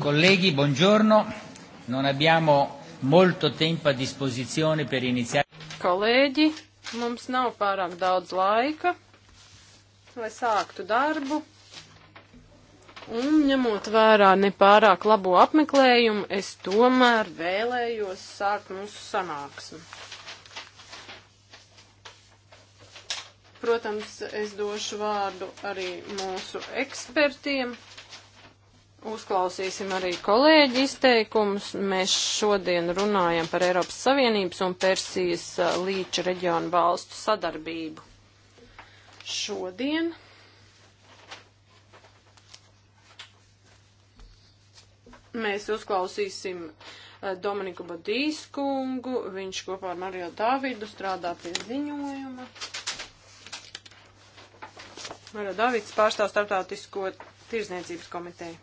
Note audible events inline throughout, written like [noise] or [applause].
Colleghi, buongiorno. Non abbiamo molto tempo a disposizione per iniziare. Colleghi, mums nav pārāk daudz laika, lai sāktu darbu. Un ņemot vērā nepārāk labo apmeklējumu, es tomēr vēlējos sākt mūsu sanāksmi. Protams, es došu vārdu arī mūsu ekspertiem. Uzklausīsim arī kolēģi izteikumus. Mēs šodien runājam par Eiropas Savienības un Persijas līča reģionu valstu sadarbību. Šodien mēs uzklausīsim Dominiku Badīs kungu. Viņš kopā ar Mariju Davidu strādā pie ziņojuma. Mara Davids pārstāv starptautisko tirzniecības komiteju.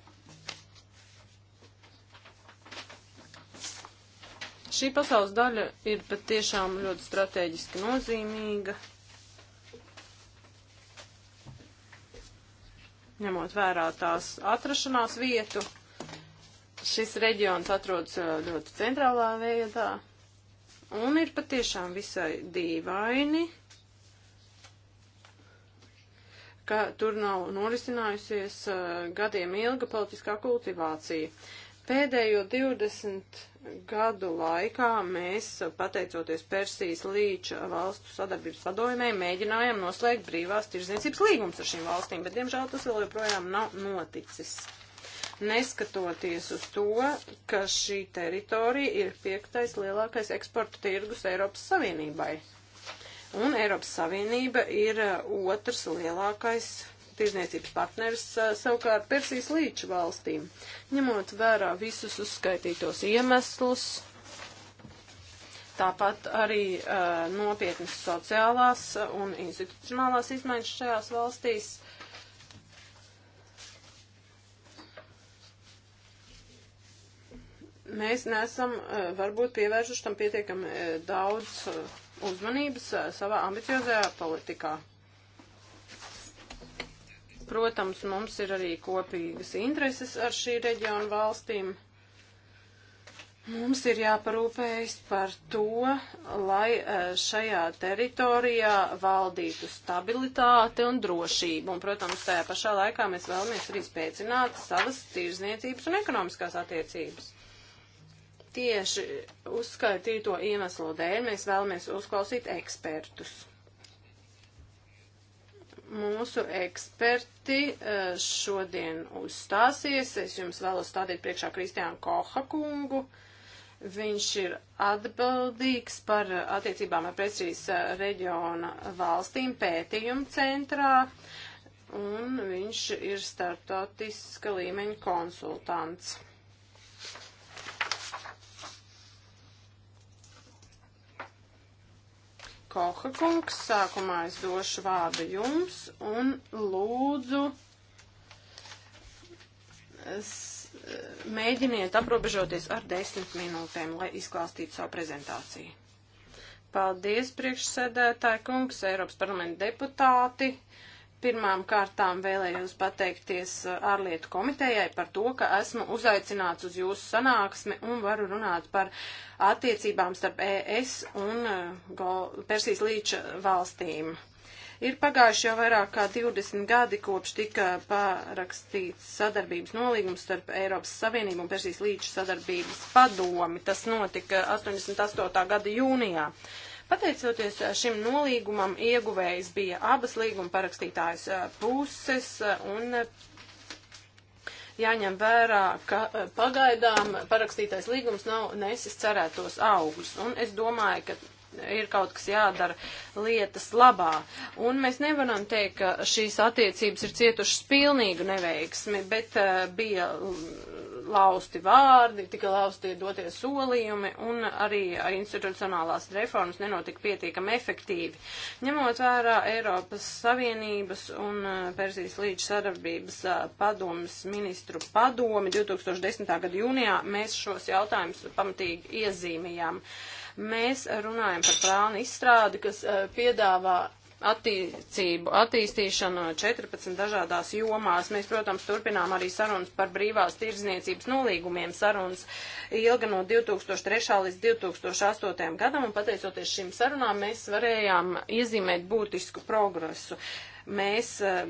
Šī pasaules daļa ir patiešām ļoti strateģiski nozīmīga. Ņemot vērā tās atrašanās vietu, šis reģions atrodas ļoti centrālā veidā un ir patiešām visai dīvaini ka tur nav norisinājusies uh, gadiem ilga politiskā kultivācija. Pēdējo 20 gadu laikā mēs, uh, pateicoties Persijas līča valstu sadarbības padomē, mēģinājām noslēgt brīvās tirzniecības līgumus ar šīm valstīm, bet, diemžēl, tas vēl joprojām nav noticis. Neskatoties uz to, ka šī teritorija ir piektais lielākais eksporta tirgus Eiropas Savienībai. Un Eiropas Savienība ir uh, otrs lielākais tirzniecības partneris uh, savukārt Persijas līča valstīm. Ņemot vērā visus uzskaitītos iemeslus, tāpat arī uh, nopietnas sociālās un institucionālās izmaiņas šajās valstīs. Mēs nesam uh, varbūt pievēršuši tam pietiekami uh, daudz. Uh, uzmanības eh, savā ambiciozajā politikā. Protams, mums ir arī kopīgas intereses ar šī reģiona valstīm. Mums ir jāparūpējas par to, lai eh, šajā teritorijā valdītu stabilitāte un drošība. Un, protams, tajā pašā laikā mēs vēlamies arī spēcināt savas tirzniecības un ekonomiskās attiecības. Tieši uzskaitīto iemeslu dēļ mēs vēlamies uzklausīt ekspertus. Mūsu eksperti eh, šodien uzstāsies. Es jums vēlos stādīt priekšā Kristiānu Koha kungu. Viņš ir atbildīgs par attiecībām ar precīz eh, reģiona valstīm pētījumu centrā un viņš ir startautiska līmeņa konsultants. Koha kungs, sākumā es došu vārdu jums un lūdzu mēģiniet aprobežoties ar desmit minūtēm, lai izklāstītu savu prezentāciju. Paldies, priekšsēdētāji kungs, Eiropas parlamenta deputāti. Uh, Pirmām kārtām vēlējos pateikties uh, ārlietu komitejai par to, ka esmu uzaicināts uz jūsu sanāksmi un varu runāt par attiecībām starp ES un uh, Persijas līča valstīm. Ir pagājuši jau vairāk kā 20 gadi, kopš tika parakstīts sadarbības nolīgums starp Eiropas Savienību un Persijas līča sadarbības padomi. Tas notika 88. gada jūnijā. Uh, Pateicoties šim nolīgumam, ieguvējs bija abas līguma parakstītājas puses un jāņem vērā, ka pagaidām parakstītais līgums nav nesis cerētos augļus. Un es domāju, ka ir kaut kas jādara lietas labā. Un mēs nevaram teikt, ka šīs attiecības ir cietušas pilnīgu neveiksmi, bet uh, bija lausti vārdi, tika lausti dotie solījumi un arī institucionālās reformas nenotika pietiekami efektīvi. Ņemot vērā Eiropas Savienības un uh, Persijas līdz sadarbības uh, padomas ministru padomi 2010. gada jūnijā, mēs šos jautājumus pamatīgi iezīmējām. Mēs runājam par plānu izstrādi, kas uh, piedāvā attiecību attīstīšanu 14 dažādās jomās. Mēs, protams, turpinām arī sarunas par brīvās tirdzniecības nolīgumiem. Sarunas ilga no 2003. līdz 2008. gadam, un pateicoties šīm sarunām mēs varējām iezīmēt būtisku progresu. Uh, mēs eh,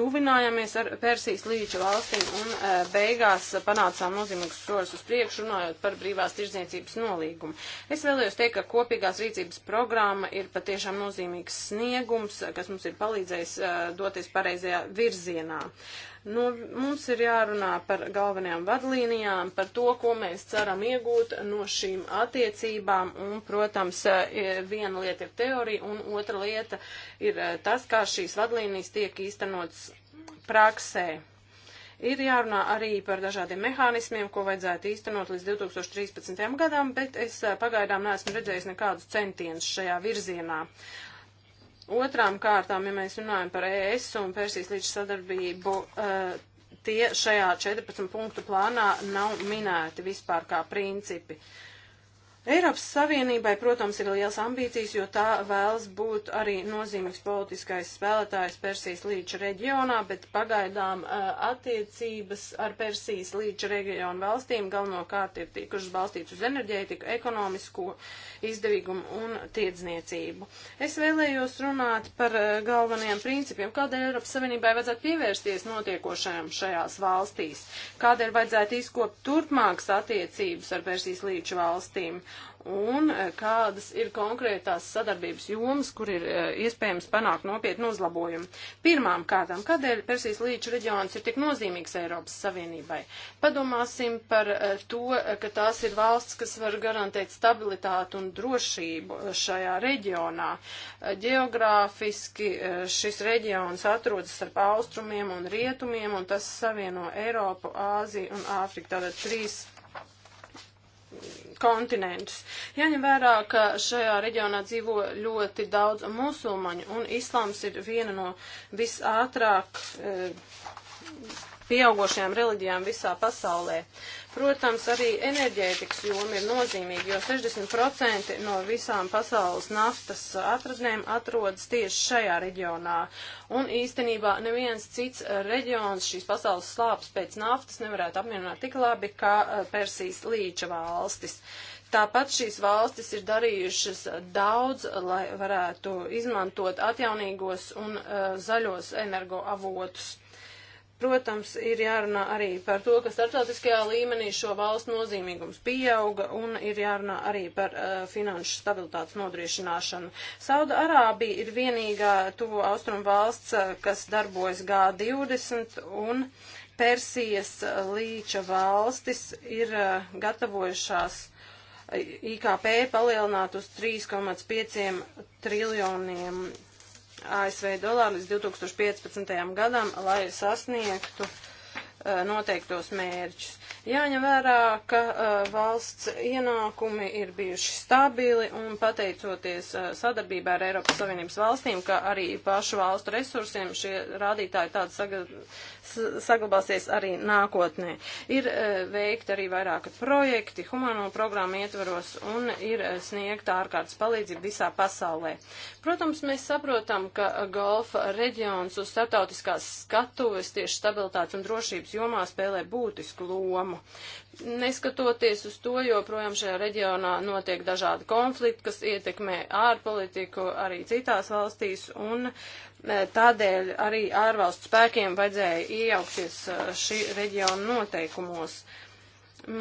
tuvinājāmies ar Persijas līča valstīm un eh, beigās panācām nozīmīgus soļus uz priekšu, runājot par brīvās tirdzniecības nolīgumu. Es vēlējos teikt, ka kopīgās rīcības programma ir patiešām nozīmīgs sniegums, kas mums ir palīdzējis eh, doties pareizajā virzienā. Uh, Nu, mums ir jārunā par galvenajām vadlīnijām, par to, ko mēs ceram iegūt no šīm attiecībām. Un, protams, e, viena lieta ir teorija, un otra lieta ir e, tas, kā šīs vadlīnijas tiek īstenots praksē. Ir jārunā arī par dažādiem mehānismiem, ko vajadzētu īstenot līdz 2013. gadam, bet es e, pagaidām neesmu redzējis nekādus centienus šajā virzienā. Otrām kārtām, ja mēs runājam par ES un Persijas līdz sadarbību, eh, tie šajā 14 punktu plānā nav minēti vispār kā principi. Uh, Eiropas Savienībai, protams, ir liels ambīcijas, jo tā vēlas būt arī nozīmīgs politiskais spēlētājs Persijas līča reģionā, bet pagaidām attiecības ar Persijas līča reģionu valstīm galvenokārt ir tikušas balstītas uz enerģētiku, ekonomisko izdevīgumu un tiedzniecību. Es vēlējos runāt par galvenajiem principiem, kādēļ Eiropas Savienībai vajadzētu pievērsties notiekošajām šajās valstīs, kādēļ vajadzētu izkopt turpmākas attiecības ar Persijas līča valstīm un e, kādas ir konkrētās sadarbības jomas, kur ir e, iespējams panākt nopietnu uzlabojumu. Pirmām kārtām, kādēļ Persijas līča reģions ir tik nozīmīgs Eiropas Savienībai? Padomāsim par e, to, ka tās ir valsts, kas var garantēt stabilitātu un drošību šajā reģionā. Geogrāfiski šis reģions atrodas starp austrumiem un rietumiem, un tas savieno Eiropu, Āziju un Āfriku. Tātad trīs kontinentus. Jaņem vērā, ka šajā reģionā dzīvo ļoti daudz musulmaņu, un islāms ir viena no visātrāk e, pieaugošajām reliģijām visā pasaulē. Protams, arī enerģētikas joma ir nozīmīga, jo 60% no visām pasaules naftas atradnēm atrodas tieši šajā reģionā. Un īstenībā neviens cits reģions šīs pasaules slāpes pēc naftas nevarētu apmierināt tik labi kā eh, Persijas līča valstis. Tāpat šīs valstis ir darījušas daudz, lai varētu izmantot atjaunīgos un uh, zaļos energoavotus. Protams, ir jārunā arī par to, ka starptautiskajā līmenī šo valstu nozīmīgums pieauga un ir jārunā arī par uh, finanšu stabilitātes nodriešināšanu. Sauda Arābija ir vienīgā tuvo austrumu valsts, uh, kas darbojas G20 un Persijas uh, līča valstis ir uh, gatavojušās uh, IKP palielināt uz 3,5 triljoniem ASV dolāru līdz 2015. gadam, lai sasniegtu e, noteiktos mērķus. Jāņem vērā, ka uh, valsts ienākumi ir bijuši stabili un pateicoties uh, e, sadarbībā ar Eiropas Savienības valstīm, kā arī pašu valstu resursiem, šie rādītāji tādi saga saglabāsies arī nākotnē. Ir e, veikti arī vairāki projekti humano programmu ietvaros un ir e, sniegta ārkārtas palīdzība visā pasaulē. Protams, mēs saprotam, ka golfa reģions uz starptautiskās skatuves tieši stabilitātes un drošības jomā spēlē būtisku lomu. Neskatoties uz to, joprojām šajā reģionā notiek dažādi konflikti, kas ietekmē ārpolitiku arī citās valstīs, un Tādēļ arī ārvalstu spēkiem vajadzēja iejaukties šī reģiona noteikumos.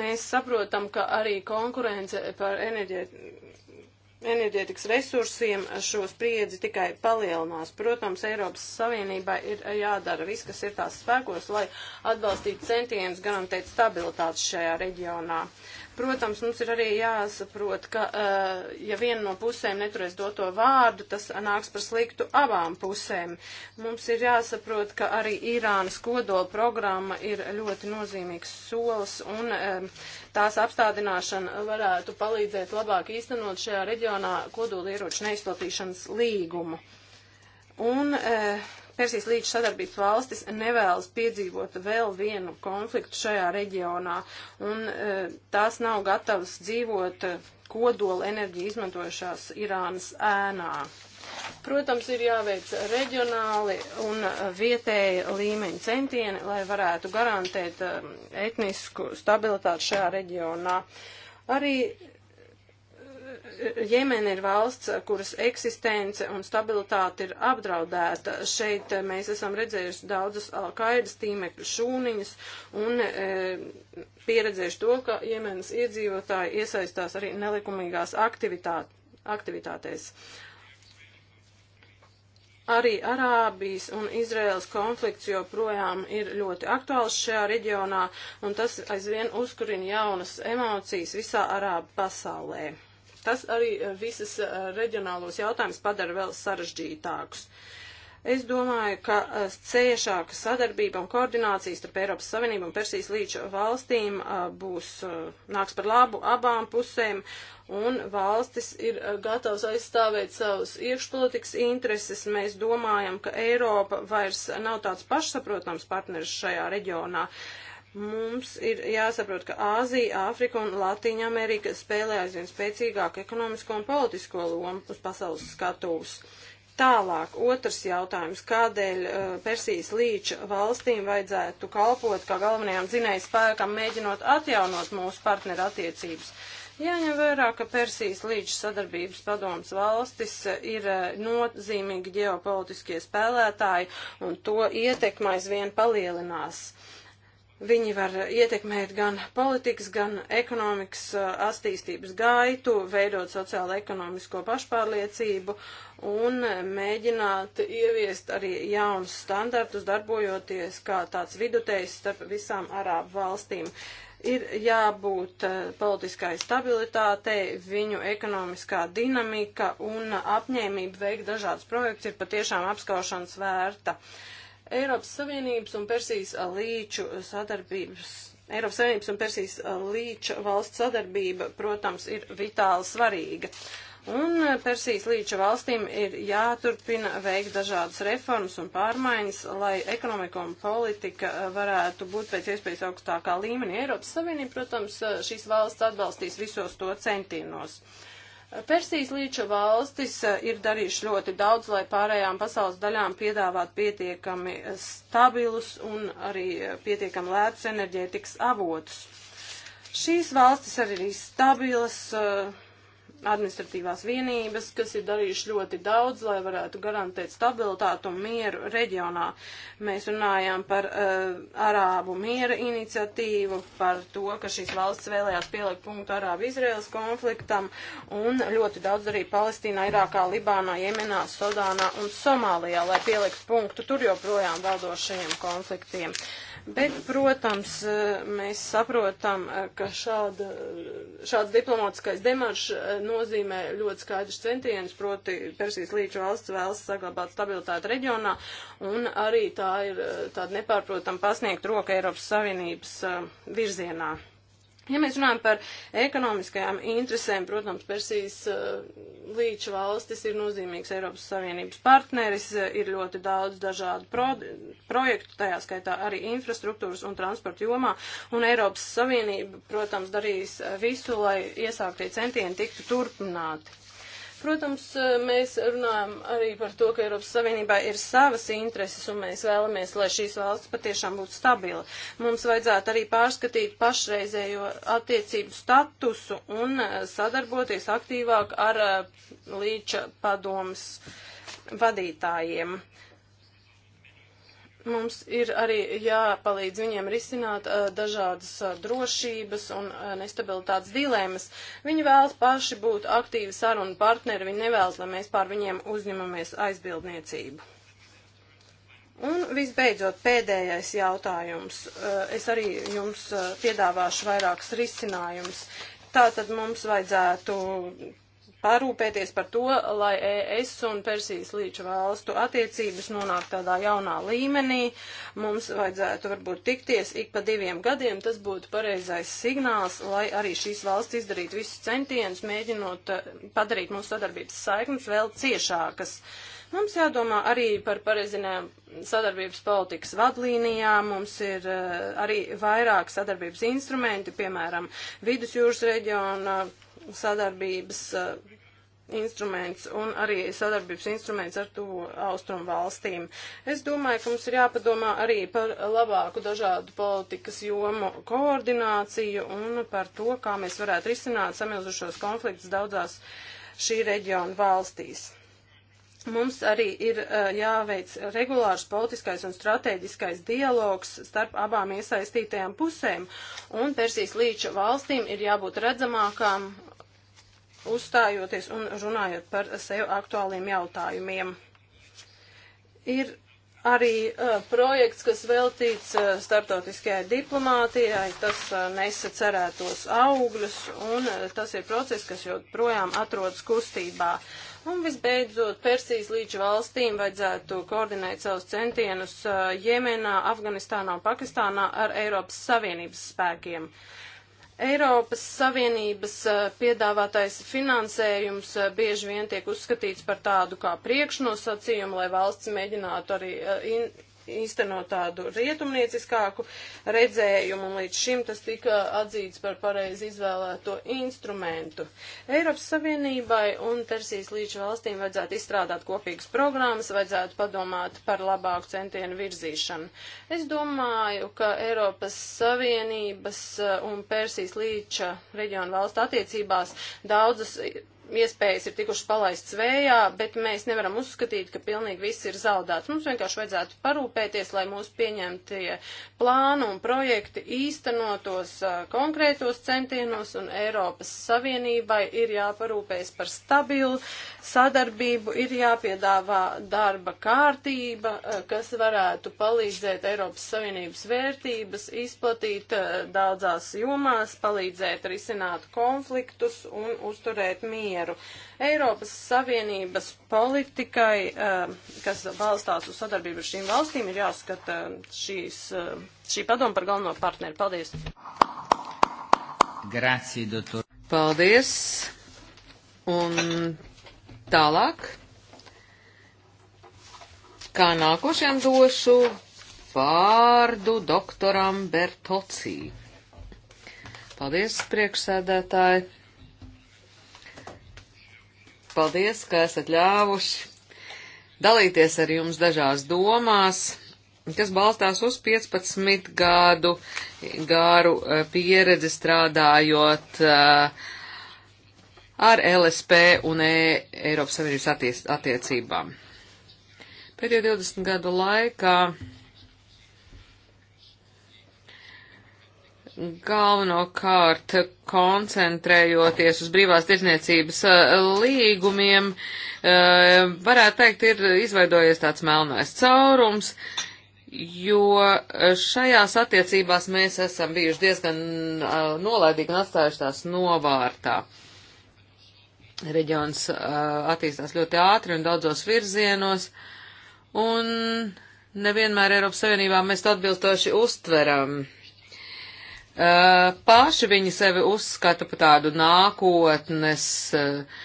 Mēs saprotam, ka arī konkurence par enerģētikas resursiem šo spriedzi tikai palielinās. Protams, Eiropas Savienībai ir jādara viss, kas ir tās spēkos, lai atbalstītu centienus garantēt stabilitāti šajā reģionā. Uh, Protams, mums ir arī jāsaprot, ka eh, ja viena no pusēm neturēs doto vārdu, tas nāks par sliktu abām pusēm. Mums ir jāsaprot, ka arī Irānas kodola programma ir ļoti nozīmīgs solis un eh, tās apstādināšana varētu palīdzēt labāk īstenot šajā reģionā kodola ieroču neizplatīšanas līgumu. Un, eh, Persijas līča sadarbības valstis nevēlas piedzīvot vēl vienu konfliktu šajā reģionā, un e, tās nav gatavas dzīvot e, kodola enerģiju izmantojušās Irānas ēnā. Protams, ir jāveic reģionāli un e, vietēji līmeņi centieni, lai varētu garantēt etnisku stabilitāti šajā reģionā. Arī Jemena ir valsts, kuras eksistence un stabilitāte ir apdraudēta. Šeit eh, mēs esam redzējuši daudzas Alkaidas tīmekļu šūniņas un e, pieredzējuši to, ka Jemenas iedzīvotāji iesaistās arī nelikumīgās aktivitāt, aktivitātēs. Arī Arābijas un Izraēlas konflikts joprojām ir ļoti aktuāls šajā reģionā, un tas aizvien uzkurina jaunas emocijas visā Arābu pasaulē. Tas arī eh, visas eh, reģionālos jautājumus padara vēl sarežģītākus. Es domāju, ka eh, ciešāka sadarbība un koordinācija starp Eiropas Savienību un Persijas līča valstīm būs, nāks par labu abām pusēm, un valstis ir gatavs aizstāvēt savus iekšpolitikas intereses. Mēs domājam, ka Eiropa vairs nav tāds pašsaprotams partneris šajā reģionā. Mums ir jāsaprot, ka Āzija, Āfrika un Latīņa Amerika spēlē aizvien spēcīgāku ekonomisko un politisko lomu uz pasaules skatuves. Tālāk, otrs jautājums, kādēļ uh, Persijas līča valstīm vajadzētu kalpot kā galvenajām dzinēju spēkam, mēģinot atjaunot mūsu partneru attiecības? Jāņem vērā, ka Persijas līča sadarbības padomas valstis uh, ir uh, nozīmīgi ģeopolitiskie spēlētāji, un to ietekmais vien palielinās. Uh, Viņi var ietekmēt gan politikas, gan ekonomikas attīstības gaitu, veidot sociālo-ekonomisko pašpārliecību un mēģināt ieviest arī jaunus standartus, darbojoties kā tāds vidutējs starp visām arābu valstīm. Ir jābūt politiskai stabilitātei, viņu ekonomiskā dinamika un apņēmība veikt dažādas projekts ir patiešām apskaušanas vērta. Uh, Eiropas Savienības un Persijas līču sadarbības. Eiropas Savienības un Persijas līča valsts sadarbība, protams, ir vitāli svarīga. Un Persijas līča valstīm ir jāturpina veikt dažādas reformas un pārmaiņas, lai ekonomika un politika varētu būt pēc iespējas augstākā līmenī. Eiropas Savienība, protams, šīs valsts atbalstīs visos to centienos. Uh, Persijas līča valstis eh, ir darījuši ļoti daudz, lai pārējām pasaules daļām piedāvāt pietiekami eh, stabilus un arī eh, pietiekami lētus enerģētikas avotus. Šīs valstis arī ir stabilas, uh, administratīvās vienības, kas ir darījuši ļoti daudz, lai varētu garantēt stabilitātu un mieru reģionā. Mēs runājām par uh, Arābu miera iniciatīvu, par to, ka šīs valsts vēlējās pielikt punktu Arābu-Izraels konfliktam un ļoti daudz arī Palestīnā, Irākā, Libānā, Jemenā, Sudānā un Somālijā, lai pielikt punktu tur joprojām valdošajiem konfliktiem. Uh, Bet, protams, eh, mēs saprotam, eh, ka šāda, šāds diplomātiskais demaršs eh, nozīmē ļoti skaidrs centienus, proti Persijas līča valsts vēlas saglabāt stabilitāti reģionā, un arī tā ir tāda nepārprotam pasniegt roka Eiropas Savienības virzienā. Ja mēs runājam par ekonomiskajām interesēm, protams, Persijas eh, līča valstis ir nozīmīgs Eiropas Savienības partneris, eh, ir ļoti daudz dažādu pro projektu, tajā skaitā arī infrastruktūras un transporta jomā, un Eiropas Savienība, protams, darīs eh, visu, lai iesāktie centieni tiktu turpināti. Protams, eh, mēs runājam arī par to, ka Eiropas Savienībā ir savas intereses un mēs vēlamies, lai šīs valsts patiešām būtu stabila. Mums vajadzētu arī pārskatīt pašreizējo attiecību statusu un eh, sadarboties aktīvāk ar eh, līča padomas vadītājiem. Uh, mums ir arī jāpalīdz viņiem risināt uh, dažādas uh, drošības un uh, nestabilitātes dilemmas. Viņi vēlas paši būt aktīvi sarunu partneri, viņi nevēlas, lai mēs pār viņiem uzņemamies aizbildniecību. Un visbeidzot, pēdējais jautājums. Es arī jums piedāvāšu vairākus risinājumus. Tātad mums vajadzētu parūpēties par to, lai ES un Persijas līča valstu attiecības nonāk tādā jaunā līmenī. Mums vajadzētu varbūt tikties ik pa diviem gadiem, tas būtu pareizais signāls, lai arī šīs valsts izdarītu visus centienus, mēģinot eh, padarīt mūsu sadarbības saiknes vēl ciešākas. Mums jādomā arī par pareizinām sadarbības politikas vadlīnijām, mums ir eh, arī vairāk sadarbības instrumenti, piemēram, vidusjūras reģiona eh, sadarbības instruments un arī sadarbības instruments ar to austrumu valstīm. Es domāju, ka mums ir jāpadomā arī par labāku dažādu politikas jomu koordināciju un par to, kā mēs varētu risināt samilzušos konfliktus daudzās šī reģiona valstīs. Mums arī ir uh, jāveic regulārs politiskais un strateģiskais dialogs starp abām iesaistītajām pusēm, un Persijas līča valstīm ir jābūt redzamākām uzstājoties un runājot par sev aktuāliem jautājumiem. Ir arī uh, projekts, kas veltīts uh, starptautiskajai diplomātijai, tas uh, nesa cerētos augļus, un uh, tas ir process, kas joprojām atrodas kustībā. Un visbeidzot, Persijas līdz valstīm vajadzētu koordinēt savus centienus uh, Jemenā, Afganistānā un Pakistānā ar Eiropas Savienības spēkiem. Uh, Eiropas Savienības eh, piedāvātais finansējums eh, bieži vien tiek uzskatīts par tādu kā priekšnosacījumu, lai valsts mēģinātu arī eh, in īstenot tādu rietumnieciskāku redzējumu, un līdz šim tas tika atzīts par pareizi izvēlēto instrumentu. Eiropas Savienībai un Persijas līča valstīm vajadzētu izstrādāt kopīgas programmas, vajadzētu padomāt par labāku centienu virzīšanu. Es domāju, ka Eiropas Savienības uh, un Persijas līča reģionu valstu attiecībās daudzas iespējas ir tikušas palaists vējā, bet mēs nevaram uzskatīt, ka pilnīgi viss ir zaudēts. Mums vienkārši vajadzētu parūpēties, lai mūsu pieņemtie plāni un projekti īstenotos konkrētos centienos, un Eiropas Savienībai ir jāparūpēs par stabilu sadarbību, ir jāpiedāvā darba kārtība, kas varētu palīdzēt Eiropas Savienības vērtības izplatīt daudzās jomās, palīdzēt risināt konfliktus un uzturēt mieru mieru. Eiropas Savienības politikai, eh, kas balstās uz sadarbību ar šīm valstīm, ir jāskata eh, šīs, eh, šī padoma par galveno partneri. Paldies! Grazie, doktor. Paldies! Un tālāk. Kā nākošajam došu vārdu doktoram Bertocī. Paldies, priekšsēdētāji! Paldies, ka esat ļāvuši dalīties ar jums dažās domās, kas balstās uz 15 gadu gāru eh, pieredzi strādājot eh, ar LSP un e Eiropas Savienības attiecībām. Pēdējo 20 gadu laikā galvenokārt koncentrējoties uz brīvās tirzniecības eh, līgumiem, eh, varētu teikt, ir izveidojies tāds melnais caurums, jo šajās attiecībās mēs esam bijuši diezgan eh, nolaidīgi un atstājuši tās novārtā. Reģions attīstās ļoti ātri un daudzos virzienos, un nevienmēr Eiropas Savienībā mēs to atbilstoši uztveram. Uh, Eh, paši viņi sevi uzskata par tādu nākotnes eh,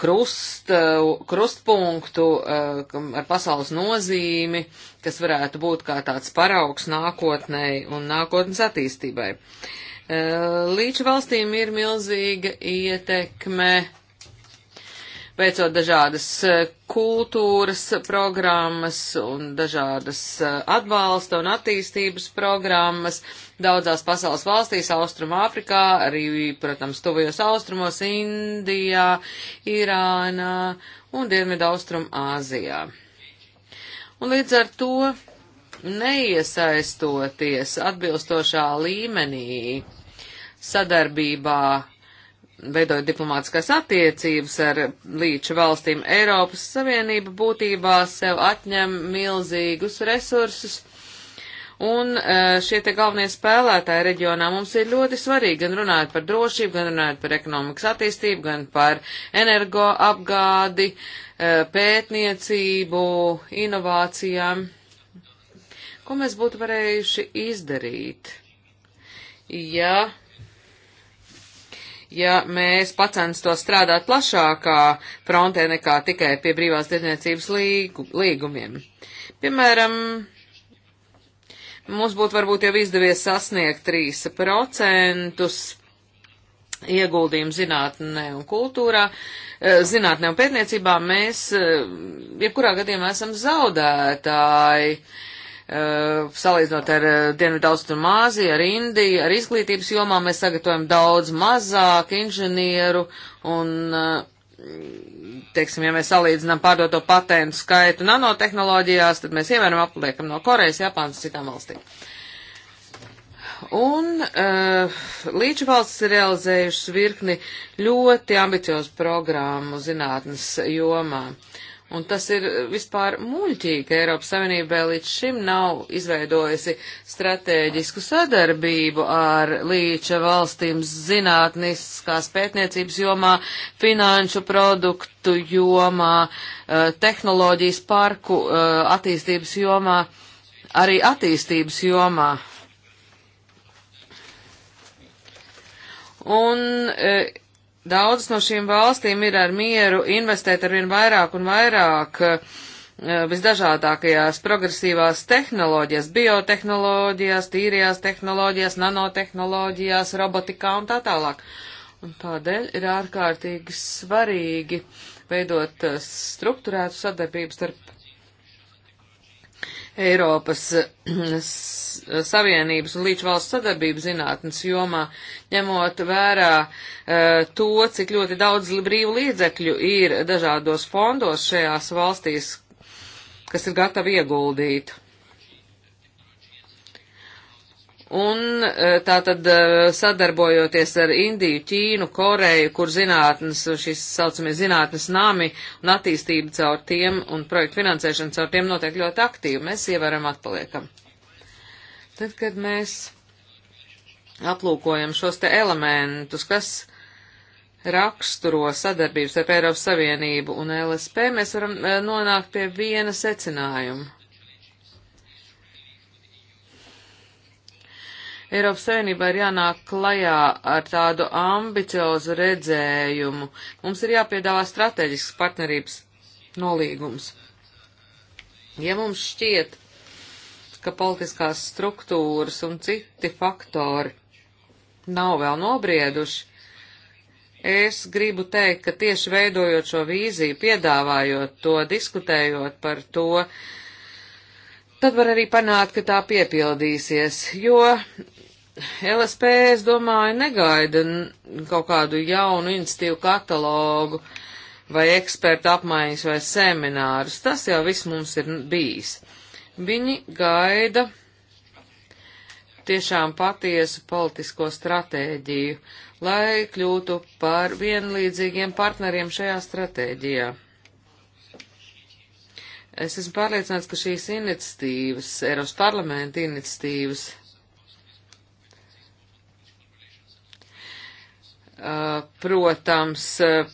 krust, eh, krustpunktu ar pasaules nozīmi, kas varētu būt kā tāds paraugs nākotnei un nākotnes attīstībai. Līdz valstīm ir milzīga ietekme veicot dažādas eh, kultūras programmas un dažādas eh, atbalsta un attīstības programmas daudzās pasaules valstīs, Austrumāfrikā, arī, protams, tuvajos austrumos, Indijā, Irānā un Dienvidu Austrum Āzijā. Un līdz ar to neiesaistoties atbilstošā līmenī sadarbībā veidojot diplomātiskās attiecības ar līča valstīm, Eiropas Savienība būtībā sev atņem milzīgus resursus. Un e, šie te galvenie spēlētāji reģionā mums ir ļoti svarīgi gan runāt par drošību, gan runāt par ekonomikas attīstību, gan par energoapgādi, e, pētniecību, inovācijām. Ko mēs būtu varējuši izdarīt? Ja ja mēs pacenstos strādāt plašākā frontē nekā tikai pie brīvās tirdzniecības līgu, līgumiem. Piemēram, mums būtu varbūt jau izdevies sasniegt 3% ieguldījumu zinātnē un kultūrā, e, zinātnē un pētniecībā mēs, e, jebkurā gadījumā, esam zaudētāji. Uh, Eh, salīdzinot ar eh, Dienvidaustrumu Āziju, ar Indiju, ar izglītības jomā mēs sagatavojam daudz mazāk inženieru un, eh, teiksim, ja mēs salīdzinām pārdoto patentu skaitu nanotehnoloģijās, tad mēs ievērojam apliekam no Korejas, Japānas, citām valstīm. Un uh, līdz valsts ir realizējušas virkni ļoti ambiciozu programmu zinātnes jomā. Uh, Un tas ir eh, vispār muļķīgi, ka Eiropas Savienībai līdz šim nav izveidojusi stratēģisku sadarbību ar līča valstīm zinātniskās pētniecības jomā, finanšu produktu jomā, eh, tehnoloģijas parku eh, attīstības jomā, arī attīstības jomā. Un, e, Daudzas no šīm valstīm ir ar mieru investēt arvien vairāk un vairāk eh, visdažādākajās progresīvās tehnoloģijās, biotehnoloģijās, tīrijās tehnoloģijās, nanotehnoloģijās, robotikā un tā tālāk. Un tādēļ ir ārkārtīgi svarīgi veidot eh, struktūrētu sadarbību starp Eiropas eh, Savienības un līdzvalsts sadarbības zinātnes jomā, ņemot vērā uh, to, cik ļoti daudz brīvu līdzekļu ir dažādos fondos šajās valstīs, kas ir gatavi ieguldīt. Un e, tātad e, sadarbojoties ar Indiju, Ķīnu, Koreju, kur zinātnes, šīs saucamie zinātnes nami un attīstība caur tiem un projektu finansēšana caur tiem notiek ļoti aktīvi, mēs ievaram atpaliekam. Tad, kad mēs aplūkojam šos te elementus, kas raksturo sadarbības ar Eiropas Savienību un LSP, mēs varam e, nonākt pie viena secinājuma Eiropas Savienībā ir jānāk klajā ar tādu ambiciozu redzējumu. Mums ir jāpiedāvā strateģisks partnerības nolīgums. Ja mums šķiet, ka politiskās struktūras un citi faktori nav vēl nobrieduši, es gribu teikt, ka tieši veidojot šo vīziju, piedāvājot to, diskutējot par to, tad var arī panākt, ka tā piepildīsies, jo LSP, es domāju, negaida kaut kādu jaunu institīvu katalogu vai ekspertu apmaiņas vai seminārus. Tas jau viss mums ir bijis. Viņi gaida tiešām patiesu politisko stratēģiju, lai kļūtu par vienlīdzīgiem partneriem šajā stratēģijā. Es esmu pārliecināts, ka šīs iniciatīvas, Eiropas parlamenta iniciatīvas, Eh, protams, eh,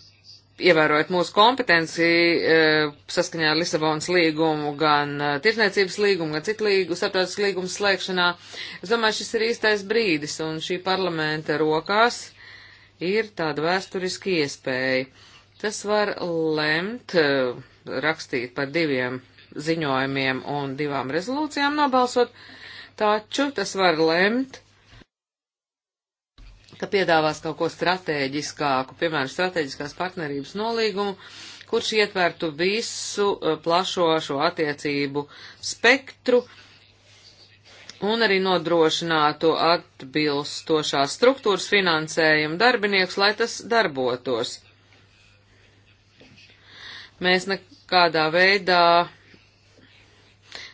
ievērojot mūsu kompetenci eh, saskaņā ar Lisabonas līgumu, gan tirsniecības līgumu, gan citu līgu, starptautisku līgumu slēgšanā. Es domāju, šis ir īstais brīdis, un šī parlamenta rokās ir tāda vēsturiska iespēja. Tas var lemt, rakstīt par diviem ziņojumiem un divām rezolūcijām nobalsot, taču tas var lemt ka piedāvās kaut ko strateģiskāku, piemēram, strateģiskās partnerības nolīgumu, kurš ietvertu visu eh, plašo šo attiecību spektru un arī nodrošinātu atbilstošās struktūras finansējumu darbinieks, lai tas darbotos. Mēs nekādā veidā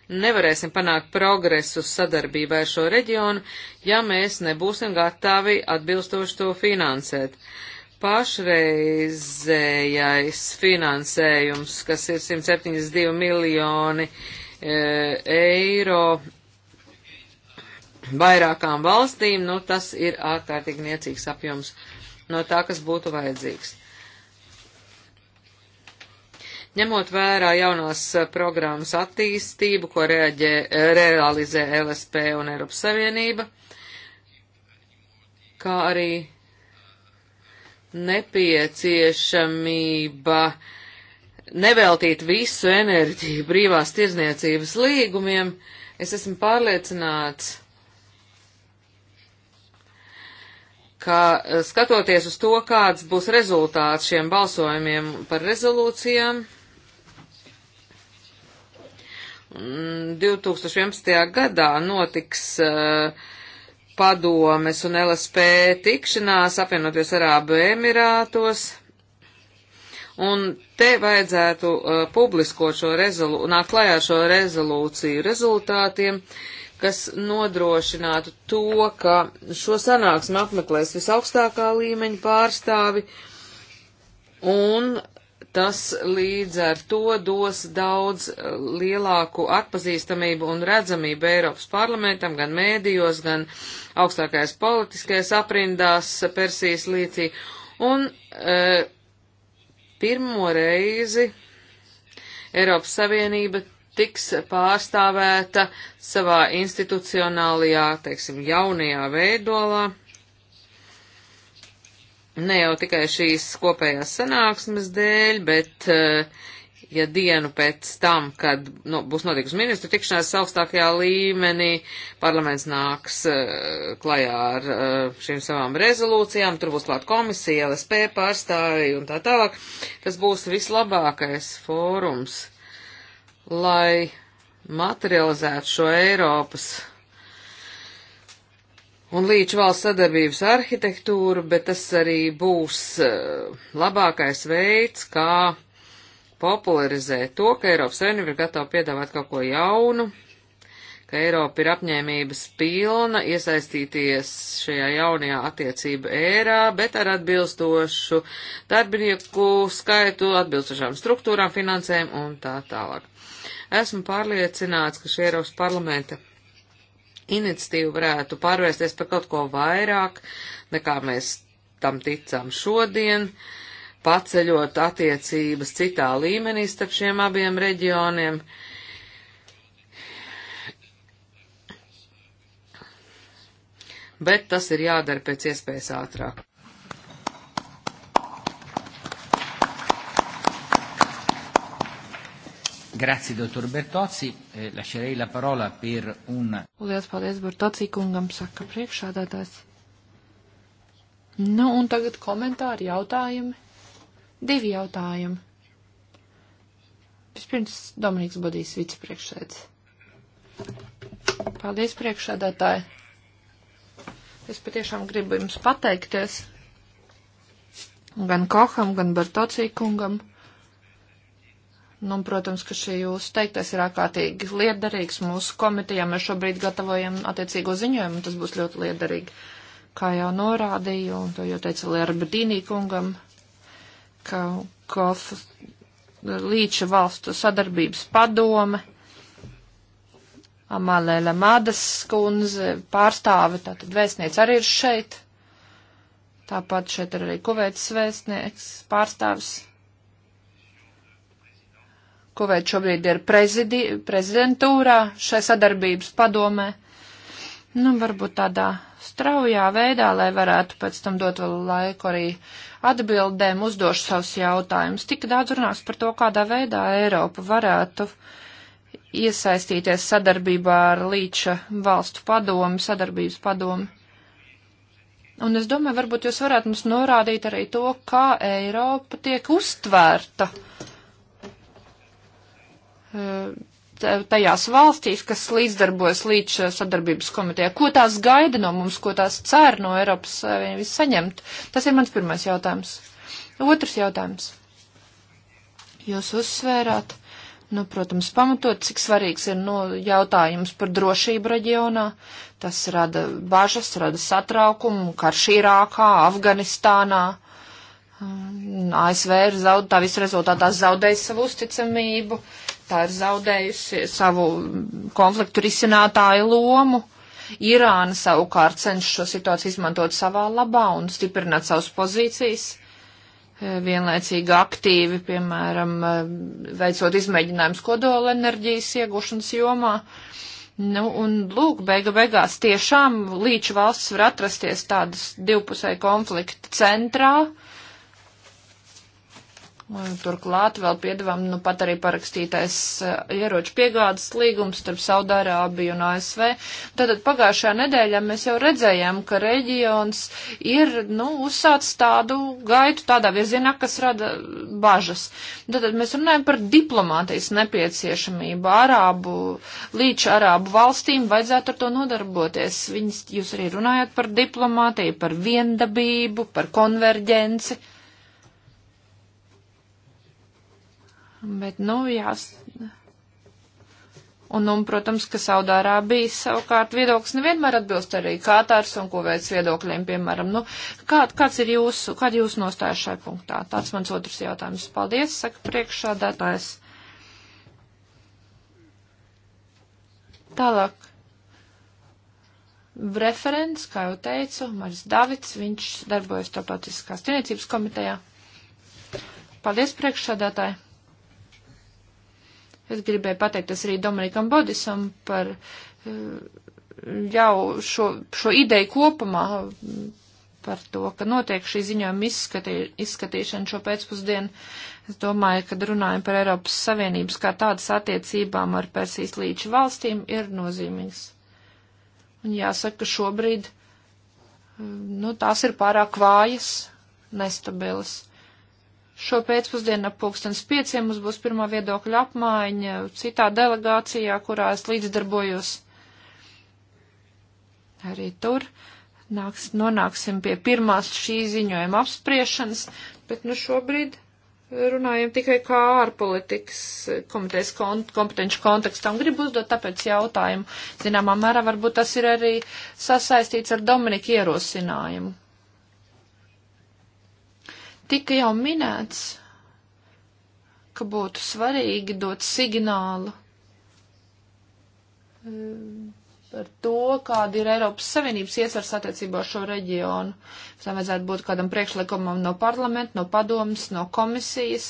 nevarēsim panākt progresu sadarbībā ar šo reģionu, ja mēs nebūsim gatavi atbilstoši to finansēt. Pašreizējais finansējums, kas ir 172 miljoni e, eiro vairākām valstīm, nu tas ir ārkārtīgi niecīgs apjoms no tā, kas būtu vajadzīgs. Ņemot vērā jaunās eh, programmas attīstību, ko reaģē, eh, realizē LSP un Eiropas Savienība, kā arī nepieciešamība neveltīt visu enerģiju brīvās tirzniecības līgumiem, es esmu pārliecināts, ka eh, skatoties uz to, kāds būs rezultāts šiem balsojumiem par rezolūcijām, 2011. Mm, gadā notiks uh, padomes un LSP tikšanās apvienoties Arābu Emirātos. Un te vajadzētu uh, publiskot šo rezolūciju, nākt klajā ar šo rezolūciju rezultātiem, kas nodrošinātu to, ka šo sanāksmu apmeklēs visaugstākā līmeņa pārstāvi un Tas līdz ar to dos daudz eh, lielāku atpazīstamību un redzamību Eiropas parlamentam, gan mēdījos, gan augstākais politiskais aprindās Persijas līcī. Un e, pirmo reizi Eiropas Savienība tiks pārstāvēta savā institucionālajā, teiksim, jaunajā veidolā ne jau tikai šīs kopējās sanāksmes dēļ, bet, eh, ja dienu pēc tam, kad nu, būs notikusi ministru tikšanās augstākajā līmenī, parlaments nāks eh, klajā ar eh, šīm savām rezolūcijām, tur būs klāt komisija, LSP pārstāvi un tā tālāk, tas būs vislabākais fórums, lai materializētu šo Eiropas un līdz valsts sadarbības arhitektūru, bet tas arī būs eh, labākais veids, kā popularizēt to, ka Eiropas Savienība ir gatava piedāvāt kaut ko jaunu, ka Eiropa ir apņēmības pilna iesaistīties šajā jaunajā attiecību ērā, bet ar atbilstošu darbinieku skaitu, atbilstošām struktūrām, finansēm un tā tālāk. Esmu pārliecināts, ka šī Eiropas parlamenta iniciatīva varētu pārvērsties par kaut ko vairāk, nekā mēs tam ticam šodien, paceļot attiecības citā līmenī starp šiem abiem reģioniem. Bet tas ir jādara pēc iespējas ātrāk. Grazie, dottor Bertozzi. E, Lascerei la parola per un... Lielas paldies Bertozzi kungam, saka priekšādātājs. Nu, un tagad komentāri, jautājumi. Divi jautājumi. Vispirms Dominiks Bodīs, vicepriekšsēdz. Paldies priekšādātāji. Es patiešām gribu jums pateikties gan Koham, gan Bertocī kungam Nu, protams, ka šī jūsu teiktais ir ārkārtīgi liederīgs mūsu komitejā. Mēs šobrīd gatavojam attiecīgo ziņojumu, un tas būs ļoti liederīgi. Kā jau norādīju, un to jau teica Lērbatīnī kungam, ka Kof līča valstu sadarbības padome, Amalēla Madas kundze pārstāve, tātad vēstniece arī ir šeit. Tāpat šeit ir arī kuveits vēstnieks pārstāvis. Kuveit šobrīd ir prezidi, prezidentūrā šai sadarbības padomē. Nu, varbūt tādā straujā veidā, lai varētu pēc tam dot vēl laiku arī atbildēm, uzdošu savus jautājumus. Tik daudz runās par to, kādā veidā Eiropa varētu iesaistīties sadarbībā ar līča valstu padomu, sadarbības padomu. Un es domāju, varbūt jūs varētu mums norādīt arī to, kā Eiropa tiek uztvērta uh, Eh, tajās valstīs, kas līdzdarbojas līdz eh, sadarbības komitejā. Ko tās gaida no mums, ko tās cer no Eiropas Savienības saņemt? Tas ir mans pirmais jautājums. Otrs jautājums. Jūs uzsvērāt, nu, protams, pamatot, cik svarīgs ir no nu, jautājums par drošību reģionā. Tas rada bažas, rada satraukumu, karš Irākā, Afganistānā. Mm, ASV ir zaud, tā visu rezultātā zaudējis savu uzticamību. Uh, Tā ir zaudējusi savu konfliktu risinātāju lomu. Irāna savukārt cenšas šo situāciju izmantot savā labā un stiprināt savas pozīcijas e, vienlaicīgi aktīvi, piemēram, e, veicot izmēģinājums kodola enerģijas iegūšanas jomā. Nu, un lūk, beiga beigās tiešām līdz valsts var atrasties tādas divpusēji konflikta centrā, Turklāt vēl piedevām nu pat arī parakstītais eh, ieroču piegādes līgums starp Saudārābiju un ASV. Tātad pagājušā nedēļā mēs jau redzējām, ka reģions ir, nu, uzsācis tādu gaitu tādā virzienā, kas rada bažas. Tātad mēs runājam par diplomātijas nepieciešamību. Arābu, līdz arābu valstīm vajadzētu ar to nodarboties. Viņas, jūs arī runājat par diplomātiju, par viendabību, par konverģenci. Bet, nu, jās. Un, nu, un, protams, ka Saudārābija savukārt viedoklis nevienmēr atbilst arī Kātārs un ko veids viedokļiem, piemēram. Nu, kā, kāds ir jūsu, kāda jūs nostāja šai punktā? Tāds mans otrs jautājums. Paldies, saka priekšādātājs. Tālāk. Referents, kā jau teicu, Maris Davids, viņš darbojas starptautiskās tirniecības komitejā. Paldies, priekšsādātāji! Es gribēju pateikties arī Dominikam Bodisam par eh, jau šo, šo ideju kopumā, mm, par to, ka notiek šī ziņojuma izskatī, izskatīšana šo pēcpusdienu. Es domāju, kad runājam par Eiropas Savienības kā tādas attiecībām ar Persijas līča valstīm, ir nozīmīgs. Un jāsaka, ka šobrīd eh, nu, tās ir pārāk vājas, nestabilas. Šo pēcpusdienu ap pulkstens pieciem mums būs pirmā viedokļa apmaiņa citā delegācijā, kurā es līdzdarbojos. Arī tur nāks, nonāksim pie pirmās šī ziņojuma apspriešanas, bet nu šobrīd runājam tikai kā ārpolitikas komitejas kon kompetenci kontekstā un gribu uzdot tāpēc jautājumu. Zināmā mērā varbūt tas ir arī sasaistīts ar Dominika ierosinājumu Tika jau minēts, ka būtu svarīgi dot signālu e, par to, kāda ir Eiropas Savienības iesvars attiecībā ar šo reģionu. Tam vajadzētu būt kādam priekšlikumam no parlamenta, no padomas, no komisijas.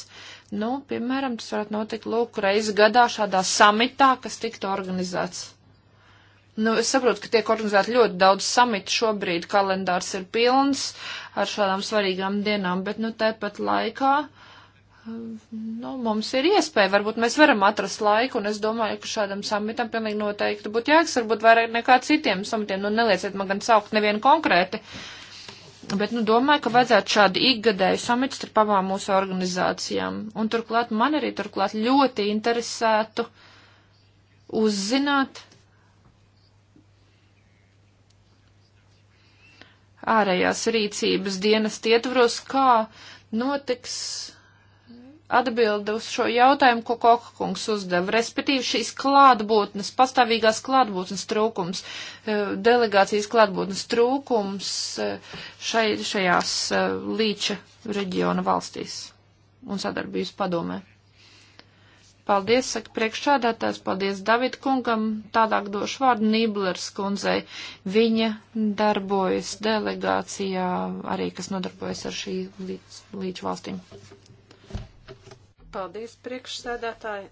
Nu, piemēram, tas varētu notikt lūk reiz gadā šādā samitā, kas tiktu organizēts. Nu, es saprotu, ka tiek organizēta ļoti daudz samitu šobrīd, kalendārs ir pilns ar šādām svarīgām dienām, bet nu tāpat laikā nu, mums ir iespēja, varbūt mēs varam atrast laiku, un es domāju, ka šādam samitam pilnīgi noteikti būtu jāks, varbūt vairāk nekā citiem samitiem, nu nelieciet man gan saukt nevienu konkrēti, Bet, nu, domāju, ka vajadzētu šādu ikgadēju samitu starp abām mūsu organizācijām. Un turklāt man arī turklāt ļoti interesētu uzināt, ārējās rīcības dienas ietvaros, kā notiks atbildi uz šo jautājumu, ko Koka kungs uzdeva, respektīvi šīs klātbūtnes, pastāvīgās klātbūtnes trūkums, eh, delegācijas klātbūtnes trūkums eh, šai, šajās eh, līča reģiona valstīs un sadarbības padomē. Paldies, saka priekšsādātājs, paldies David kungam, tālāk došu vārdu Nīblers kundzei. Viņa darbojas delegācijā arī, kas nodarbojas ar šī līdz, līdz valstīm. Paldies, priekšsēdētāji.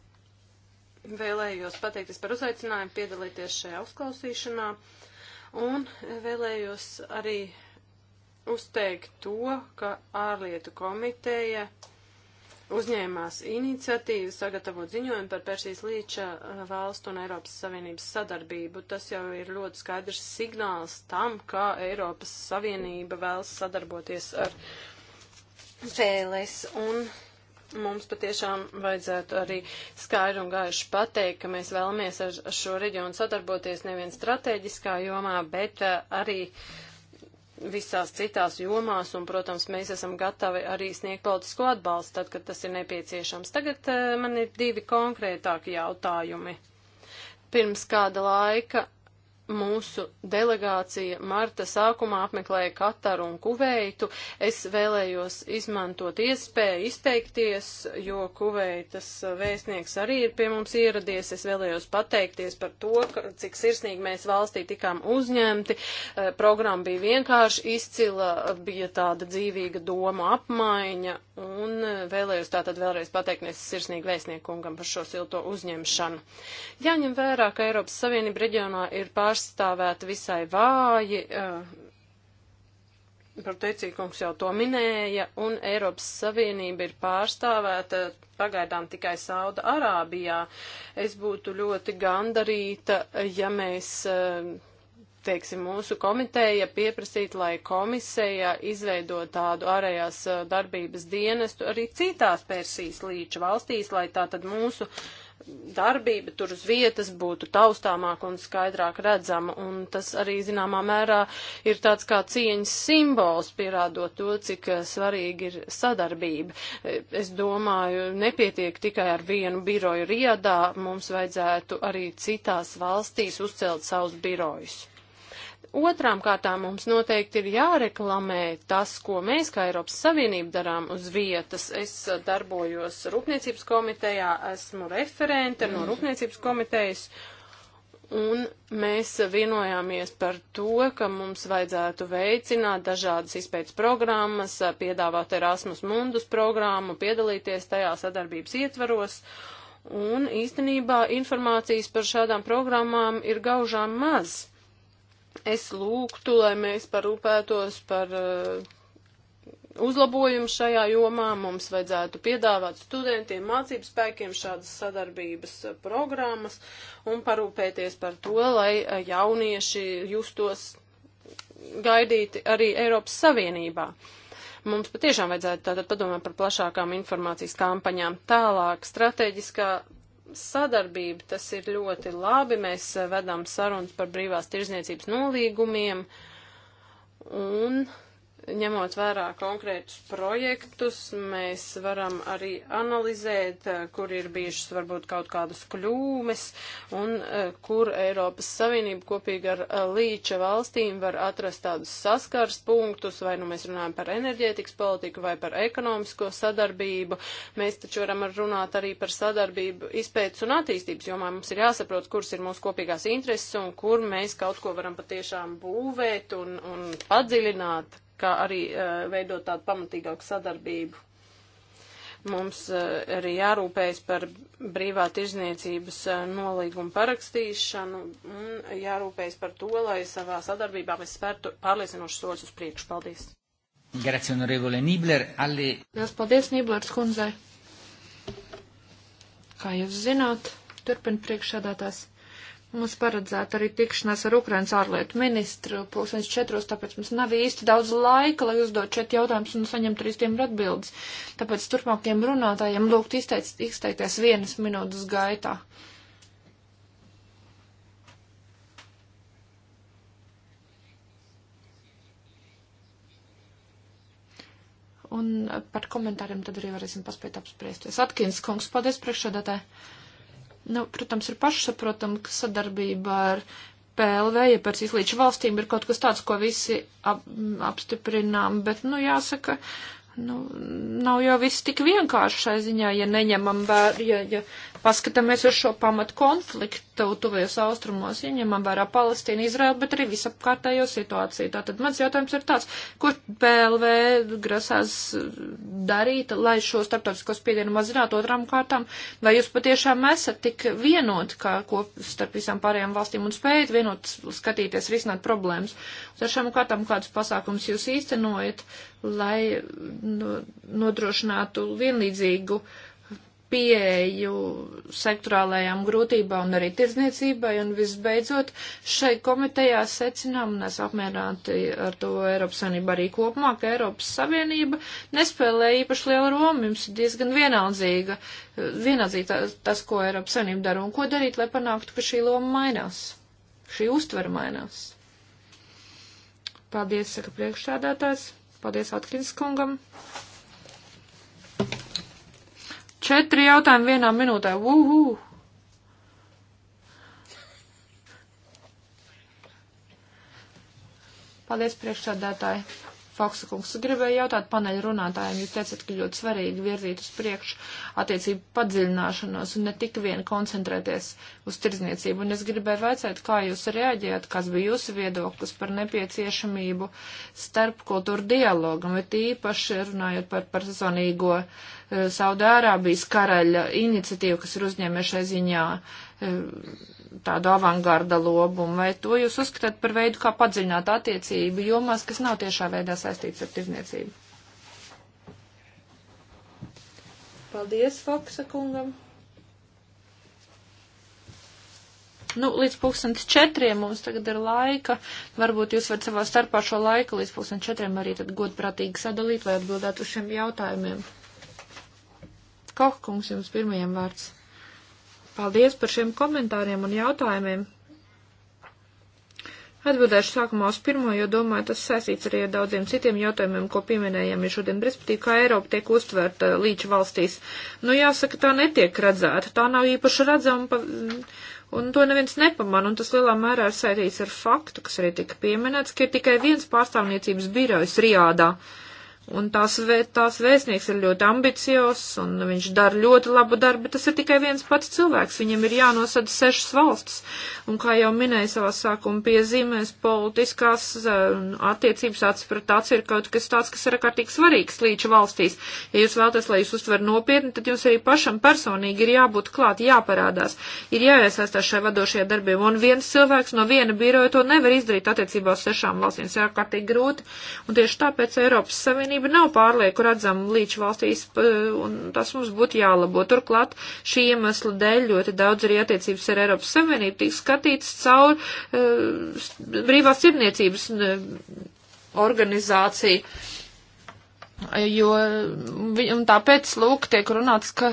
Vēlējos pateikties par uzaicinājumu piedalīties šajā uzklausīšanā un vēlējos arī uzteikt to, ka ārlietu komiteja uzņēmās iniciatīvu sagatavot ziņojumu par Persijas līča uh, valstu un Eiropas Savienības sadarbību. Tas jau ir ļoti skaidrs signāls tam, kā Eiropas Savienība vēlas sadarboties ar Pēles un mums patiešām vajadzētu arī skaidri un gaiši pateikt, ka mēs vēlamies ar šo reģionu sadarboties nevien strateģiskā jomā, bet uh, arī uh, visās citās jomās, un, protams, mēs esam gatavi arī sniegt politisko atbalstu, tad, kad tas ir nepieciešams. Tagad eh, man ir divi konkrētāki jautājumi. Pirms kāda laika mūsu delegācija marta sākumā apmeklēja Kataru un Kuveitu. Es vēlējos izmantot iespēju izteikties, jo Kuveitas vēstnieks arī ir pie mums ieradies. Es vēlējos pateikties par to, ka, cik sirsnīgi mēs valstī tikām uzņemti. Eh, Programma bija vienkārši izcila, bija tāda dzīvīga doma apmaiņa un eh, vēlējos tātad vēlreiz pateikties sirsnīgi vēstniekungam par šo silto uzņemšanu. Jāņem vērā, ka Eiropas Savienība reģionā ir pārstāvja pārstāvēta visai vāji, eh, Proteicīkungs jau to minēja, un Eiropas Savienība ir pārstāvēta pagaidām tikai Sauda Arābijā. Es būtu ļoti gandarīta, ja mēs, eh, teiksim, mūsu komiteja pieprasītu, lai komisija izveido tādu ārējās eh, darbības dienestu arī citās Persijas līča valstīs, lai tā tad mūsu uh, darbība tur uz vietas būtu taustāmāk un skaidrāk redzama, un tas arī zināmā mērā ir tāds kā cieņas simbols, pierādot to, cik eh, svarīgi ir sadarbība. Eh, es domāju, nepietiek tikai ar vienu biroju riedā, mums vajadzētu arī citās valstīs uzcelt savus birojus. Otrām kārtām mums noteikti ir jāreklamē tas, ko mēs kā Eiropas Savienība darām uz vietas. Es darbojos Rūpniecības komitejā, esmu referente no Rūpniecības komitejas, un mēs vienojāmies par to, ka mums vajadzētu veicināt dažādas izpētes programmas, piedāvāt Erasmus Mundus programmu, piedalīties tajā sadarbības ietvaros. Un īstenībā informācijas par šādām programmām ir gaužām maz es lūgtu, lai mēs parūpētos par eh, uzlabojumu šajā jomā. Mums vajadzētu piedāvāt studentiem, mācību spēkiem šādas sadarbības eh, programmas un parūpēties par to, lai eh, jaunieši justos gaidīti arī Eiropas Savienībā. Mums patiešām vajadzētu tātad padomāt par plašākām informācijas kampaņām. Tālāk, strateģiskā sadarbība, tas ir ļoti labi. Mēs eh, vedam sarunas par brīvās tirzniecības nolīgumiem un ņemot vērā konkrētus projektus, mēs varam arī analizēt, eh, kur ir bijušas varbūt kaut kādas kļūmes un eh, kur Eiropas Savienība kopīgi ar eh, līča valstīm var atrast tādus saskars punktus, vai nu mēs runājam par enerģētikas politiku vai par ekonomisko sadarbību. Mēs taču varam runāt arī par sadarbību izpētes un attīstības jomā. Mums ir jāsaprot, kuras ir mūsu kopīgās intereses un kur mēs kaut ko varam patiešām būvēt un, un padziļināt kā arī eh, veidot tādu pamatīgāku sadarbību. Mums eh, arī jārūpējas par brīvā tirzniecības eh, nolīgumu parakstīšanu un jārūpējas par to, lai savā sadarbībā mēs spērtu pārliecinošus soļus uz priekšu. Paldies! Grazie, onorevole Nibler. Alle... Lielas paldies, Niblers kundzei! Kā jūs zināt, turpina priekšādātājs. Mums paredzēta arī tikšanās ar Ukrainas ārlietu ministru pulkstens četros, tāpēc mums nav īsti daudz laika, lai uzdot šeit jautājumus un saņemt arī tiem atbildes. Tāpēc turpmākiem runātājiem lūgt izteic, izteikties vienas minūtes gaitā. Un par komentāriem tad arī varēsim paspēt apspriesties. Atkins kungs, paldies priekšsēdētāji. Nu, protams, ir pašsaprotama, ka sadarbība ar PLV, ja pēc izlīču valstīm ir kaut kas tāds, ko visi ap, apstiprinām, bet, nu, jāsaka, nu, nav jau viss tik vienkārši šai ziņā, ja neņemam vēr, ja, ja paskatāmies uz šo pamatu konfliktu tuvajos austrumos, ja ņemam vērā Palestīnu, Izraelu, bet arī visapkārtējo situāciju. Tātad mans jautājums ir tāds, ko PLV grasās darīt, lai šo starptautisko spiedienu mazinātu otrām kārtām, vai jūs patiešām esat tik vienoti, kā kop starp visām pārējām valstīm un spējat vienot skatīties, risināt problēmas. Trešām kārtām kādus pasākums jūs īstenojat, lai nodrošinātu vienlīdzīgu uh, pieeju sektorālajām grūtībām un arī tirdzniecībai, un visbeidzot šai komitejā secinām, un es apmierināti ar to Eiropas Savienību arī kopumā, ka Eiropas Savienība nespēlē īpaši lielu romu, jums ir diezgan vienaldzīga, vienaldzīga tas, ko Eiropas Savienība dara, un ko darīt, lai panāktu, ka šī loma mainās, šī uztvera mainās. Paldies, saka priekšstādātājs, paldies Atkins kungam. Četri jautājumi vienā minūtē. Uhu! Paldies, priekšsādātāji! Fauksa kungs, gribēju jautāt paneļa runātājiem, jūs teicat, ka ļoti svarīgi virzīt uz priekšu attiecību padziļināšanos un ne tik vien koncentrēties uz tirdzniecību. Un es gribēju vaicāt, kā jūs reaģējat, kāds bija jūsu viedoklis par nepieciešamību starp kultūru dialogam, bet īpaši runājot par personīgo eh, Saudārābijas karaļa iniciatīvu, kas ir uzņēmēšai ziņā eh, tādu avangarda lobumu, vai to jūs uzskatāt par veidu, kā padziļināt attiecību jomās, kas nav tiešā veidā saistīts ar tirzniecību? Paldies, Foksa kungam. Nu, līdz pusdienas četriem mums tagad ir laika. Varbūt jūs varat savā starpā šo laiku līdz pusdienas četriem arī tad godprātīgi sadalīt, lai atbildētu uz šiem jautājumiem. Kohkungs jums pirmajam vārds. Paldies par šiem komentāriem un jautājumiem. Atbildēšu sākumā uz pirmo, jo domāju, tas saistīts arī ar daudziem citiem jautājumiem, ko pieminējām ja šodien, respektīvi, kā Eiropa tiek uztvērta līdz valstīs. Nu, jāsaka, tā netiek redzēta, tā nav īpaši redzama, un to neviens nepaman, un tas lielā mērā ir saistīts ar faktu, kas arī tika pieminēts, ka ir tikai viens pārstāvniecības birojs Riādā. Uh, Un tās, vē, tās vēstnieks ir ļoti ambiciozs, un viņš dara ļoti labu darbu, bet tas ir tikai viens pats cilvēks. Viņam ir jānosada sešas valstis, un kā jau minēja savā sākuma piezīmēs, politiskās eh, attiecības atspratāts ir kaut kas tāds, kas ir ārkārtīgi svarīgs līča valstīs. Ja jūs vēlaties, lai jūs uztver nopietni, tad jums arī pašam personīgi ir jābūt klāt, jāparādās, ir jāiesaistās šai vadošajā darbiem, un viens cilvēks no viena biroja to nevar izdarīt attiecībā uz sešām valstīm. Tas ir ārkārtīgi grūti, un tieši tāpēc Eiropas Savienība Savienība nav pārlieku redzama līdz valstīs, un tas mums būtu jālabo. Turklāt šī iemesla dēļ ļoti daudz arī attiecības ar Eiropas Savienību tiek skatītas caur uh, brīvās cirniecības organizāciju. Jo, un tāpēc, lūk, tiek runāts, ka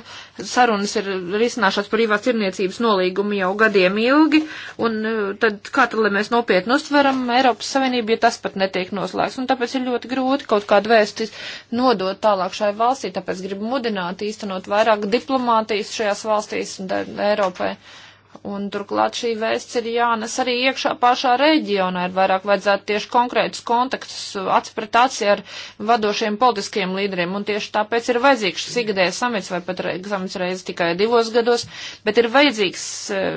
sarunas ir risināšās privās tirniecības nolīgumi jau gadiem ilgi, un e, tad kā tad, lai mēs nopietni uztveram Eiropas Savienību, ja tas pat netiek noslēgts, un tāpēc ir ļoti grūti kaut kādu vēstis nodot tālāk šai valstī, tāpēc gribu mudināt īstenot vairāk diplomātijas šajās valstīs un Eiropai. Uh, Un turklāt šī vēsts ir jānes arī iekšā pašā reģionā, ir vairāk vajadzētu tieši konkrētus kontaktus atspratāci ar vadošiem politiskiem līderiem, un tieši tāpēc ir vajadzīgs šis ikgadējais samits, vai pat re, samits reizi tikai divos gados, bet ir vajadzīgs eh,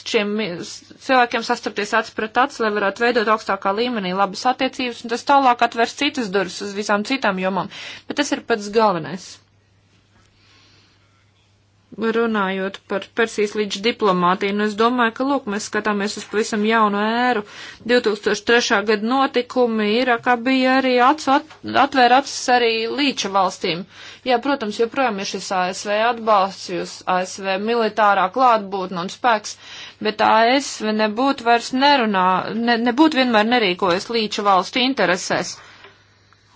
šiem cilvēkiem sastapties atspratāci, lai varētu veidot augstākā līmenī labas attiecības, un tas tālāk atvers citas durvis uz visām citām jomām, bet tas ir pats galvenais runājot par Persijas līdz diplomātiju, nu es domāju, ka, lūk, mēs skatāmies uz pavisam jaunu ēru. 2003. gada notikumi Irakā bija arī acu, at, atvēra acis arī līča valstīm. Jā, protams, joprojām ir šis ASV atbalsts, jūs ASV militārā klātbūtne un spēks, bet ASV nebūtu vairs nerunā, ne, nebūtu vienmēr nerīkojas līča valstu interesēs.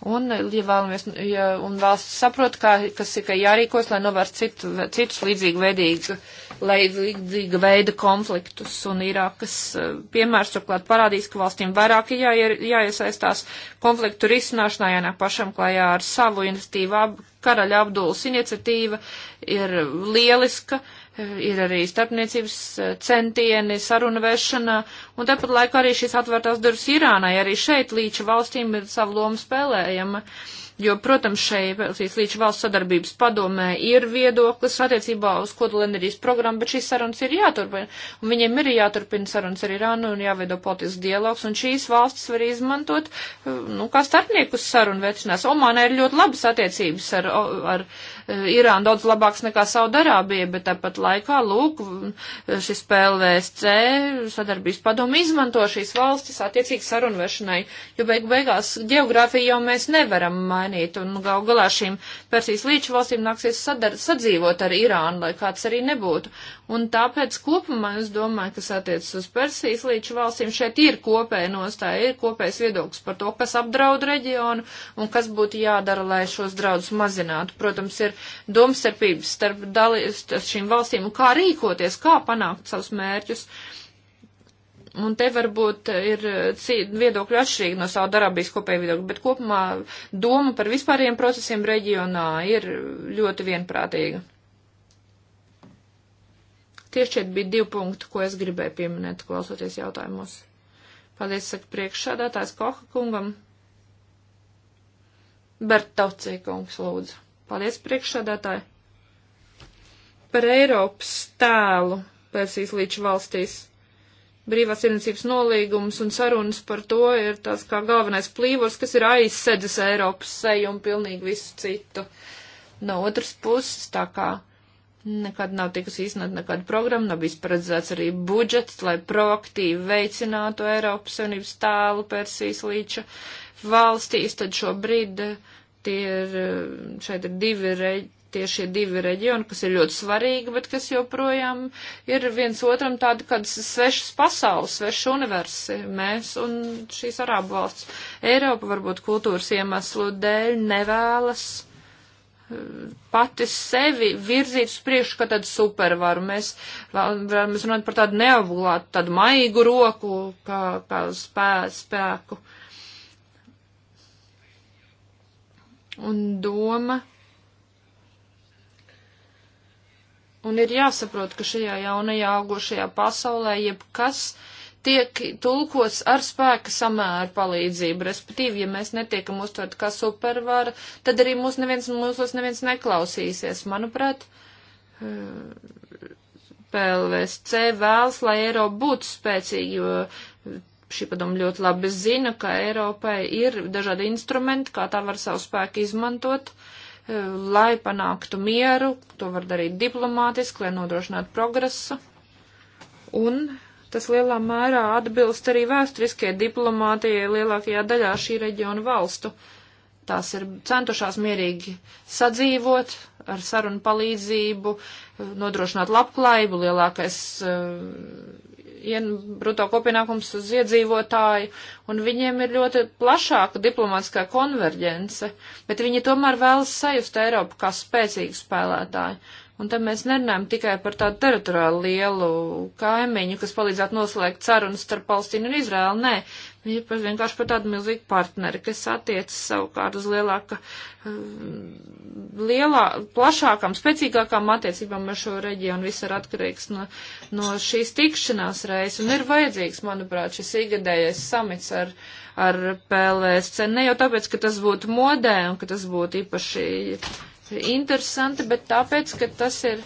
Un, ja vēlamies, ja, un valsts saprot, kā, kas ir jārīkos, lai novērst citu, citus līdzīgi veidīgu, līdzīga veida konfliktus. Un Irākas eh, piemērs turklāt parādīs, ka valstīm vairāk ir jā, jāiesaistās konfliktu risināšanā, jānāk pašam klājā ar savu iniciatīvu. Karaļa apdulas iniciatīva ir lieliska. Uh, ir arī starpniecības eh, centieni, saruna vēršanā, un tāpat laikā arī šīs atvērtās durvis Irānai, arī šeit līča valstīm ir savu lomu spēlējama. Uh, jo, protams, šeit līdz valsts sadarbības padomē ir viedoklis attiecībā uz kodolenerģijas programmu, bet šīs sarunas ir jāturpina, un viņiem ir jāturpina sarunas ar Irānu un jāveido politisks dialogs, un šīs valstis var izmantot, eh, nu, kā starpniekus sarunu veicinās. Omānai ir ļoti labas attiecības ar, ar eh, Irānu, daudz labāks nekā Saudarābija, bet tāpat laikā, lūk, eh, šis PLVSC sadarbības padomu izmanto šīs valstis attiecīgi sarunu vešanai, jo beig beigās geogrāfiju jau mēs nevaram mainīt mainīt, un gal galā šīm Persijas līča valstīm nāksies sadar, sadzīvot ar Irānu, lai kāds arī nebūtu. Un tāpēc kopumā es domāju, kas attiecas uz Persijas līča valstīm, šeit ir kopēja nostāja, ir kopējs viedoklis par to, kas apdraud reģionu un kas būtu jādara, lai šos draudus mazinātu. Protams, ir domstarpības starp dalīs, šīm valstīm un kā rīkoties, kā panākt savus mērķus. Uh, Un te varbūt ir eh, viedokļi atšķirīgi no savu darabijas kopēju viedokļu, bet kopumā doma par vispārējiem procesiem reģionā ir ļoti vienprātīga. Tieši šeit bija divi punkti, ko es gribēju pieminēt, klausoties jautājumos. Paldies, saka priekšsādātājs Koha kungam. Bertaucī kungs, lūdzu. Paldies, priekšsādātāji. Par Eiropas tēlu Persijas līča valstīs brīvās tirdzniecības nolīgums un sarunas par to ir tāds kā galvenais plīvurs, kas ir aizsedzis Eiropas seju un pilnīgi visu citu. No otras puses, tā kā nekad nav tikus īstenot nekāda programma, nav bijis paredzēts arī budžets, lai proaktīvi veicinātu Eiropas Savienības tēlu Persijas līča valstīs, tad šobrīd tie ir, šeit ir divi reģi tie šie divi reģioni, kas ir ļoti svarīgi, bet kas joprojām ir viens otram tādi, kad svešas pasaules, svešas universi, mēs un šīs arābu valsts. Eiropa varbūt kultūras iemeslu dēļ nevēlas eh, pati sevi virzīt uz priekšu, ka tad supervaru. Mēs vēlamies runāt par tādu neobulātu, tādu maigu roku, kā, kā spē, spēku. Un doma Un ir jāsaprot, ka šajā jaunajā augošajā pasaulē jebkas tiek tulkots ar spēka samēru palīdzību. Respektīvi, ja mēs netiekam uztvert kā supervara, tad arī mūs neviens, mūsos neviens neklausīsies. Manuprāt, PLVSC vēlas, lai Eiropa būtu spēcīga, jo šī padoma ļoti labi zina, ka Eiropai ir dažādi instrumenti, kā tā var savu spēku izmantot. Uh, lai panāktu mieru, to var darīt diplomātiski, lai nodrošinātu progresu. Un tas lielā mērā atbilst arī vēsturiskajai diplomātijai lielākajā daļā šī reģiona valstu. Tās ir centušās mierīgi sadzīvot ar sarunu palīdzību, nodrošināt labklājību, lielākais uh, bruto kopienākums uz iedzīvotāju, un viņiem ir ļoti plašāka diplomātiskā konverģence, bet viņi tomēr vēlas sajust Eiropu kā spēcīgu spēlētāju. Un tad mēs nerunājam tikai par tādu teritoriālu lielu kaimiņu, kas palīdzētu noslēgt sarunas starp Palestīnu un Izraēlu. Nē, Viņi ir vienkārši par tādu milzīgu partneri, kas attiecas savukārt uz lielāka, um, lielā, plašākām, spēcīgākām attiecībām ar šo reģionu. Viss ir atkarīgs no, no šīs tikšanās reizes. Un ir vajadzīgs, manuprāt, šis igadējais samits ar, ar PLSC. Ne jau tāpēc, ka tas būtu modē un ka tas būtu īpaši interesanti, bet tāpēc, ka tas ir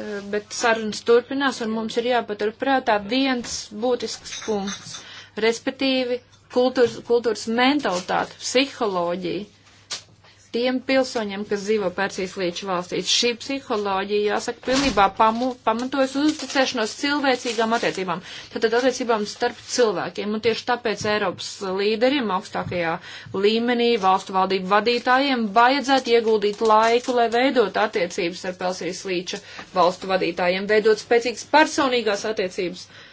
Eh, bet sarunas turpinās un mums ir jāpaturprātā viens būtisks punkts, respektīvi kultūras, kultūras mentalitāte, psiholoģija tiem pilsoņiem, kas dzīvo Persijas līča valstīs. Šī psiholoģija, jāsaka, pilnībā pamu, pamatojas uzticēšanos cilvēcīgām attiecībām, tātad attiecībām starp cilvēkiem. Un tieši tāpēc Eiropas līderiem, augstākajā līmenī, valstu valdību vadītājiem vajadzētu ieguldīt laiku, lai veidot attiecības ar Persijas līča valstu vadītājiem, veidot spēcīgas personīgās attiecības. Uh,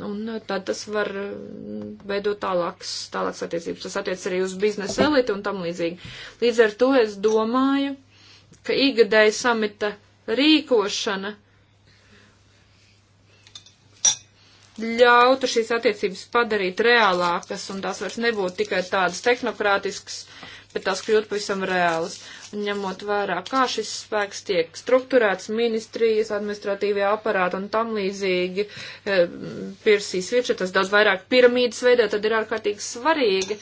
Un nu, tad tas var mm, veidot tālākas, tālākas attiecības. Tas attiec arī uz biznesa elitu un tam līdzīgi. Līdz ar to es domāju, ka īgadēja samita rīkošana ļautu šīs attiecības padarīt reālākas un tās vairs nebūtu tikai tādas tehnokrātiskas, bet tās kļūtu pavisam reālas. Uh, ņemot vērā, kā šis spēks tiek strukturēts, ministrijas, administratīvie aparāti un tam līdzīgi e, pirsīs virša, tas daudz vairāk piramīdas veidā, tad ir ārkārtīgi svarīgi,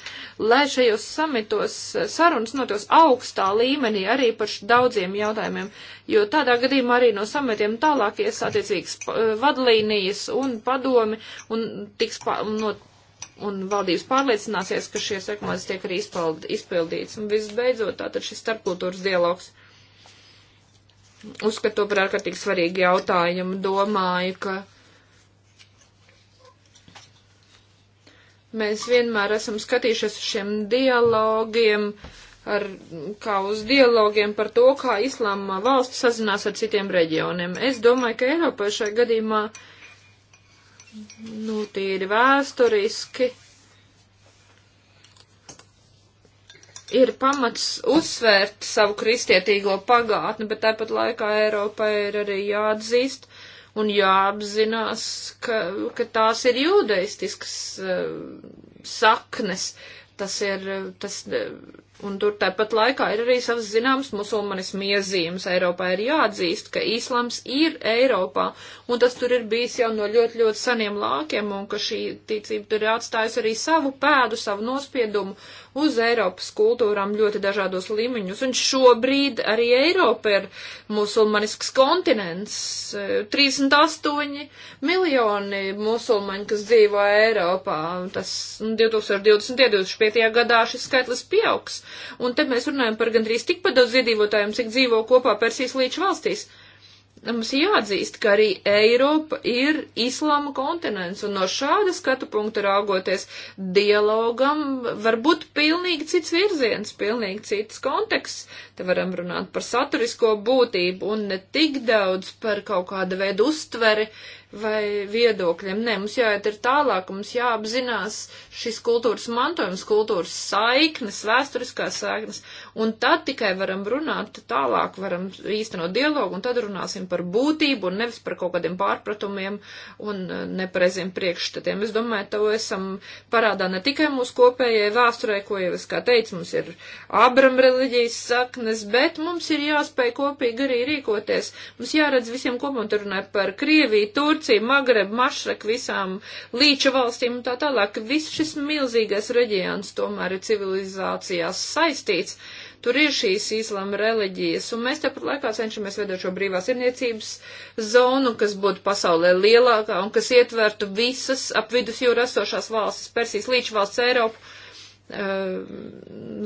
lai šajos samitos e, sarunas notos augstā līmenī arī par daudziem jautājumiem, jo tādā gadījumā arī no samitiem tālāk ies attiecīgas e, vadlīnijas un padomi un tiks pa, no, un valdības pārliecināsies, ka šie sekmēs tiek arī izpald, izpildīts. Un visbeidzot, tātad šis starpkultūras dialogs. Uzskatu par ārkārtīgi svarīgu jautājumu. Domāju, ka mēs vienmēr esam skatījušies uz šiem dialogiem, ar, kā uz dialogiem par to, kā islāma valsts sazinās ar citiem reģioniem. Es domāju, ka Eiropai šajā gadījumā. Uh, nu, tīri vēsturiski ir pamats uzsvērt savu kristietīgo pagātni, bet tāpat laikā Eiropai ir arī jāatzīst un jāapzinās, ka, ka tās ir jūdeistiskas uh, eh, saknes. Tas ir, tas, uh, Un tur tāpat laikā ir arī savas zināmas musulmanismu iezīmes. Eiropā ir jāatzīst, ka islams ir Eiropā, un tas tur ir bijis jau no ļoti, ļoti seniem lākiem, un ka šī ticība tur ir atstājusi arī savu pēdu, savu nospiedumu uz Eiropas kultūrām ļoti dažādos līmeņos. Un šobrīd arī Eiropa ir musulmanisks kontinents. 38 e, miljoni musulmaņi, kas dzīvo Eiropā. Tas 2020. 2025. gadā šis skaitlis pieaugs Un te mēs runājam par gandrīz tikpat daudz iedzīvotājiem, cik dzīvo kopā Persijas līča valstīs. Mums jāatzīst, ka arī Eiropa ir islāma kontinents, un no šāda skatu punkta raugoties dialogam var būt pilnīgi cits virziens, pilnīgi cits konteksts, Te varam runāt par saturisko būtību un ne tik daudz par kaut kādu veidu uztveri vai viedokļiem. Nē, mums jāiet ir tālāk, mums jāapzinās šis kultūras mantojums, kultūras saiknes, vēsturiskās saiknes, un tad tikai varam runāt tālāk, varam īstenot dialogu, un tad runāsim par būtību un nevis par kaut kādiem pārpratumiem un eh, nepareiziem priekšstatiem. Es domāju, to esam parādā ne tikai mūsu kopējai vēsturē, ko jau es kā teicu, mums ir Abram reliģijas sakne, saiknes, bet mums ir jāspēj kopīgi arī rīkoties. Mums jāredz visiem kopā, un tur runāja par Krieviju, Turciju, Magreb, Mašrek, visām līča valstīm un tā tālāk. Viss šis milzīgais reģions tomēr ir civilizācijās saistīts. Tur ir šīs īslama reliģijas, un mēs tepat laikā cenšamies veidot šo brīvās irniecības zonu, kas būtu pasaulē lielākā un kas ietvertu visas ap vidusjūru esošās valstis, Persijas līča valsts Eiropu Ehm,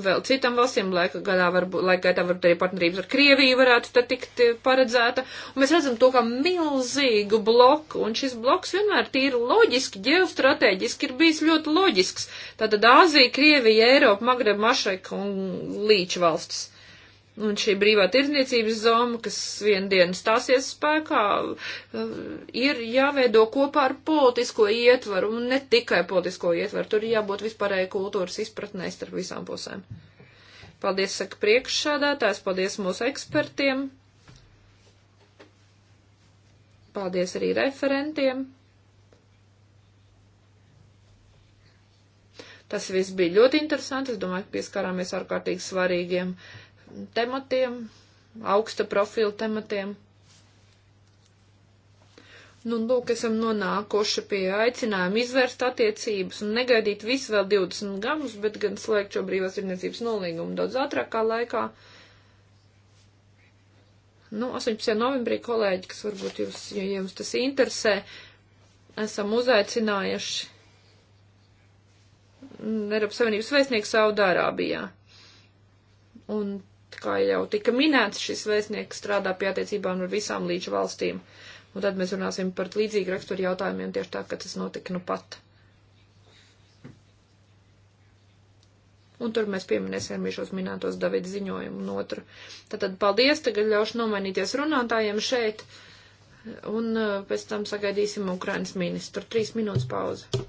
vēl citām valstīm, laika gadā varbūt, laika gadā varbūt arī partnerības ar Krieviju varētu te tikt eh, paredzēta. Un mēs redzam to kā milzīgu bloku, un šis bloks vienmēr tīri loģiski, ģeostrateģiski ir bijis ļoti loģisks. Tātad Āzija, Krievija, Eiropa, Magreb, Mašrek un Līča valstis. Un šī brīvā tirdzniecības zoma, kas vien dienu stāsies spēkā, ir jāveido kopā ar politisko ietvaru, un ne tikai politisko ietvaru, tur ir jābūt vispārēji kultūras izpratnē starp visām pusēm. Paldies, saka priekšsādātājs, paldies mūsu ekspertiem, paldies arī referentiem. Tas viss bija ļoti interesanti, es domāju, ka pieskārāmies ārkārtīgi svarīgiem tematiem, augsta profila tematiem. Nu, lūk, esam nonākuši pie aicinājuma izvērst attiecības un negaidīt visu vēl 20 gamus, bet gan slēgt šo brīvās tirniecības nolīgumu daudz ātrākā laikā. Nu, 18. novembrī kolēģi, kas varbūt jūs, ja jums tas interesē, esam uzaicinājuši Eiropas Savienības vēstnieku Saudārābijā. Un Tā kā jau tika minēts, šis vēstnieks strādā pie attiecībām ar visām līdz valstīm. Un tad mēs runāsim par līdzīgu raksturu jautājumiem tieši tā, ka tas notika nu pat. un tur mēs pieminēsim arī šos minētos Davida ziņojumu un otru. Tātad paldies, tagad ļaušu nomainīties runātājiem šeit, un uh, pēc tam sagaidīsim Ukrainas ministru. Trīs minūtes pauze.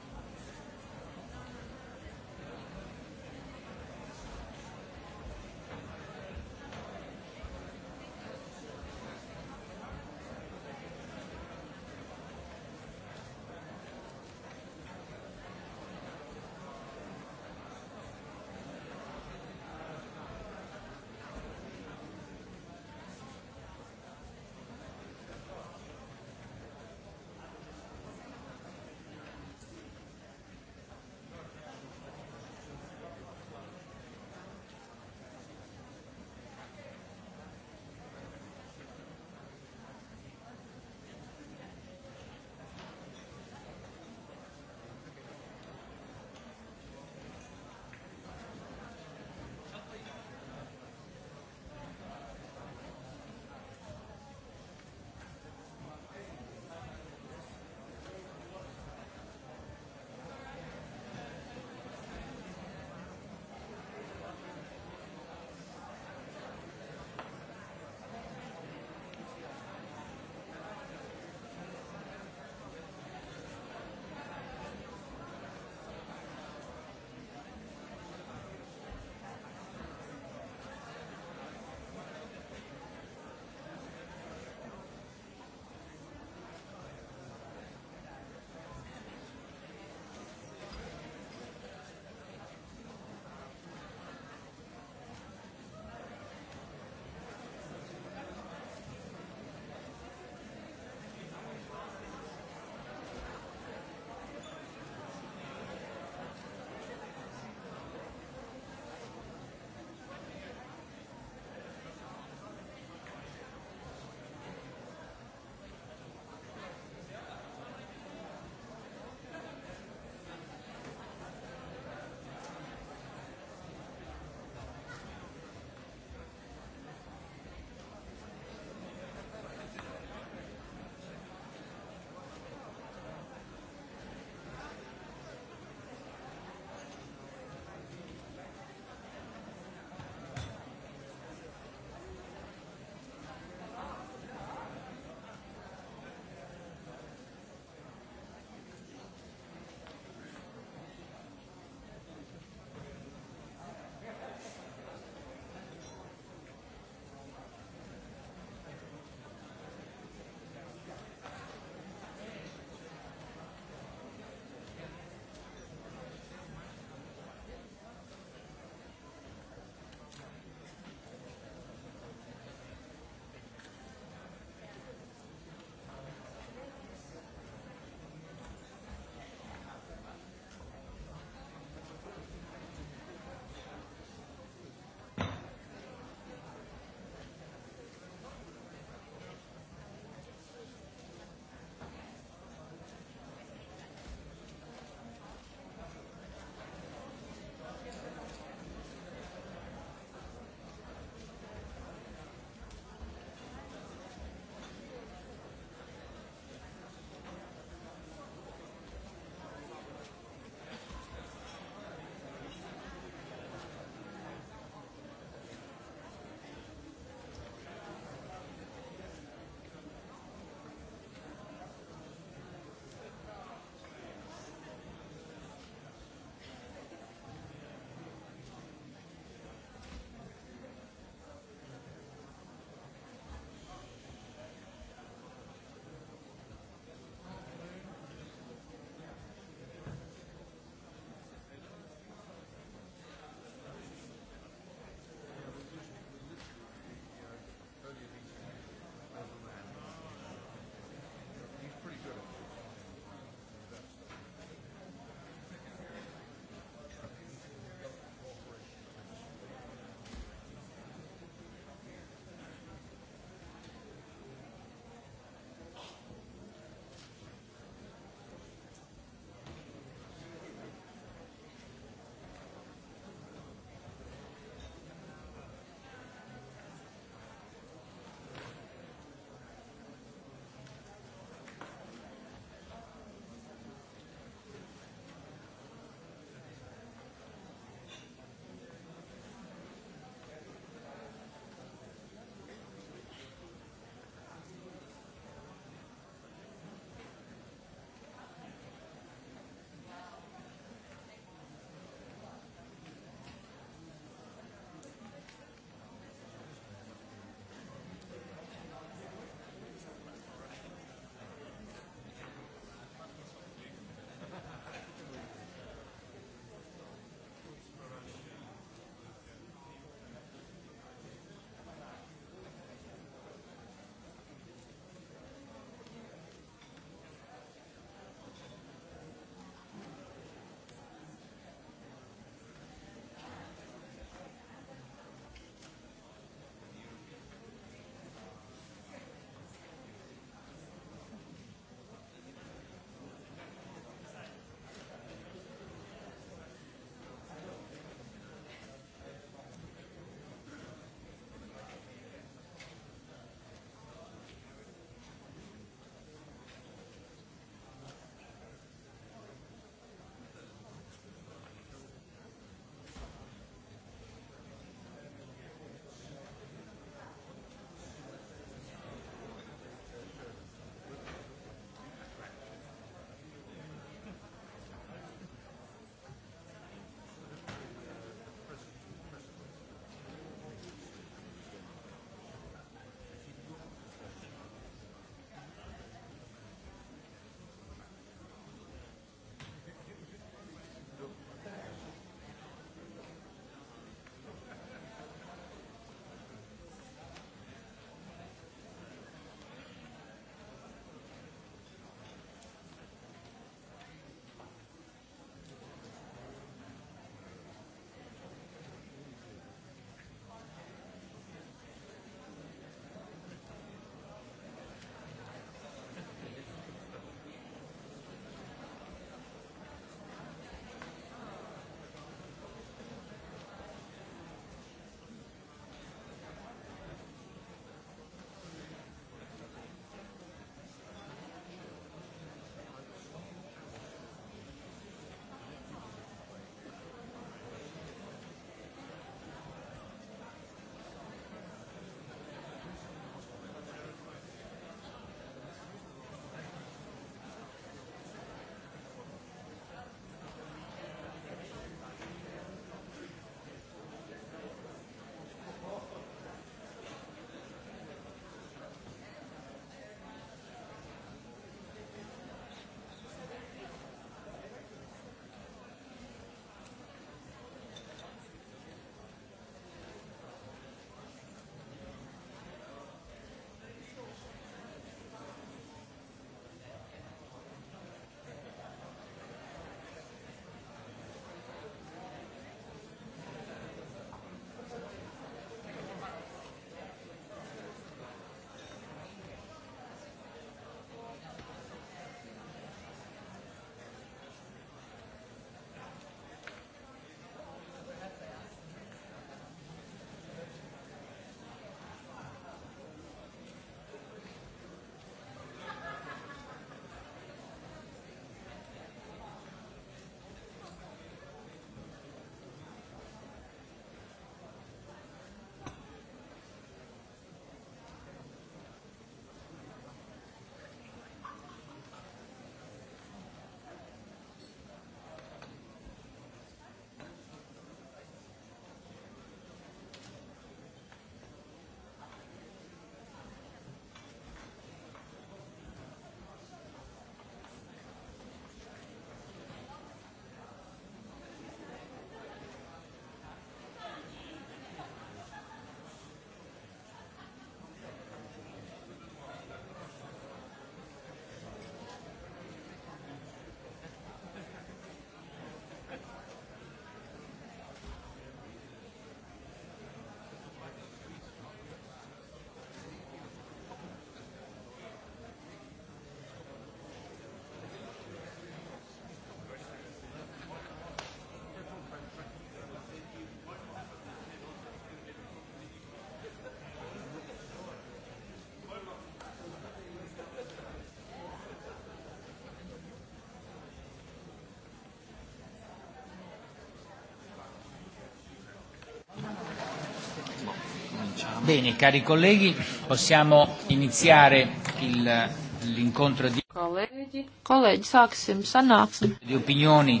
Bene, cari colleghi, possiamo iniziare il, l'incontro di... Colleghi, colleghi, sāksim sanāksmi. Di opinioni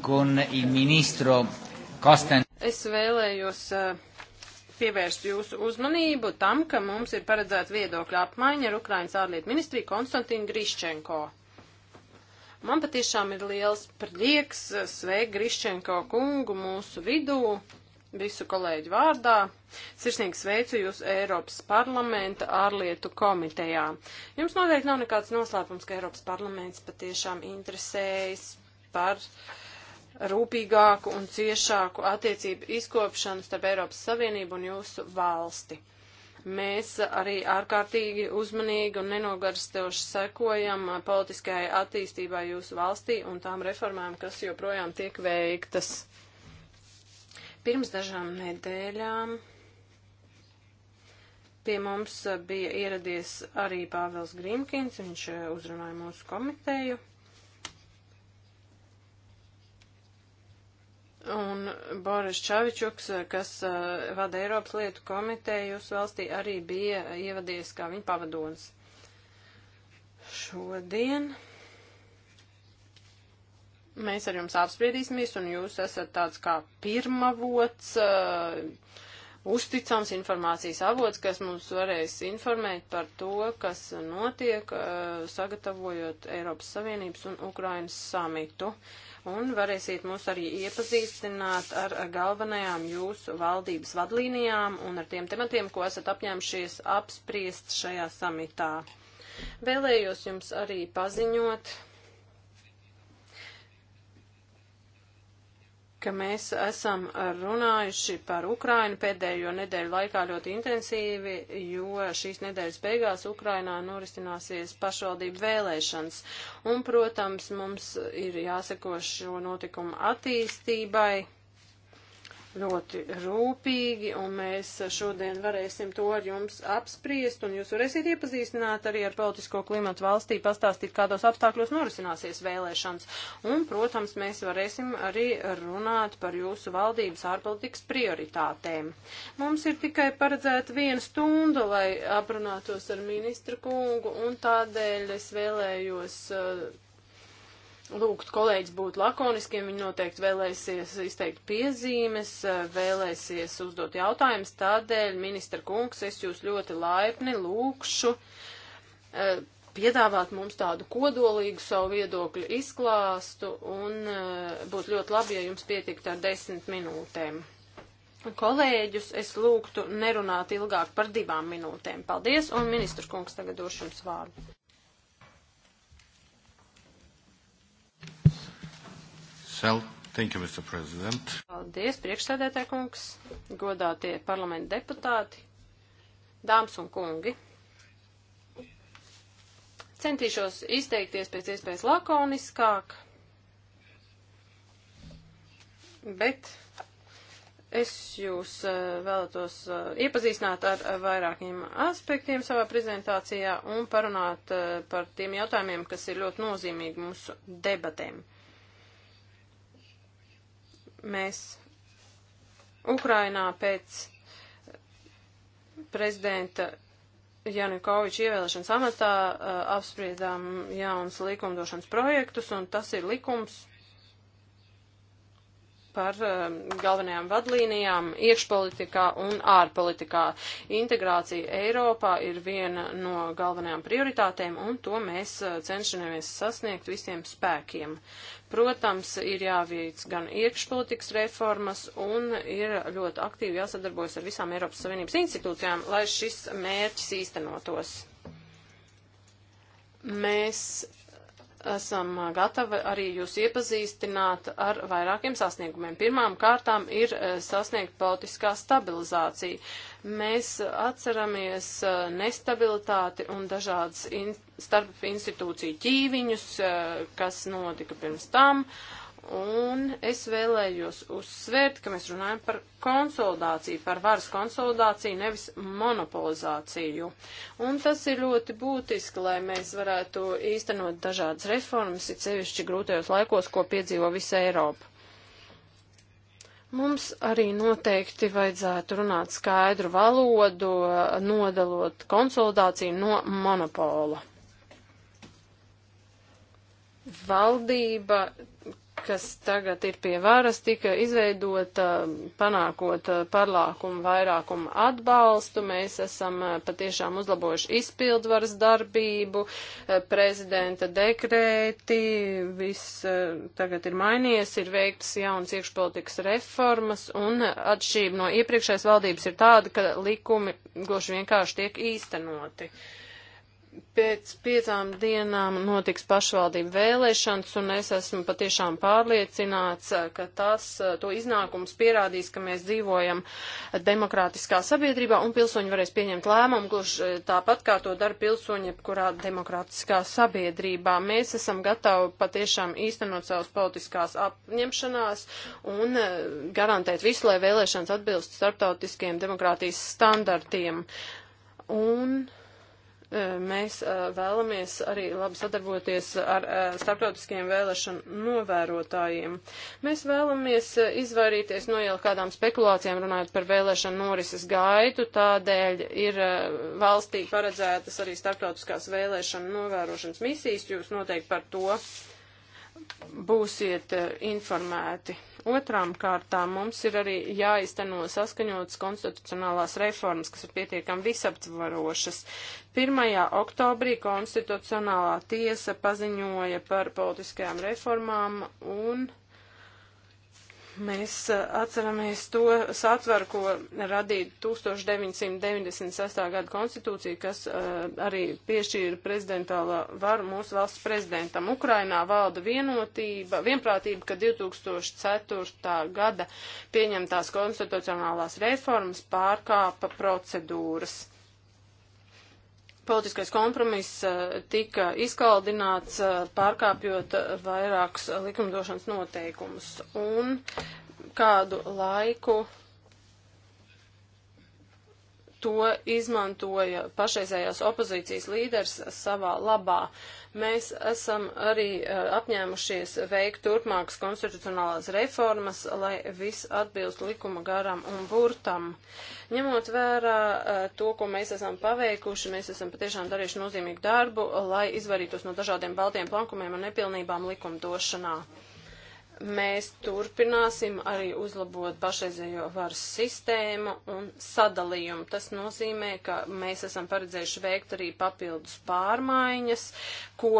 con il ministro Kostan. Es vēlējos eh, pievērst jūsu uzmanību tam, ka mums ir paredzēta viedokļa apmaiņa ar Ukrainas ārlietu ministriju Konstantīnu Griščenko. Man patiešām ir liels prieks eh, sveikt Griščenko kungu mūsu vidū visu kolēģu vārdā. Sirsnīgi sveicu jūs Eiropas parlamenta ārlietu komitejā. Jums noteikti nav nekāds noslēpums, ka Eiropas parlaments patiešām interesējas par rūpīgāku un ciešāku attiecību izkopšanu starp Eiropas Savienību un jūsu valsti mēs arī ārkārtīgi uzmanīgi un nenogarstoši sekojam politiskajai attīstībai jūsu valstī un tām reformām, kas joprojām tiek veiktas. Pirms dažām nedēļām pie mums eh, bija ieradies arī Pāvils Grimkins, viņš eh, uzrunāja mūsu komiteju. Un Boris Čavičuks, eh, kas uh, vada Eiropas lietu komiteju, jūsu valstī arī bija ievadies kā viņa pavadonis. Šodien Mēs ar jums apspriedīsimies, un jūs esat tāds kā pirmavots, uh, uzticams informācijas avots, kas mums varēs informēt par to, kas notiek, uh, sagatavojot Eiropas Savienības un Ukrainas samitu. Un varēsiet mūs arī iepazīstināt ar galvenajām jūsu valdības vadlīnijām un ar tiem tematiem, ko esat apņēmušies apspriest šajā samitā. Vēlējos jums arī paziņot, ka mēs esam runājuši par Ukrainu pēdējo nedēļu laikā ļoti intensīvi, jo šīs nedēļas beigās Ukrainā norisināsies pašvaldību vēlēšanas. Un, protams, mums ir jāseko šo notikumu attīstībai ļoti rūpīgi, un mēs šodien varēsim to ar jums apspriest, un jūs varēsiet iepazīstināt arī ar politisko klimatu valstī, pastāstīt, kādos apstākļos norisināsies vēlēšanas. Un, protams, mēs varēsim arī runāt par jūsu valdības ārpolitikas prioritātēm. Mums ir tikai paredzēta viena stunda, lai aprunātos ar ministru kungu, un tādēļ es vēlējos. Uh, lūgt kolēģis būt lakoniskiem, viņi noteikti vēlēsies izteikt piezīmes, eh, vēlēsies uzdot jautājumus, tādēļ, ministra kungs, es jūs ļoti laipni lūkšu eh, piedāvāt mums tādu kodolīgu savu viedokļu izklāstu un eh, būtu ļoti labi, ja jums pietiktu ar desmit minūtēm. Kolēģus es lūgtu nerunāt ilgāk par divām minūtēm. Paldies, un ministrs kungs tagad došu jums vārdu. Sel. Thank you, Mr. President. Paldies, priekšsēdētāj kungs, godātie parlamenta deputāti, dāmas un kungi. Centīšos izteikties pēc iespējas lakoniskāk, bet es jūs eh, vēlētos eh, iepazīstināt ar eh, vairākiem aspektiem savā prezentācijā un parunāt par tiem jautājumiem, kas ir ļoti nozīmīgi mūsu debatēm. Mēs Ukrainā pēc prezidenta Janukoviča ievēlēšanas amatā uh, apspriedām jaunas likumdošanas projektus, un tas ir likums par um, galvenajām vadlīnijām iekšpolitikā un ārpolitikā. Integrācija Eiropā ir viena no galvenajām prioritātēm, un to mēs uh, cenšamies sasniegt visiem spēkiem. Protams, ir jāveic gan iekšpolitikas reformas, un ir ļoti aktīvi jāsadarbojas ar visām Eiropas Savienības institūcijām, lai šis mērķis īstenotos. Mēs esam gatavi arī jūs iepazīstināt ar vairākiem sasniegumiem. Pirmām kārtām ir sasniegt politiskā stabilizācija. Mēs atceramies nestabilitāti un dažādas in starp institūciju ķīviņus, kas notika pirms tam. Uh, Un es vēlējos uzsvērt, ka mēs runājam par konsolidāciju, par varas konsolidāciju, nevis monopolizāciju. Un tas ir ļoti būtiski, lai mēs varētu īstenot dažādas reformas, it sevišķi grūtajos laikos, ko piedzīvo visa Eiropa. Mums arī noteikti vajadzētu runāt skaidru valodu, nodalot konsolidāciju no monopola valdība kas tagad ir pie varas, tika izveidota panākot parlākumu vairākumu atbalstu. Mēs esam patiešām uzlabojuši izpildvaras darbību, prezidenta dekrēti, viss tagad ir mainījies, ir veikts jauns iekšpolitikas reformas un atšķība no iepriekšējās valdības ir tāda, ka likumi goši vienkārši tiek īstenoti. Uh, Pēc piecām dienām notiks pašvaldību vēlēšanas, un es esmu patiešām pārliecināts, eh, ka tas, eh, to iznākums pierādīs, ka mēs dzīvojam demokrātiskā sabiedrībā, un pilsoņi varēs pieņemt lēmumu, kurš eh, tāpat kā to dara pilsoņi, kurā demokrātiskā sabiedrībā. Mēs esam gatavi patiešām īstenot savas politiskās apņemšanās un garantēt visu, lai vēlēšanas atbilst starptautiskiem demokrātijas standartiem. Un Mēs vēlamies arī labi sadarboties ar starptautiskiem vēlēšanu novērotājiem. Mēs vēlamies izvairīties no jau kādām spekulācijām runājot par vēlēšanu norises gaitu, tādēļ ir valstī paredzētas arī starptautiskās vēlēšanu novērošanas misijas, jūs noteikti par to būsiet informēti. Otrām kārtām mums ir arī jāizteno saskaņotas konstitucionālās reformas, kas ir pietiekami visaptvarošas. 1. oktobrī konstitucionālā tiesa paziņoja par politiskajām reformām un mēs eh, atceramies to satvaru, ko radīja 1996. gada konstitūcija, kas uh, arī piešķīra prezidentālā varu mūsu valsts prezidentam. Ukrainā valda vienotība, vienprātība, ka 2004. gada pieņemtās konstitucionālās reformas pārkāpa procedūras. Politiskais kompromiss eh, tika izkaldināts, eh, pārkāpjot eh, vairākus likumdošanas noteikumus. Un kādu laiku to izmantoja pašreizējās opozīcijas līderis savā labā. Uh, Mēs esam arī eh, apņēmušies veikt turpmākas konstitucionālās reformas, lai viss atbilst likuma garam un burtam. Ņemot vērā eh, to, ko mēs esam paveikuši, mēs esam patiešām darījuši nozīmīgu darbu, lai izvarītos no dažādiem baltiem plankumiem un nepilnībām likumdošanā mēs turpināsim arī uzlabot pašreizējo varas sistēmu un sadalījumu. Tas nozīmē, ka mēs esam paredzējuši veikt arī papildus pārmaiņas, ko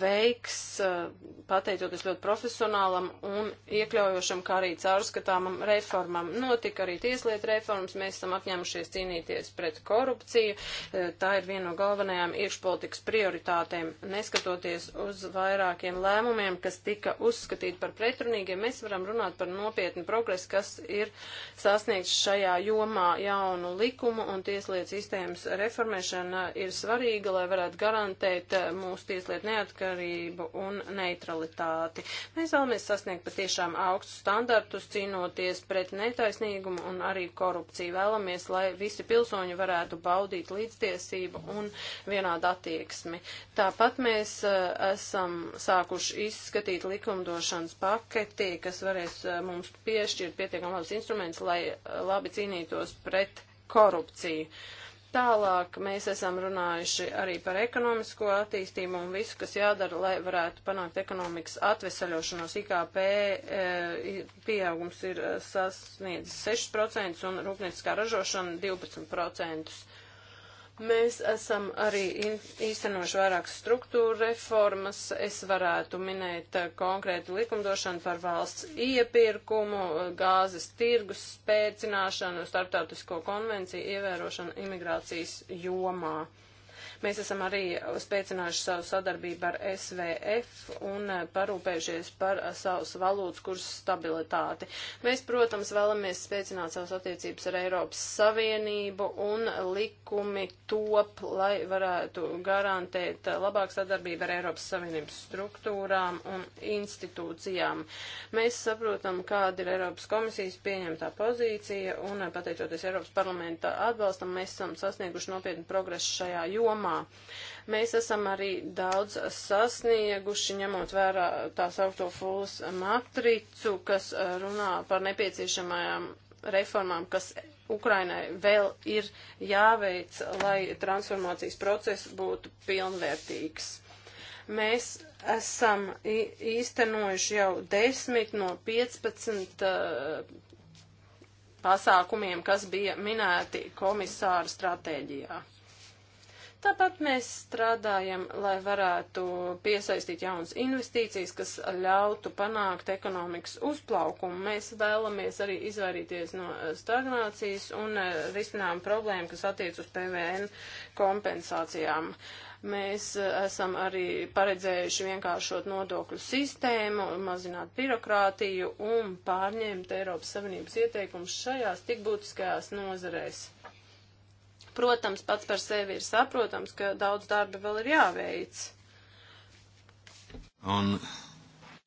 veiks, eh, pateicoties ļoti profesionālam un iekļaujošam, kā arī caurskatāmam reformam. Notika arī tieslietu reformas, mēs esam apņēmušies cīnīties pret korupciju. Eh, tā ir viena no galvenajām iekšpolitikas prioritātēm. Neskatoties uz vairākiem lēmumiem, kas tika uzskatīti par pretrunīgiem, mēs varam runāt par nopietnu progresu, kas ir sasniegts šajā jomā jaunu likumu un tieslietu sistēmas reformēšana ir svarīga, lai varētu garantēt eh, mūsu tieslietu neatkarību neatkarību un neutralitāti. Mēs vēlamies sasniegt patiešām augstus standartus, cīnoties pret netaisnīgumu un arī korupciju. Vēlamies, lai visi pilsoņi varētu baudīt līdztiesību un vienādu attieksmi. Tāpat mēs eh, esam sākuši izskatīt likumdošanas paketi, kas varēs eh, mums piešķirt pietiekam labs instruments, lai eh, labi cīnītos pret korupciju. Uh, Tālāk mēs esam runājuši arī par ekonomisko attīstību un visu, kas jādara, lai varētu panākt ekonomikas atvesaļošanos. IKP e, eh, pieaugums ir eh, sasniedzis 6% un rūpnieciskā ražošana 12%. Mēs esam arī īstenojuši vairākas struktūra reformas. Es varētu minēt eh, konkrētu likumdošanu par valsts iepirkumu, eh, gāzes tirgus spēcināšanu, starptautisko konvenciju ievērošanu imigrācijas jomā. Mēs esam arī spēcinājuši savu sadarbību ar SVF un eh, parūpējušies par eh, savus valūtas kursu stabilitāti. Mēs, protams, vēlamies spēcināt savus attiecības ar Eiropas Savienību un likumi top, lai varētu garantēt eh, labāku sadarbību ar Eiropas Savienības struktūrām un institūcijām. Mēs saprotam, kāda ir Eiropas komisijas pieņemtā pozīcija un pateicoties Eiropas parlamenta atbalstam, mēs esam sasnieguši nopietnu progresu šajā jomā jomā. Mēs esam arī daudz sasnieguši, ņemot vērā tā saukto fūlas matricu, kas eh, runā par nepieciešamajām reformām, kas Ukrainai vēl ir jāveic, lai transformācijas process būtu pilnvērtīgs. Mēs esam īstenojuši jau 10 no 15 uh, eh, pasākumiem, kas bija minēti komisāra stratēģijā. Tāpat mēs strādājam, lai varētu piesaistīt jaunas investīcijas, kas ļautu panākt ekonomikas uzplaukumu. Mēs vēlamies arī izvairīties no eh, stagnācijas un eh, risinām problēmu, kas attiec uz PVN kompensācijām. Mēs eh, esam arī paredzējuši vienkāršot nodokļu sistēmu, mazināt birokrātiju un pārņemt Eiropas Savienības ieteikumus šajās tik būtiskajās nozarēs. Protams, pats par sevi ir saprotams, ka daudz darba vēl ir jāveic. Un...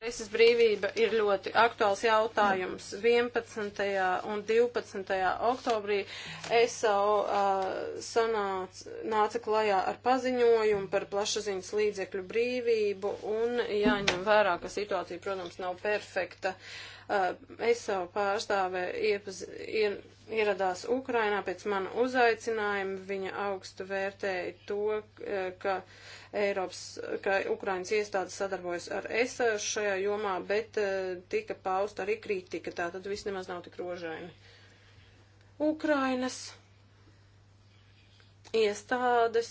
Preses brīvība ir ļoti aktuāls jautājums. 11. un 12. oktobrī ESO uh, sanāc, nāca klajā ar paziņojumu par plašsaziņas līdzekļu brīvību un jāņem vērā, ka situācija, protams, nav perfekta. Uh, Es savu pārstāvē iepaz, ir, ieradās Ukrainā pēc mana uzaicinājuma. Viņa augstu vērtēja to, ka, Eiropas, ka Ukrainas iestādes sadarbojas ar es šajā jomā, bet tika pausta arī kritika. Tā tad viss nemaz nav tik rožaini. Ukrainas iestādes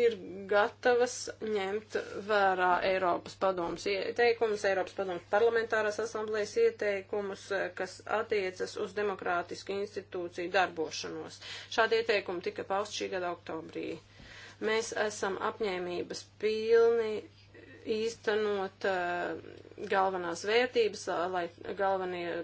ir gatavas ņemt vērā Eiropas padomus ieteikumus, Eiropas padomus parlamentārās asamblējas ieteikumus, eh, kas attiecas uz demokrātisku institūciju darbošanos. Šādi ieteikumi tika paust šī gada oktobrī. Mēs esam apņēmības pilni īstenot uh, galvenās vērtības, lai galvenie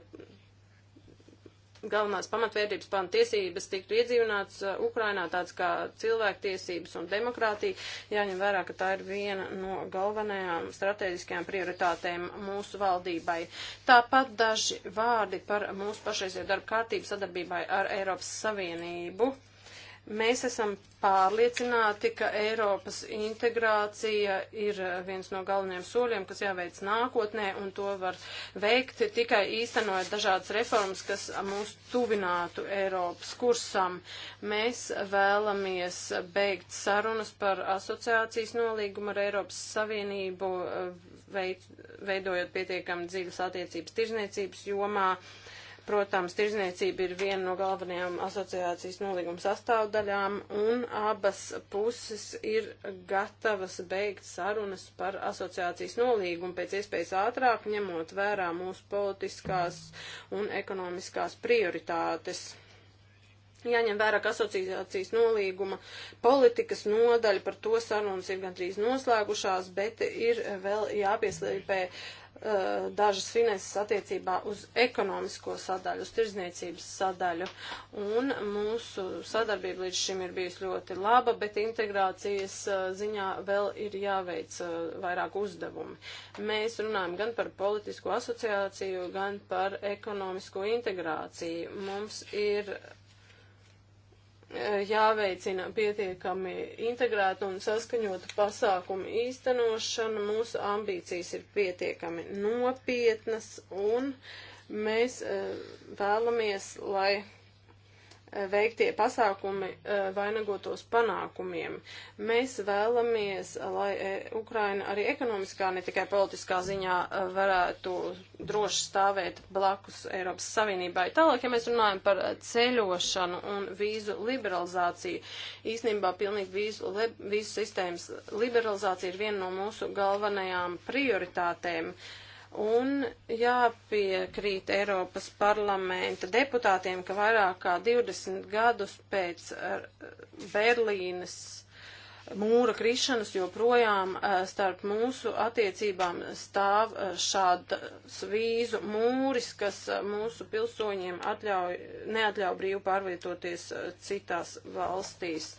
galvenās pamatvērtības pamatiesības tiktu iedzīvināts uh, Ukrainā, tāds kā cilvēktiesības un demokrātija, jāņem vērā, ka tā ir viena no galvenajām strateģiskajām prioritātēm mūsu valdībai. Tāpat daži vārdi par mūsu pašreizējo darbu kārtību sadarbībai ar Eiropas Savienību. Mēs esam pārliecināti, ka Eiropas integrācija ir viens no galvenajiem soļiem, kas jāveic nākotnē, un to var veikt tikai īstenojot dažādas reformas, kas mūs tuvinātu Eiropas kursam. Mēs vēlamies beigt sarunas par asociācijas nolīgumu ar Eiropas Savienību, eh, veid, veidojot pietiekami dzīves attiecības tirzniecības jomā. Uh, Protams, tirzniecība ir viena no galvenajām asociācijas nolīguma sastāvdaļām, un abas puses ir gatavas beigt sarunas par asociācijas nolīgumu pēc iespējas ātrāk, ņemot vērā mūsu politiskās un ekonomiskās prioritātes. Jāņem vērā, ka asociācijas nolīguma politikas nodaļa par to sarunas ir gandrīz noslēgušās, bet ir vēl jāpieslīpē uh, Eh, dažas finanses attiecībā uz ekonomisko sadaļu, uz tirzniecības sadaļu. Un mūsu sadarbība līdz šim ir bijusi ļoti laba, bet integrācijas eh, ziņā vēl ir jāveic eh, vairāk uzdevumi. Mēs runājam gan par politisko asociāciju, gan par ekonomisko integrāciju. Mums ir jāveicina pietiekami integrēta un saskaņota pasākuma īstenošana. Mūsu ambīcijas ir pietiekami nopietnas un mēs eh, vēlamies, lai Eh, veiktie pasākumi eh, vainagotos panākumiem. Mēs vēlamies, lai eh, Ukraina arī ekonomiskā, ne tikai politiskā ziņā varētu droši stāvēt blakus Eiropas Savienībai. Tālāk, ja mēs runājam par ceļošanu un vīzu liberalizāciju, īstenībā pilnīgi vīzu, le, vīzu sistēmas liberalizācija ir viena no mūsu galvenajām prioritātēm. Uh, un jāpiekrīt Eiropas parlamenta deputātiem, ka vairāk kā 20 gadus pēc Berlīnes mūra krišanas joprojām eh, starp mūsu attiecībām stāv eh, šāds vīzu mūris, kas eh, mūsu pilsoņiem atļauj, neatļauj brīvi pārvietoties citās valstīs.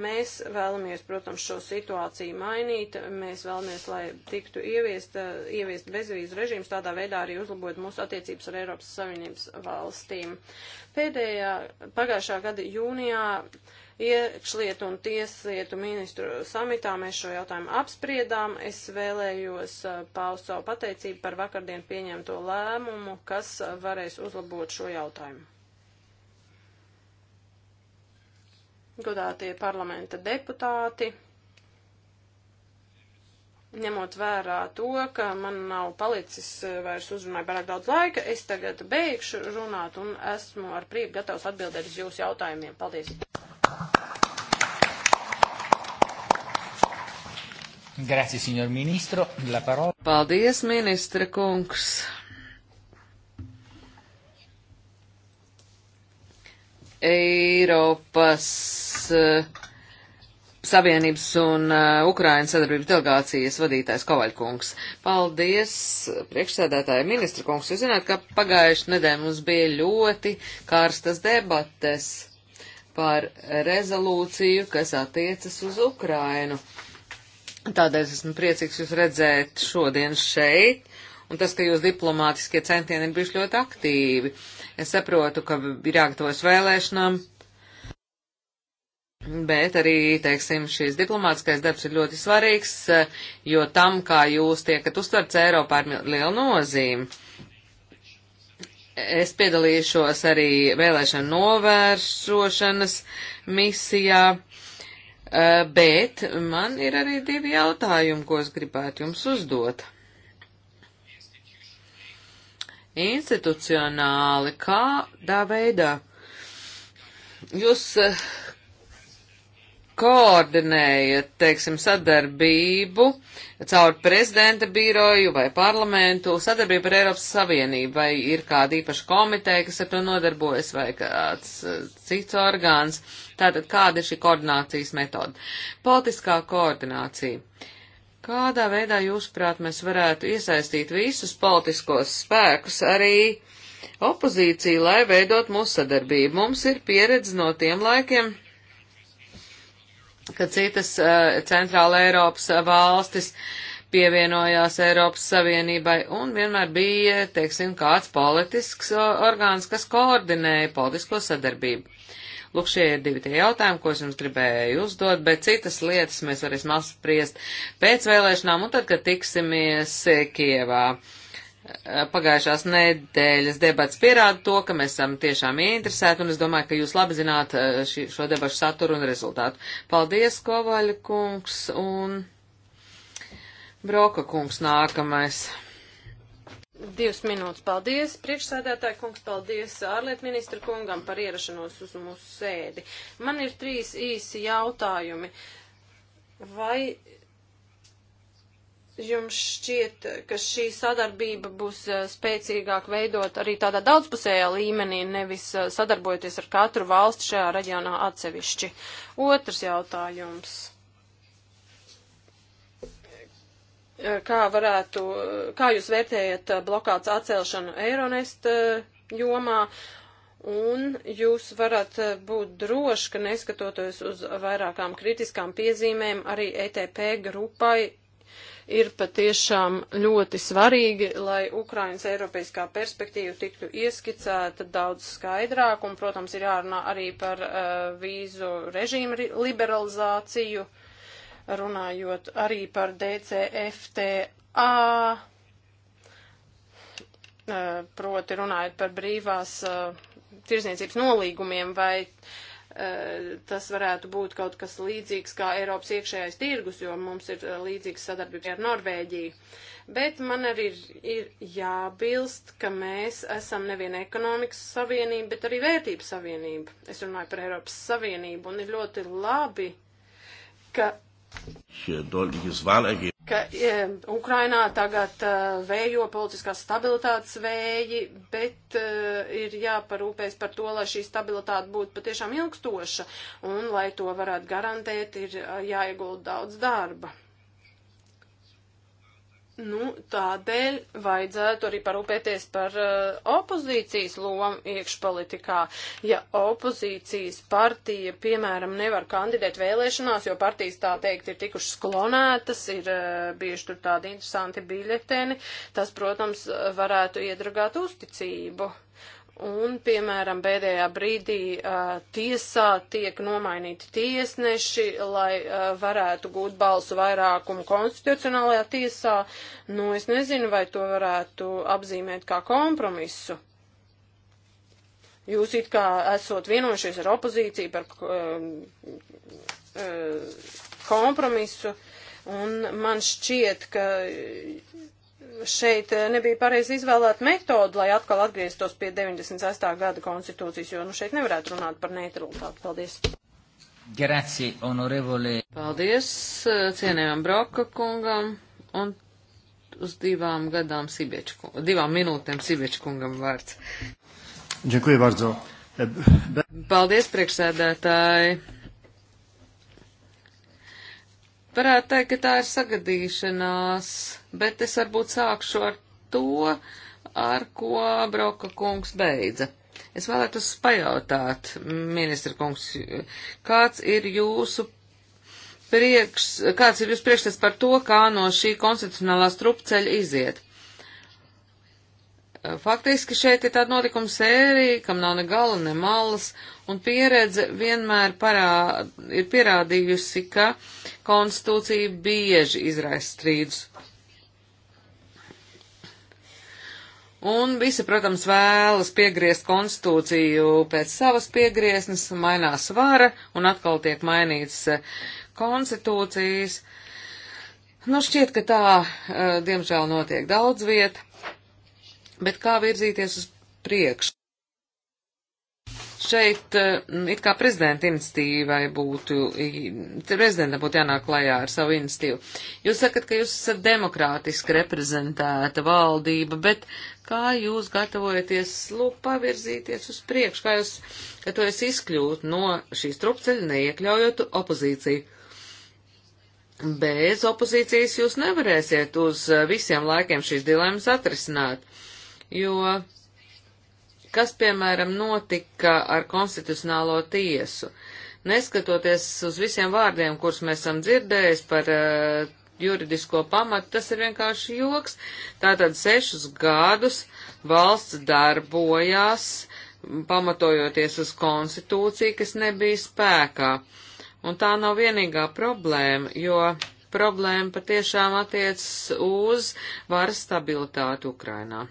Mēs vēlamies, protams, šo situāciju mainīt. Mēs vēlamies, lai tiktu ieviest, ieviest bezvīzu režīms, tādā veidā arī uzlabot mūsu attiecības ar Eiropas Savienības valstīm. Pēdējā pagājušā gada jūnijā iekšlietu un tieslietu ministru samitā mēs šo jautājumu apspriedām. Es vēlējos uh, paust savu pateicību par vakardien pieņemto lēmumu, kas uh, varēs uzlabot šo jautājumu. Godātie parlamenta deputāti, ņemot vērā to, ka man nav palicis uh, vairs uzrunāju pārāk daudz laika, es tagad beigšu runāt un esmu ar prieku gatavs atbildēt uz jūsu jautājumiem. Paldies! Grazie, signor ministro. La parola. Paldies, ministra kungs. Eiropas uh, Savienības un uh, Ukrainas sadarbības delegācijas vadītājs Kovaļkungs. Paldies, priekšsēdētāja ministra kungs. Jūs zināt, ka pagājuši nedēļ mums bija ļoti kārstas debates par rezolūciju, kas attiecas uz Ukrainu. Uh, Tādēļ esmu priecīgs jūs redzēt šodien šeit, un tas, ka jūs diplomātiskie centieni ir bijuši ļoti aktīvi. Es saprotu, ka ir jāgatavojas vēlēšanām, bet arī, teiksim, šīs diplomātiskais darbs ir ļoti svarīgs, jo tam, kā jūs tiekat uztverts Eiropā, ir liela nozīme. Es piedalīšos arī vēlēšana novēršošanas misijā Eh, bet man ir arī divi jautājumi, ko es gribētu jums uzdot. Institucionāli, kādā veidā jūs eh, koordinējat, teiksim, sadarbību caur prezidenta biroju vai parlamentu, sadarbību ar Eiropas Savienību, vai ir kāda īpaša komiteja, kas ar to nodarbojas, vai kāds eh, cits orgāns. Tātad, kāda ir šī koordinācijas metoda? Politiskā koordinācija. Kādā veidā, jūsuprāt, mēs varētu iesaistīt visus politiskos spēkus arī opozīciju, lai veidot mūsu sadarbību? Mums ir pieredze no tiem laikiem ka citas eh, centrāla Eiropas eh, valstis pievienojās Eiropas Savienībai un vienmēr bija, teiksim, kāds politisks eh, orgāns, kas koordinēja politisko sadarbību. Lūk, šie ir divi tie jautājumi, ko es jums gribēju uzdot, bet citas lietas mēs varēsim apspriest pēc vēlēšanām un tad, kad tiksimies Kievā pagājušās nedēļas debats pierāda to, ka mēs esam tiešām ieinteresēti, un es domāju, ka jūs labi zināt eh, ši, šo debašu saturu un rezultātu. Paldies, Kovaļa kungs un Broka kungs nākamais. Divas minūtes. Paldies, priekšsēdētāji kungs, paldies ārlietu ministru kungam par ierašanos uz mūsu sēdi. Man ir trīs īsi jautājumi. Vai jums šķiet, ka šī sadarbība būs eh, spēcīgāk veidot arī tādā daudzpusējā līmenī, nevis eh, sadarbojoties ar katru valstu šajā reģionā atsevišķi? Otrs jautājums. Eh, kā varētu, kā jūs vērtējat blokāts atcelšanu Eironest jomā? Un jūs varat būt droši, ka neskatoties uz vairākām kritiskām piezīmēm, arī ETP grupai ir patiešām ļoti svarīgi, lai Ukrainas eiropeiskā perspektīva tiktu ieskicēta daudz skaidrāk, un, protams, ir jārunā arī par uh, vīzu režīmu liberalizāciju, runājot arī par DCFTA, uh, eh, proti runājot par brīvās uh, tirzniecības nolīgumiem vai uh, Eh, tas varētu būt kaut kas līdzīgs kā Eiropas iekšējais tirgus, jo mums ir eh, līdzīgs sadarbības ar Norvēģiju. Bet man arī ir, ir jābilst, ka mēs esam nevien ekonomikas savienība, bet arī vērtības savienība. Es runāju par Eiropas Savienību un ir ļoti labi, ka ka e, Ukrainā tagad e, vējo politiskās stabilitātes vēji, bet e, ir jāparūpēs par to, lai šī stabilitāte būtu patiešām ilgstoša un, lai to varētu garantēt, ir e, jāiegulda daudz darba. Nu, tādēļ vajadzētu arī parūpēties par uh, opozīcijas lomu iekšpolitikā. Ja opozīcijas partija, piemēram, nevar kandidēt vēlēšanās, jo partijas tā teikt ir tikušas klonētas, ir uh, eh, bijuši tur tādi interesanti biļeteni, tas, protams, varētu iedragāt uzticību. Un, piemēram, pēdējā brīdī uh, tiesā tiek nomainīti tiesneši, lai uh, varētu gūt balsu vairākumu konstitucionālajā tiesā. Nu, es nezinu, vai to varētu apzīmēt kā kompromisu. Jūs it kā esot vienojušies ar opozīciju par uh, uh, kompromisu, un man šķiet, ka šeit eh, nebija pareizi izvēlēt metodu, lai atkal atgrieztos pie 98. gada konstitūcijas, jo nu, šeit nevarētu runāt par neutralitāti. Paldies! Grazie, honorevole! Paldies eh, cienējam Broka kungam un uz divām gadām Sibiečku, divām minūtēm Sibiečkungam vārds. Dziękuję bardzo. E, Paldies, priekšsēdētāji! Varētu teikt, ka tā ir sagadīšanās bet es varbūt sākšu ar to, ar ko Broka kungs beidza. Es vēlētos pajautāt, ministra kungs, kāds ir jūsu priekš, kāds ir jūsu priekšstats par to, kā no šī konstitucionālā strupceļa iziet? Faktiski šeit ir tāda notikuma sērija, kam nav ne gala, ne malas, un pieredze vienmēr parā, ir pierādījusi, ka konstitūcija bieži izraisa strīdus Un visi, protams, vēlas piegriezt konstitūciju pēc savas piegrieznes, mainās vara un atkal tiek mainītas eh, konstitūcijas. Nu, šķiet, ka tā, eh, diemžēl, notiek daudz viet, bet kā virzīties uz priekšu? Šeit eh, it kā prezidenta iniciatīvai būtu, prezidenta būtu jānāk klajā ar savu iniciatīvu. Jūs sakat, ka jūs esat demokrātiski reprezentēta valdība, bet kā jūs gatavojaties lūk pavirzīties uz priekšu, kā jūs gatavojaties izkļūt no šīs trupceļa, neiekļaujot opozīciju? Bez opozīcijas jūs nevarēsiet uz eh, visiem laikiem šīs dilemmas atrisināt, jo Kas, piemēram, notika ar konstitucionālo tiesu? Neskatoties uz visiem vārdiem, kurus mēs esam dzirdējis par uh, juridisko pamatu, tas ir vienkārši joks. Tātad sešus gadus valsts darbojās, pamatojoties uz konstitūciju, kas nebija spēkā. Un tā nav vienīgā problēma, jo problēma patiešām attiecas uz varas stabilitāti Ukrainā.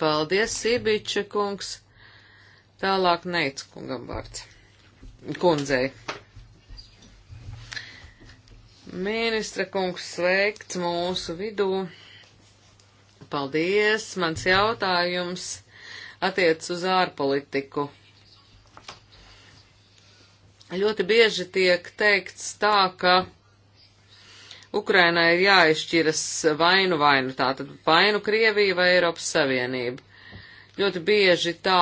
Paldies, Sībiča kungs. Tālāk neic kungam vārds. Kundzei. Ministra kungs sveikts mūsu vidū. Paldies, mans jautājums attiec uz ārpolitiku. Ļoti bieži tiek teikts tā, ka Ukrainai ir jāizšķiras vainu vainu, tātad vainu Krievija vai Eiropas Savienība. Ļoti bieži tā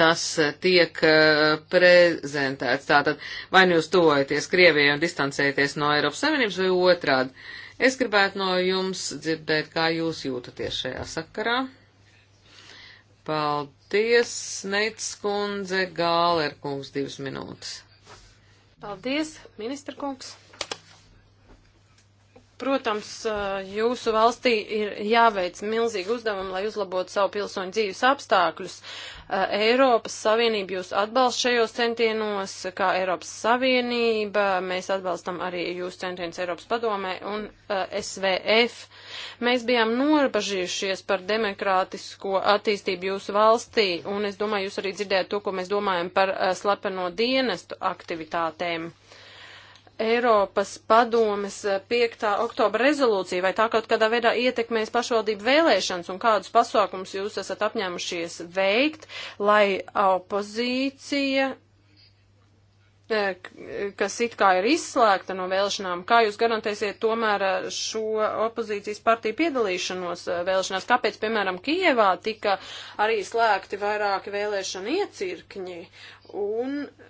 tas tiek eh, prezentēts, tātad vai nu jūs tojaties Krievijai un distancēties no Eiropas Savienības vai otrādi. Es gribētu no jums dzirdēt, kā jūs jūtaties šajā sakarā. Paldies, Neits kundze, Gāler kungs, divas minūtes. Paldies, ministra kungs. Protams, jūsu valstī ir jāveic milzīgi uzdevumi, lai uzlabotu savu pilsoņu dzīves apstākļus. Eiropas Savienība jūs atbalsta šajos centienos, kā Eiropas Savienība, mēs atbalstam arī jūs centienus Eiropas padomē un uh, SVF. Mēs bijām norbažījušies par demokrātisko attīstību jūsu valstī, un es domāju, jūs arī dzirdējat to, ko mēs domājam par uh, slepeno dienestu aktivitātēm. Eiropas padomes 5. Eh, oktobra rezolūcija, vai tā kaut kādā veidā ietekmēs pašvaldību vēlēšanas un kādus pasākumus jūs esat apņēmušies veikt, lai opozīcija eh, kas it kā ir izslēgta no vēlšanām, kā jūs garantēsiet tomēr eh, šo opozīcijas partiju piedalīšanos vēlšanās? Kāpēc, piemēram, Kievā tika arī slēgti vairāki vēlēšana iecirkņi? Un uh,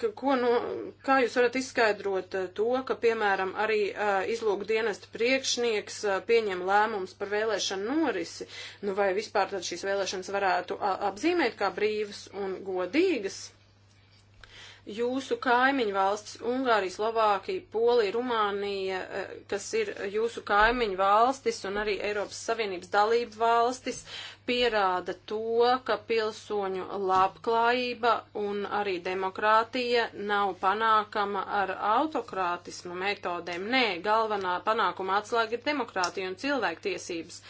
ka, ko no, kā jūs varat izskaidrot eh, to, ka, piemēram, arī uh, izlūku dienesta priekšnieks uh, pieņem lēmums par vēlēšanu norisi, nu vai vispār tad šīs vēlēšanas varētu uh, apzīmēt kā brīvas un godīgas? jūsu kaimiņu valsts - Ungārija, Slovākija, Polija, Rumānija, eh, kas ir jūsu kaimiņu valstis un arī Eiropas Savienības dalību valstis, pierāda to, ka pilsoņu labklājība un arī demokrātija nav panākama ar autokrātismu metodēm. Nē, galvenā panākuma atslēga ir demokrātija un cilvēktiesības. tiesības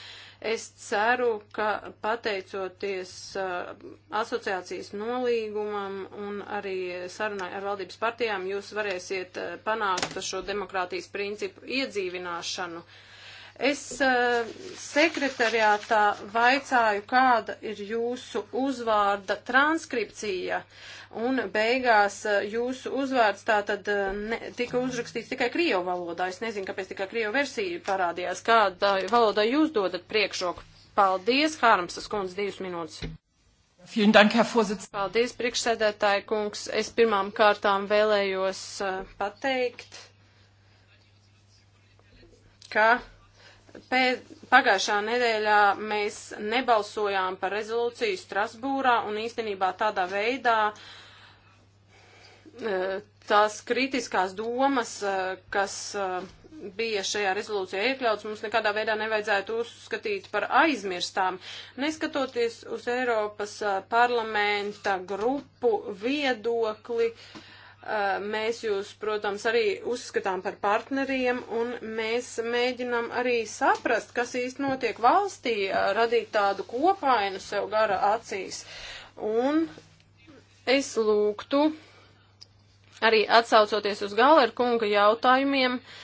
Es ceru, ka pateicoties uh, asociācijas nolīgumam un arī sarunai ar valdības partijām, jūs varēsiet uh, panākt šo demokrātijas principu iedzīvināšanu. Uh, Es uh, sekretariātā vaicāju, kāda ir jūsu uzvārda transkripcija, un beigās uh, jūsu uzvārds tā tad uh, eh, ne, tika uzrakstīts tikai krievu valodā. Es nezinu, kāpēc tikai krievu versija parādījās. Kāda valoda jūs dodat priekšroku? Paldies, Hārmsas kundze, divas minūtes. Paldies, priekšsēdētāji kungs. Es pirmām kārtām vēlējos uh, pateikt, ka Pēc, pagājušā nedēļā mēs nebalsojām par rezolūciju Strasbūrā un īstenībā tādā veidā e, tās kritiskās domas, e, kas e, bija šajā rezolūcijā iekļauts, mums nekādā veidā nevajadzētu uzskatīt par aizmirstām. Neskatoties uz Eiropas parlamenta grupu viedokli, uh, Mēs jūs, protams, arī uzskatām par partneriem, un mēs mēģinam arī saprast, kas īsti notiek valstī, radīt tādu kopainu sev gara acīs. Un es lūgtu, arī atsaucoties uz Galeru kunga jautājumiem, uh,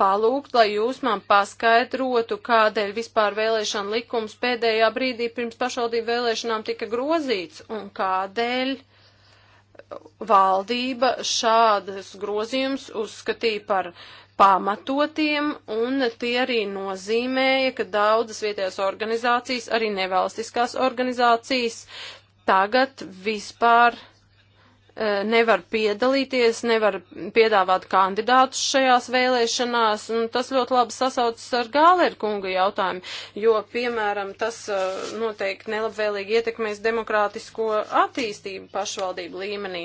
palūgt, lai jūs man paskaidrotu, kādēļ vispār vēlēšana likums pēdējā brīdī pirms pašvaldību vēlēšanām tika grozīts un kādēļ valdība šādas grozījums uzskatīja par pamatotiem, un tie arī nozīmēja, ka daudzas vietējās organizācijas, arī nevalstiskās organizācijas, tagad vispār E, nevar piedalīties, nevar piedāvāt kandidātus šajās vēlēšanās, un tas ļoti labi sasaucas ar Gāleru kunga jautājumu, jo, piemēram, tas e, noteikti nelabvēlīgi ietekmēs demokrātisko attīstību pašvaldību līmenī.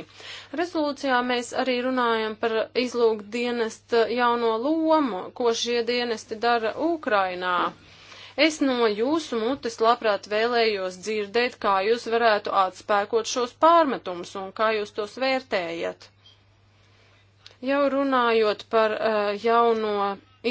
Rezolūcijā mēs arī runājam par izlūk dienesta jauno lomu, ko šie dienesti dara Ukrainā. Mm Es no jūsu mutes labprāt vēlējos dzirdēt, kā jūs varētu atspēkot šos pārmetumus un kā jūs tos vērtējat. Jau runājot par uh, jauno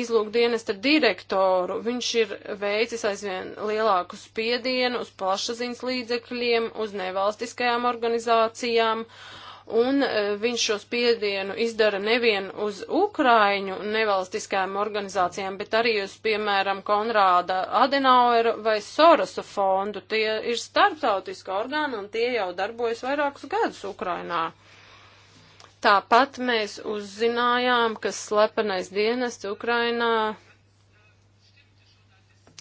izlūkdienesta direktoru, viņš ir veicis aizvien lielāku spiedienu uz plašsaziņas līdzekļiem, uz nevalstiskajām organizācijām. Uh, un e, viņš šo spiedienu izdara nevien uz Ukraiņu nevalstiskajām organizācijām, bet arī uz, piemēram, Konrāda Adenauera vai Sorosa fondu. Tie ir starptautiski orgāni un tie jau darbojas vairākus gadus Ukrainā. Tāpat mēs uzzinājām, ka slepenais dienests Ukrainā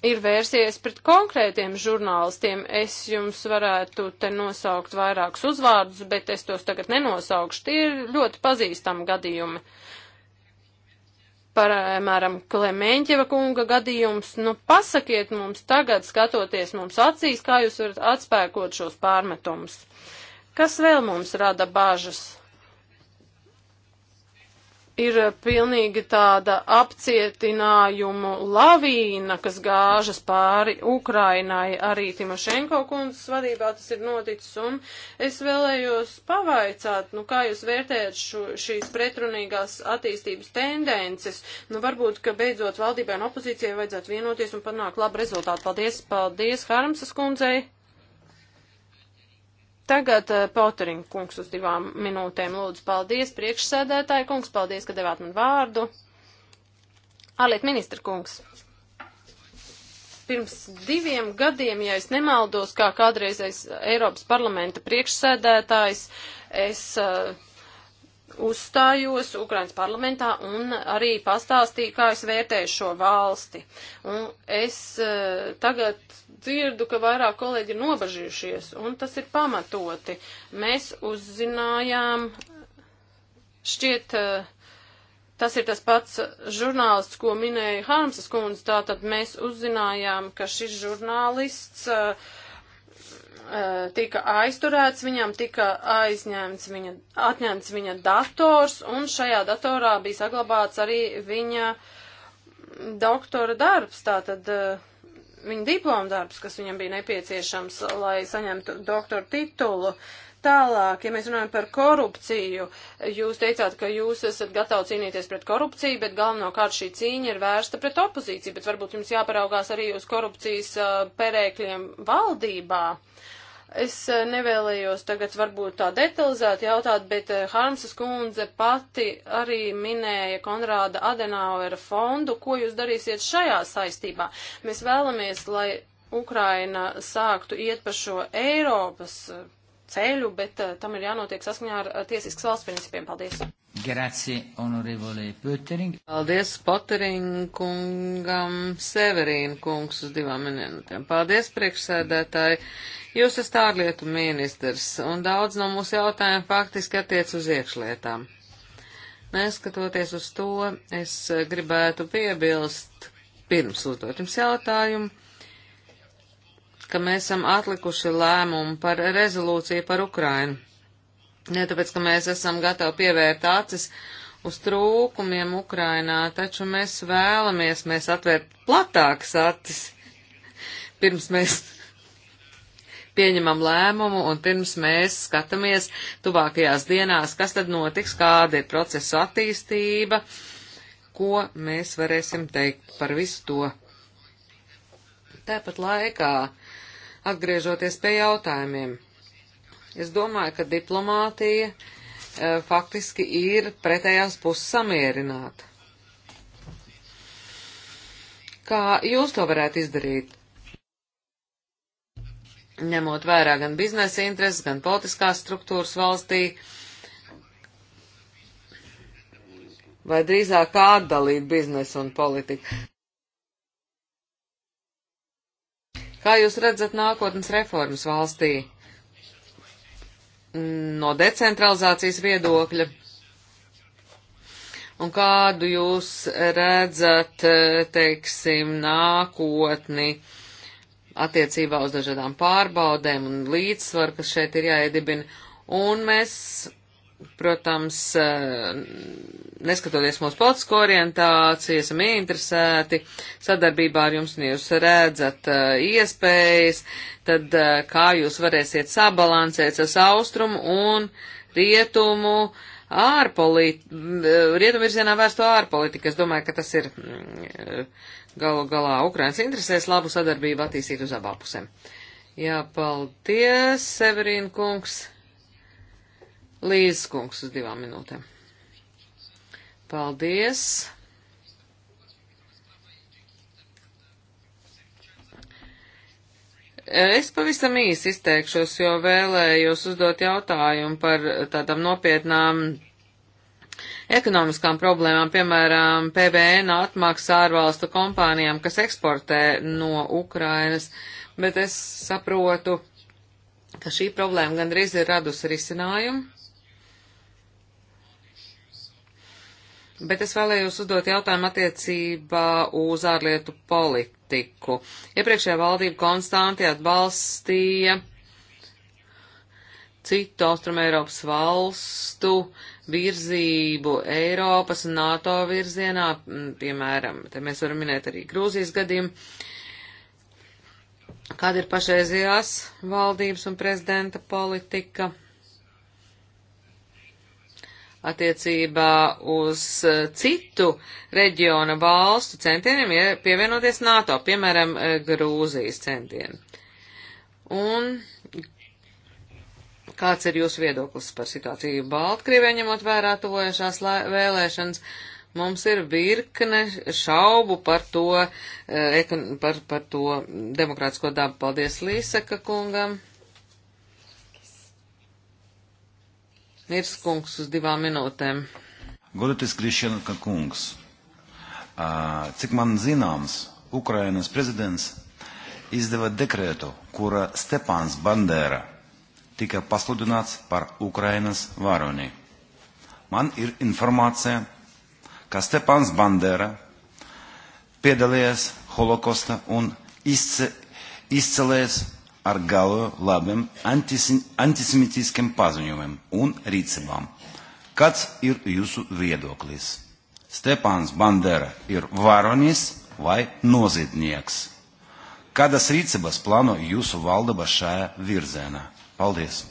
ir vērsies pret konkrētiem žurnālistiem. Es jums varētu te nosaukt vairākus uzvārdus, bet es tos tagad nenosaukšu. Tie ir ļoti pazīstami gadījumi. Piemēram, Klemēņķeva kunga gadījums. Nu, pasakiet mums tagad, skatoties mums acīs, kā jūs varat atspēkot šos pārmetumus. Kas vēl mums rada bāžas? ir eh, pilnīgi tāda apcietinājumu lavīna, kas gāžas pāri Ukrainai. Arī Timošenko kundzes vadībā tas ir noticis, un es vēlējos pavaicāt, nu kā jūs vērtējat šo, šīs pretrunīgās attīstības tendences. Nu varbūt, ka beidzot valdībai un opozīcijai vajadzētu vienoties un panākt labu rezultātu. Paldies, paldies Harmsas kundzei! Tagad uh, eh, Pauterink kungs uz divām minūtēm lūdzu paldies priekšsēdētāji kungs, paldies, ka devāt man vārdu. Ārliet ministra kungs. Pirms diviem gadiem, ja es nemaldos, kā kādreizais Eiropas parlamenta priekšsēdētājs, es uh, uzstājos Ukrainas parlamentā un arī pastāstīju, kā es vērtēju šo valsti. Un es uh, tagad dzirdu, ka vairāk kolēģi ir nobažījušies, un tas ir pamatoti. Mēs uzzinājām, šķiet, eh, tas ir tas pats žurnālists, ko minēja Harmsas kundze, tātad mēs uzzinājām, ka šis žurnālists uh, tika aizturēts, viņam tika aizņemts viņa, atņemts viņa dators, un šajā datorā bija saglabāts arī viņa doktora darbs. Tātad, uh, viņa diplomdarbs, kas viņam bija nepieciešams, lai saņemtu doktora titulu. Tālāk, ja mēs runājam par korupciju, jūs teicāt, ka jūs esat gatavi cīnīties pret korupciju, bet galvenokārt šī cīņa ir vērsta pret opozīciju, bet varbūt jums jāparaugās arī uz korupcijas uh, perēkļiem valdībā. Uh, Es eh, nevēlējos tagad varbūt tā detalizēti jautāt, bet eh, Harmsas kundze pati arī minēja Konrāda Adenauera fondu. Ko jūs darīsiet šajā saistībā? Mēs vēlamies, lai Ukraina sāktu iet pa šo Eiropas eh, ceļu, bet tam ir jānotiek saskaņā ar tiesiskas valsts principiem. Paldies! Grazie, onorevole Pöttering. Paldies Pottering kungam, Severīna kungs uz divām minūtēm. Paldies, priekšsēdētāji. Jūs esat ārlietu ministrs, un daudz no mūsu jautājumiem faktiski attiec uz iekšlietām. Neskatoties uz to, es gribētu piebilst, pirms uzdot jums jautājumu, ka mēs esam atlikuši lēmumu par rezolūciju par Ukrainu ne tāpēc, ka mēs esam gatavi pievērt acis uz trūkumiem Ukrainā, taču mēs vēlamies mēs atvērt platāks acis, pirms mēs pieņemam lēmumu un pirms mēs skatāmies tuvākajās dienās, kas tad notiks, kāda ir procesu attīstība, ko mēs varēsim teikt par visu to. Tāpat laikā, atgriežoties pie jautājumiem, Es domāju, ka diplomātija e, faktiski ir pretējās puses samierināta. Kā jūs to varētu izdarīt? Ņemot vērā gan biznesa intereses, gan politiskās struktūras valstī, vai drīzāk kā atdalīt biznesu un politiku. Kā jūs redzat nākotnes reformas valstī? no decentralizācijas viedokļa. Un kādu jūs redzat, teiksim, nākotni attiecībā uz dažādām pārbaudēm un līdzsvaru, kas šeit ir jāiedibina? Un mēs Protams, eh, neskatoties mūsu politisko orientāciju, esam ieinteresēti sadarbībā ar jums, un jūs redzat eh, iespējas, tad eh, kā jūs varēsiet sabalansēt savus austrumu un rietumu ārpoliti, rietumu virzienā vērsto ārpolitiku. Es domāju, ka tas ir mm, galu galā Ukrainas interesēs labu sadarbību attīstīt uz abām pusēm. Jā, paldies, Severīna kungs. Līzes kungs uz divām minūtēm. Paldies! Es pavisam īsi izteikšos, jo vēlējos uzdot jautājumu par tādām nopietnām ekonomiskām problēmām, piemēram, PVN atmaksā ārvalstu kompānijām, kas eksportē no Ukrainas, bet es saprotu, ka šī problēma gandrīz ir radusi risinājumu. Bet es vēlējos uzdot jautājumu attiecībā uz ārlietu politiku. Iepriekšējā valdība konstanti atbalstīja citu austrumu Eiropas valstu virzību Eiropas un NATO virzienā, mm, piemēram, te mēs varam minēt arī Grūzijas gadījumu. Kāda ir pašreizējās valdības un prezidenta politika? attiecībā uz eh, citu reģiona valstu centieniem pievienoties NATO, piemēram, eh, Grūzijas centieni. Un kāds ir jūsu viedoklis par situāciju Baltkrievijā, ņemot vērā tuvojušās vēlēšanas? Mums ir virkne šaubu par to, eh, par, par to demokrātisko dabu. Paldies Līseka kungam! Nīrs kungs uz divām minūtēm. Godoties Krišjanka kungs, cik man zināms, Ukrainas prezidents izdeva dekrētu, kura Stepāns Bandēra tika pasludināts par Ukrainas varoni. Man ir informācija, ka Stepāns Bandēra piedalījies holokosta un izce, izcelējies ar gala labiem antisemītiskiem paziņojumiem un rīcībām. Kāds ir jūsu viedoklis? Stepāns Bandera ir varonis vai noziedznieks? Kādas rīcības plāno jūsu valdība šajā virzienā? Paldies!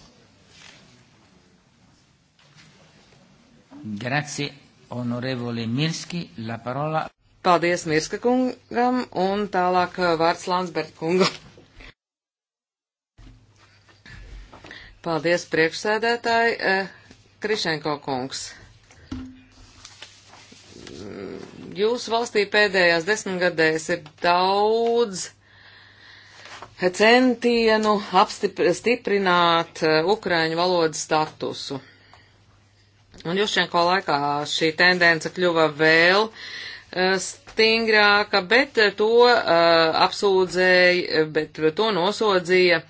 Grazie, onorevole Mirski, la parola. Paldies Mirska kungam un tālāk eh, vārds Landsberg kungam. Paldies, priekšsēdētāji. Eh, Krišenko kungs. Jūsu valstī pēdējās desmitgadēs ir daudz centienu apstiprināt eh, ukraiņu valodas statusu. Un Jušenko laikā šī tendence kļuva vēl uh, stingrāka, bet eh, to uh, apsūdzēja, eh, bet to nosodzīja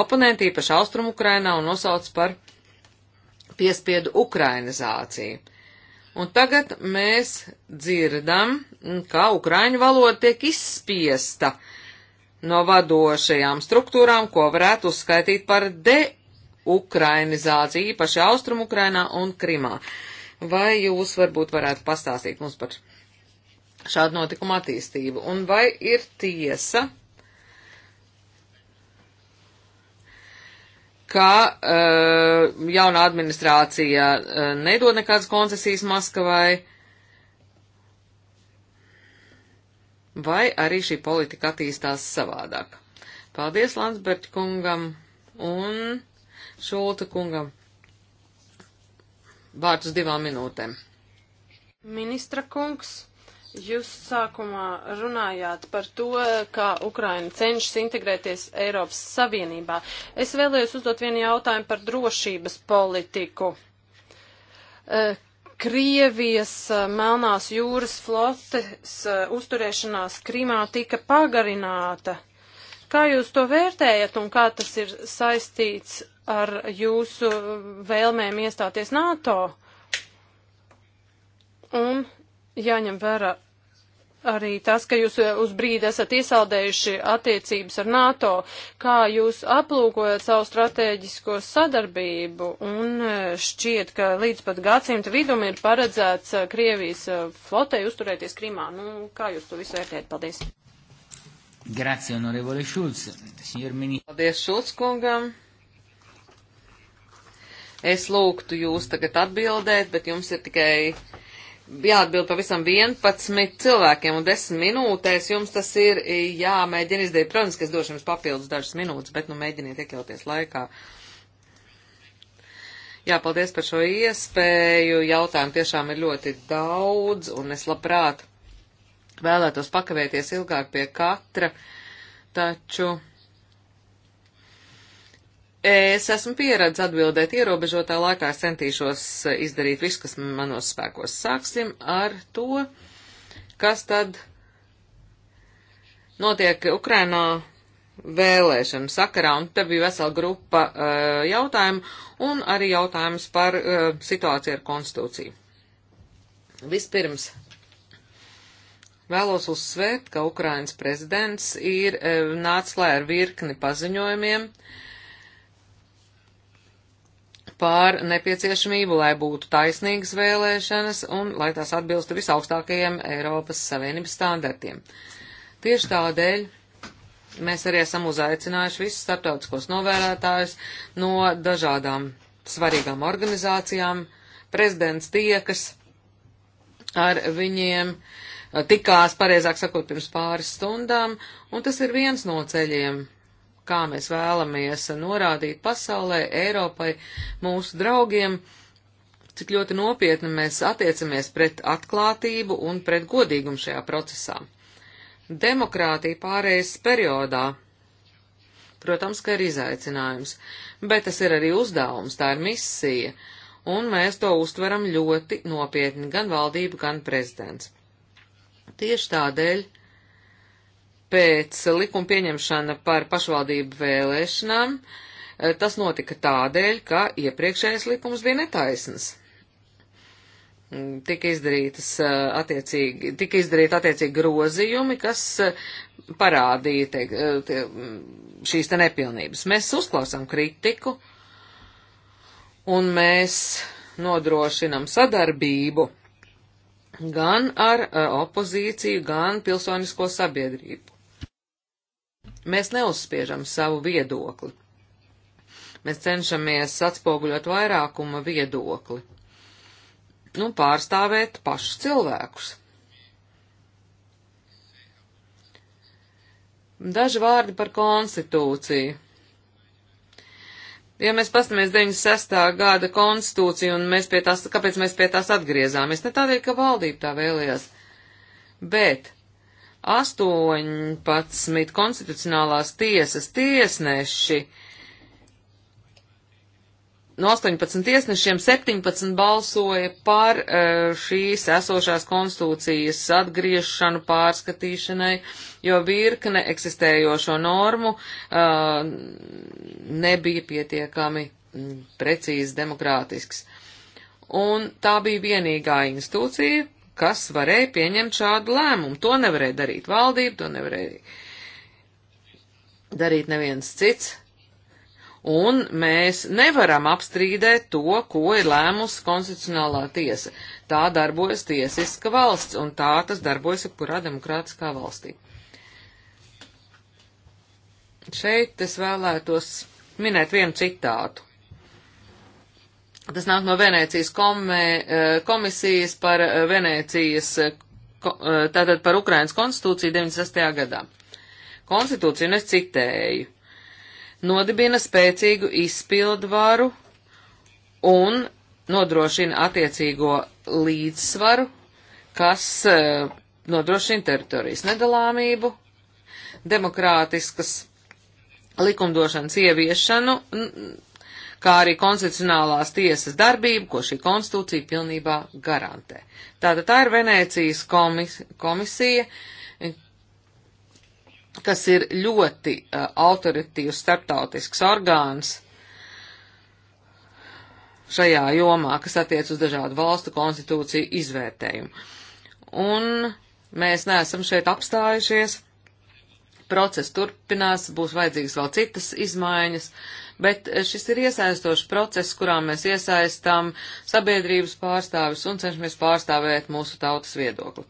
oponenti īpaši Austrum Ukrainā un nosauc par piespiedu ukrainizāciju. Un tagad mēs dzirdam, mm, kā ukraiņu valoda tiek izspiesta no vadošajām struktūrām, ko varētu uzskaitīt par deukrainizāciju, īpaši Austrumukrainā un Krimā. Vai jūs varbūt varētu pastāstīt mums par šādu notikumu attīstību. Un vai ir tiesa, ka uh, eh, jauna administrācija uh, nedod nekādas koncesijas Maskavai, vai arī šī politika attīstās savādāk? Paldies Landsberg kungam un Šulta kungam. Vārds divām minūtēm. Ministra kungs. Jūs sākumā runājāt par to, kā Ukraina cenšas integrēties Eiropas Savienībā. Es vēlējos uzdot vienu jautājumu par drošības politiku. E, Krievijas e, Melnās jūras flotes e, uzturēšanās Krimā tika pagarināta. Kā jūs to vērtējat un kā tas ir saistīts ar jūsu vēlmēm iestāties NATO? Un jāņem vērā arī tas, ka jūs eh, uz brīdi esat iesaldējuši attiecības ar NATO, kā jūs aplūkojat savu strateģisko sadarbību un eh, šķiet, ka līdz pat gadsimta vidum ir paredzēts eh, Krievijas flotei uzturēties Krimā. Nu, kā jūs to visu vērtējat? Paldies! Grazie, onorevole Šulc. Signor ministro. Paldies Šulc kungam. Es lūgtu jūs tagad atbildēt, bet jums ir tikai jāatbild pavisam 11 cilvēkiem un 10 minūtēs. Jums tas ir jāmēģina izdarīt. Protams, ka es došu jums papildus dažas minūtes, bet nu mēģiniet iekļauties laikā. Jā, paldies par šo iespēju. Jautājumu tiešām ir ļoti daudz, un es labprāt vēlētos pakavēties ilgāk pie katra, taču Es esmu pieredzējis atbildēt ierobežotā laikā, es centīšos eh, izdarīt visu, kas manos spēkos. Sāksim ar to, kas tad notiek Ukrainā vēlēšanu sakarā, un te bija vesela grupa uh, jautājumu, un arī jautājums par uh, situāciju ar konstitūciju. Vispirms vēlos uzsvērt, ka Ukrainas prezidents ir uh, nācis klē ar virkni paziņojumiem, uh, par nepieciešamību, lai būtu taisnīgas vēlēšanas un lai tās atbilstu visaugstākajiem Eiropas Savienības standartiem. Tieši tādēļ mēs arī esam uzaicinājuši visus starptautiskos novērētājus no dažādām svarīgām organizācijām. Prezidents tiekas ar viņiem eh, tikās, pareizāk sakot, pirms pāris stundām, un tas ir viens no ceļiem kā mēs vēlamies norādīt pasaulē, Eiropai, mūsu draugiem, cik ļoti nopietni mēs attiecamies pret atklātību un pret godīgumu šajā procesā. Demokrātija pārējais periodā. Protams, ka ir izaicinājums, bet tas ir arī uzdevums, tā ir misija, un mēs to uztveram ļoti nopietni, gan valdība, gan prezidents. Tieši tādēļ pēc likuma pieņemšana par pašvaldību vēlēšanām, eh, tas notika tādēļ, ka iepriekšējais likums bija netaisns. Mm, tika, eh, attiecīgi, tika izdarīta attiecīgi grozījumi, kas eh, parādīja te, te, mm, šīs te nepilnības. Mēs uzklausām kritiku un mēs nodrošinam sadarbību gan ar opozīciju, gan pilsonisko sabiedrību. Mēs neuzspiežam savu viedokli. Mēs cenšamies atspoguļot vairākuma viedokli un nu, pārstāvēt pašus cilvēkus. Daži vārdi par konstitūciju. Ja mēs pastamies 96. gada konstitūciju un mēs pie tās, kāpēc mēs pie tās atgriezāmies, ne tādēļ, ka valdība tā vēlējās, bet 18 konstitucionālās tiesas tiesneši, no 18 tiesnešiem 17 balsoja par e, šīs esošās konstitūcijas atgriešanu pārskatīšanai, jo virkne eksistējošo normu e, nebija pietiekami precīzi demokrātisks. Un tā bija vienīgā institūcija, kas varēja pieņemt šādu lēmumu. To nevarēja darīt valdība, to nevarēja darīt neviens cits. Un mēs nevaram apstrīdēt to, ko ir lēmusi konstitucionālā tiesa. Tā darbojas tiesiska valsts, un tā tas darbojas jebkurā demokrātiskā valstī. Šeit es vēlētos minēt vienu citātu Tas nāk no Venēcijas komē, eh, komisijas par eh, Venēcijas, eh, tātad par Ukrainas konstitūciju 96. gadā. Konstitūciju, un es citēju, nodibina spēcīgu izpildvaru un nodrošina attiecīgo līdzsvaru, kas nodrošina teritorijas nedalāmību, demokrātiskas likumdošanas ieviešanu kā arī konstitucionālās tiesas darbību, ko šī konstitūcija pilnībā garantē. Tātad tā ir Venēcijas komis komisija, kas ir ļoti uh, autoritīvs starptautisks orgāns šajā jomā, kas attiec uz dažādu valstu konstitūciju izvērtējumu. Un mēs neesam šeit apstājušies, process turpinās, būs vajadzīgas vēl citas izmaiņas, uh, bet eh, šis ir iesaistošs process, kurā mēs iesaistām sabiedrības pārstāvis un cenšamies pārstāvēt mūsu tautas viedokli.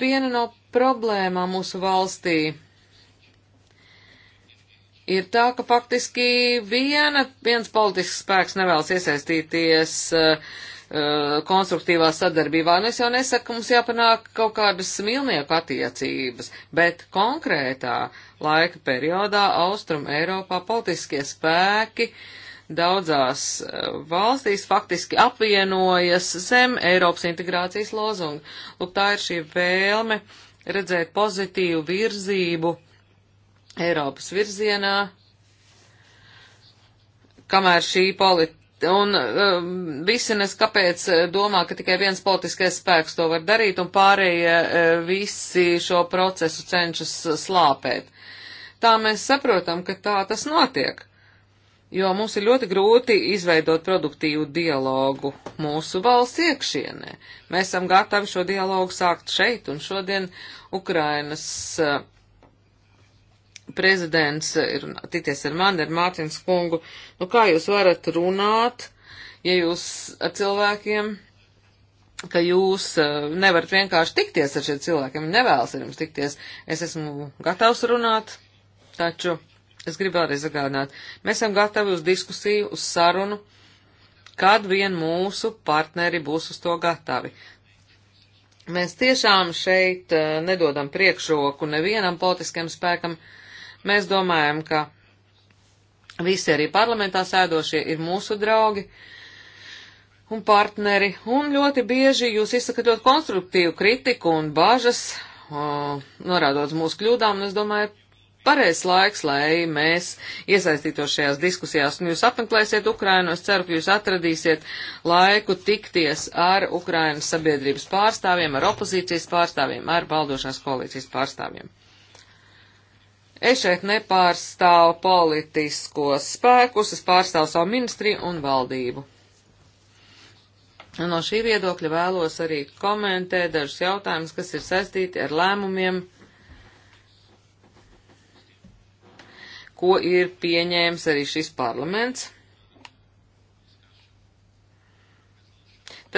Viena no problēmām mūsu valstī ir tā, ka faktiski viena, viens politisks spēks nevēlas iesaistīties uh, Uh, konstruktīvā sadarbībā. Un es jau nesaku, ka mums jāpanāk kaut kādas mīlnieku attiecības, bet konkrētā laika periodā Austrum Eiropā politiskie spēki daudzās uh, valstīs faktiski apvienojas zem Eiropas integrācijas lozunga. Lūk, tā ir šī vēlme redzēt pozitīvu virzību Eiropas virzienā, kamēr šī polit Un um, visi nes kāpēc uh, domā, ka tikai viens politiskais spēks to var darīt, un pārējie uh, visi šo procesu cenšas slāpēt. Tā mēs saprotam, ka tā tas notiek, jo mums ir ļoti grūti izveidot produktīvu dialogu mūsu valsts iekšienē. Mēs esam gatavi šo dialogu sākt šeit, un šodien Ukrainas uh, prezidents ir tikties ar mani, ar Mārtiņu Skungu. Uh, Nu, kā jūs varat runāt, ja jūs ar cilvēkiem, ka jūs eh, nevarat vienkārši tikties ar šiem cilvēkiem, nevēlas ar jums tikties. Es esmu gatavs runāt, taču es gribu vēlreiz atgādināt. Mēs esam gatavi uz diskusiju, uz sarunu, kad vien mūsu partneri būs uz to gatavi. Mēs tiešām šeit eh, nedodam priekšroku nevienam politiskam spēkam. Mēs domājam, ka Visi arī parlamentā sēdošie ir mūsu draugi un partneri, un ļoti bieži jūs izsakat ļoti konstruktīvu kritiku un bažas, o, norādot mūsu kļūdām, un es domāju, pareizs laiks, lai mēs iesaistītos šajās diskusijās, un jūs apmeklēsiet Ukrainu, es ceru, ka jūs atradīsiet laiku tikties ar Ukrainas sabiedrības pārstāvjiem, ar opozīcijas pārstāvjiem, ar baldošās koalīcijas pārstāvjiem. Es šeit nepārstāvu politiskos spēkus, es pārstāvu savu ministriju un valdību. No šī viedokļa vēlos arī komentēt dažus jautājumus, kas ir saistīti ar lēmumiem, ko ir pieņēmis arī šis parlaments.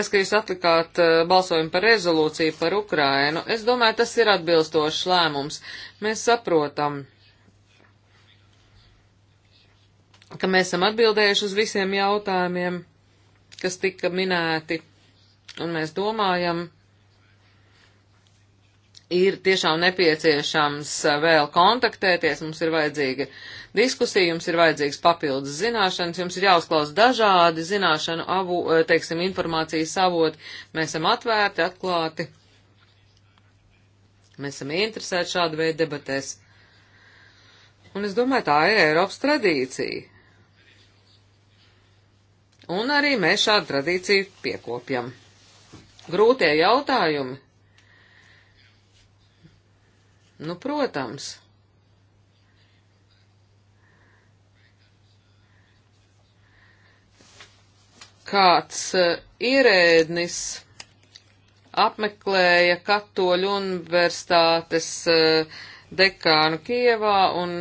Tas, ka jūs atlikāt eh, balsojumu par rezolūciju par Ukrainu, es domāju, tas ir atbilstošs lēmums. Mēs saprotam, ka mēs esam atbildējuši uz visiem jautājumiem, kas tika minēti, un mēs domājam, ir tiešām nepieciešams eh, vēl kontaktēties, mums ir vajadzīga diskusiju, jums ir vajadzīgs papildus zināšanas, jums ir jāuzklaus dažādi zināšanu, avu, eh, teiksim, informācijas avoti. Mēs esam atvērti, atklāti. Mēs esam interesēti šāda veida debatēs. Un es domāju, tā ir Eiropas tradīcija. Un arī mēs šādu tradīciju piekopjam. Grūtie jautājumi. Nu, protams. kāds e, ierēdnis apmeklēja Katoļu universitātes e, dekānu Kievā un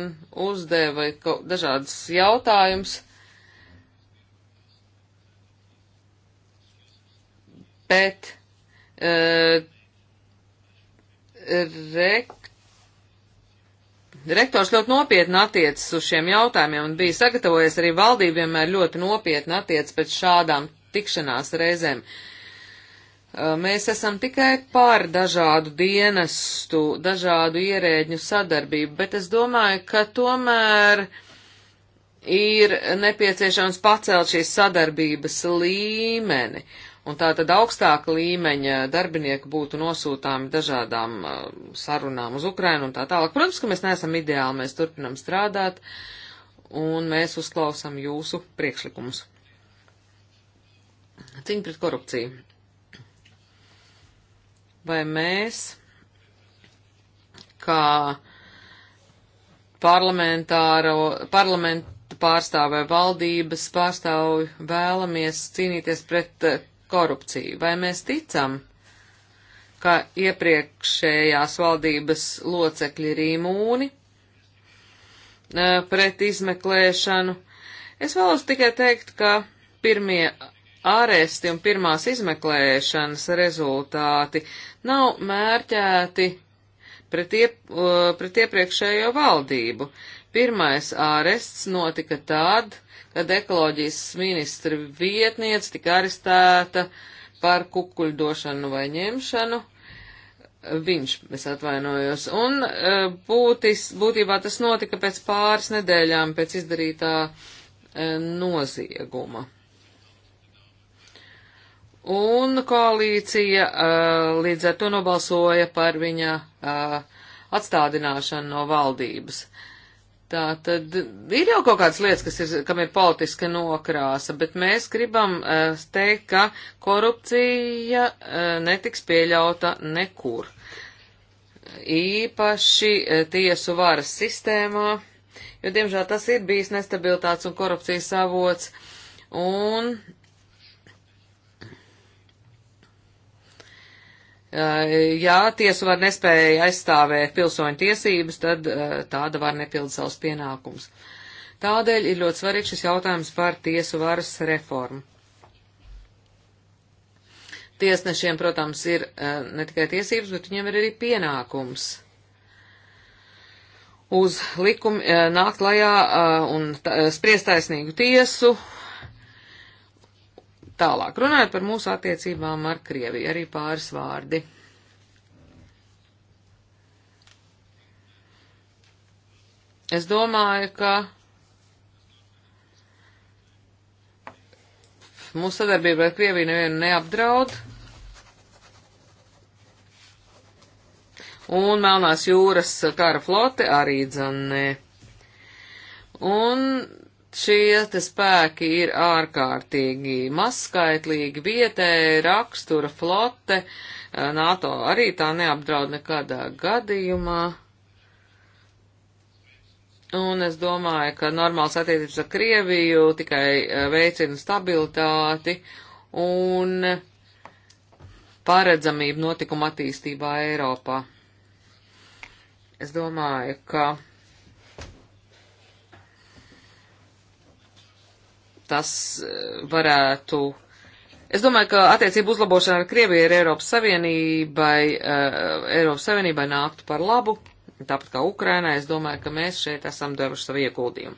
uzdeva dažādas jautājumus. Bet e, rek, Rektors ļoti nopietni attiecas uz šiem jautājumiem un bija sagatavojies arī valdību vienmēr ļoti nopietni attiecas pēc šādām tikšanās reizēm. Mēs esam tikai pār dažādu dienestu, dažādu ierēģu sadarbību, bet es domāju, ka tomēr ir nepieciešams pacelt šīs sadarbības līmeni. Uh, Un tā tad augstāka līmeņa darbinieki būtu nosūtāmi dažādām uh, sarunām uz Ukrainu un tā tālāk. Protams, ka mēs neesam ideāli, mēs turpinam strādāt un mēs uzklausam jūsu priekšlikumus. Cīņa pret korupciju. Vai mēs, kā parlamentāro, parlamentu pārstāvē valdības pārstāvi, vēlamies cīnīties pret uh, korupciju. Vai mēs ticam, ka iepriekšējās valdības locekļi ir imūni e, pret izmeklēšanu? Es vēlos tikai teikt, ka pirmie āresti un pirmās izmeklēšanas rezultāti nav mērķēti pret, iep, e, pret iepriekšējo valdību. Pirmais ārests notika tad, kad ekoloģijas ministra vietniece tika arestēta par kukuļdošanu vai ņemšanu. Viņš, es atvainojos, un e, būtis, būtībā tas notika pēc pāris nedēļām pēc izdarītā e, nozieguma. Un koalīcija e, līdz ar to nobalsoja par viņa atstādināšanu no valdības. Uh, Tā tad ir jau kaut kādas lietas, kas ir, kam ir politiska nokrāsa, bet mēs gribam uh, teikt, ka korupcija uh, netiks pieļauta nekur. Īpaši uh, tiesu varas sistēmā, jo, diemžēl, tas ir bijis nestabilitātes un korupcijas avots, un Eh, ja tiesu var nespēja aizstāvēt pilsoņu tiesības, tad eh, tāda var nepilda savus pienākumus. Tādēļ ir ļoti svarīgs šis jautājums par tiesu varas reformu. Tiesnešiem, protams, ir eh, ne tikai tiesības, bet viņiem ir arī pienākums uz likumu nākt lajā un spriest taisnīgu tiesu, Tālāk, runājot par mūsu attiecībām ar Krieviju, arī pāris vārdi. Es domāju, ka mūsu sadarbība ar Krieviju nevienu neapdraud. Un Melnās jūras kara flote arī dzanē. Un Šie te spēki ir ārkārtīgi mazskaitlīgi, vietēja rakstura flote, NATO arī tā neapdraud nekādā gadījumā. Un es domāju, ka normāls attiecības ar Krieviju tikai veicina stabilitāti un paredzamību notikuma attīstībā Eiropā. Es domāju, ka tas eh, varētu. Es domāju, ka attiecību uzlabošana ar Krieviju ir Eiropas Savienībai, uh, Eiropas Savienībai nāktu par labu, tāpat kā Ukrainai. Es domāju, ka mēs šeit esam devuši savu ieguldījumu.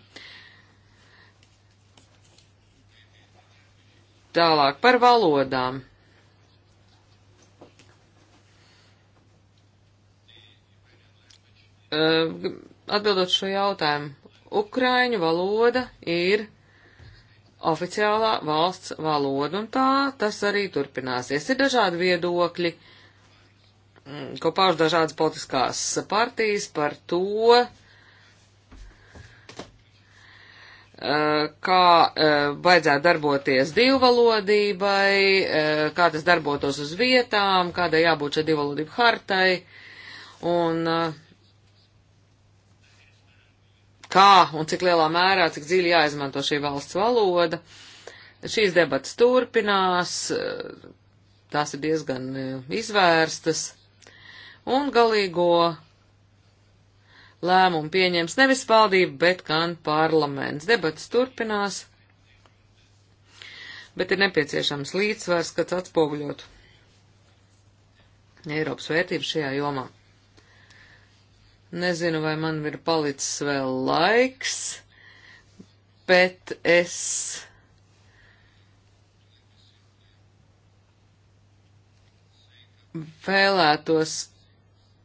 Tālāk par valodām. Eh, atbildot šo jautājumu, ukraiņu valoda ir oficiālā valsts valoda, un tā tas arī turpināsies. Ir dažādi viedokļi, mm, ko pauž dažādas politiskās partijas par to, eh, kā baidzētu eh, darboties divvalodībai, eh, kā tas darbotos uz vietām, kādai jābūt šai divvalodību hartai. Un uh, kā un cik lielā mērā, cik dziļi jāizmanto šī valsts valoda. Šīs debats turpinās, tās ir diezgan eh, izvērstas, un galīgo lēmumu pieņems nevis valdība, bet gan parlaments. Debats turpinās, bet ir nepieciešams līdzsvars, kas atspoguļotu Eiropas vērtības šajā jomā. Nezinu, vai man ir palicis vēl laiks, bet es. Vēlētos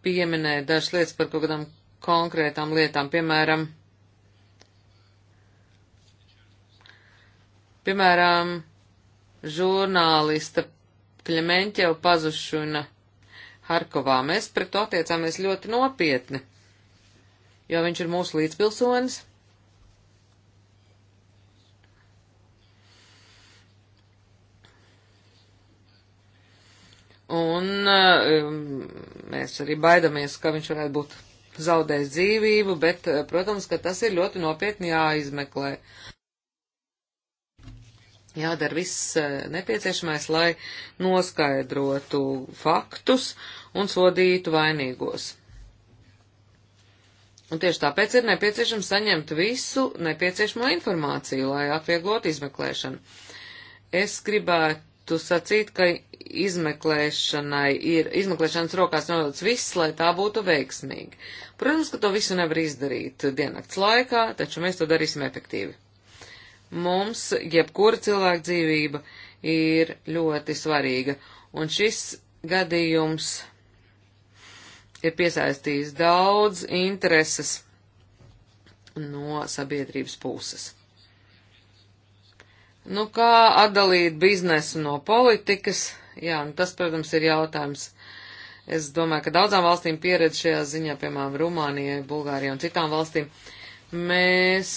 pieminēt dažas lietas par kaut kādām konkrētām lietām, piemēram, piemēram, žurnālista Kļemeņķeva pazušana Harkovā. Mēs pret to attiecāmies ļoti nopietni jo viņš ir mūsu līdzpilsonis. Un eh, um, mēs arī baidamies, ka viņš varētu būt zaudējis dzīvību, bet, eh, protams, ka tas ir ļoti nopietni jāizmeklē. Jādara viss eh, nepieciešamais, lai noskaidrotu faktus un sodītu vainīgos. Un tieši tāpēc ir nepieciešams saņemt visu nepieciešamo informāciju, lai atvieglotu izmeklēšanu. Es gribētu sacīt, ka izmeklēšanai ir izmeklēšanas rokās nodots viss, lai tā būtu veiksmīga. Protams, ka to visu nevar izdarīt diennakts laikā, taču mēs to darīsim efektīvi. Mums jebkura cilvēka dzīvība ir ļoti svarīga, un šis gadījums ir piesaistījis daudz intereses no sabiedrības puses. Nu, kā atdalīt biznesu no politikas? Jā, nu tas, protams, ir jautājums. Es domāju, ka daudzām valstīm pieredze šajā ziņā, piemēram, Rumānijai, Bulgārijai un citām valstīm, mēs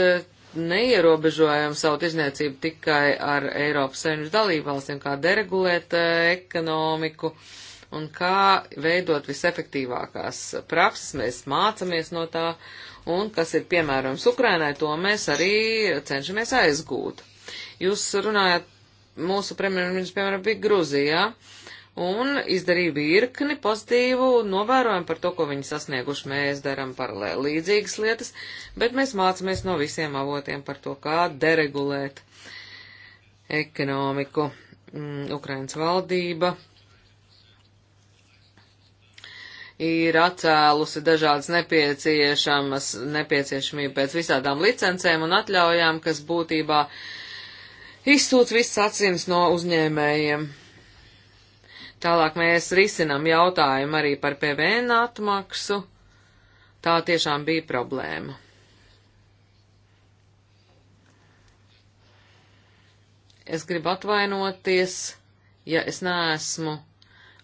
eh, neierobežojam savu tirzniecību tikai ar Eiropas Savienības dalību valstīm, kā deregulēt eh, ekonomiku. Uh, un kā veidot visefektīvākās prakses. Mēs mācāmies no tā, un kas ir piemērojams Ukrainai, to mēs arī cenšamies aizgūt. Jūs runājat, mūsu premjerministrs, piemēram, bija Gruzijā. Un izdarīja virkni pozitīvu novērojumu par to, ko viņi sasnieguši. Mēs darām paralēli līdzīgas lietas, bet mēs mācāmies no visiem avotiem par to, kā deregulēt ekonomiku. Mm, Ukrainas valdība ir atcēlusi dažādas nepieciešamas, nepieciešamību pēc visādām licencēm un atļaujām, kas būtībā izsūc viss acims no uzņēmējiem. Tālāk mēs risinam jautājumu arī par PVN atmaksu. Tā tiešām bija problēma. Es gribu atvainoties, ja es neesmu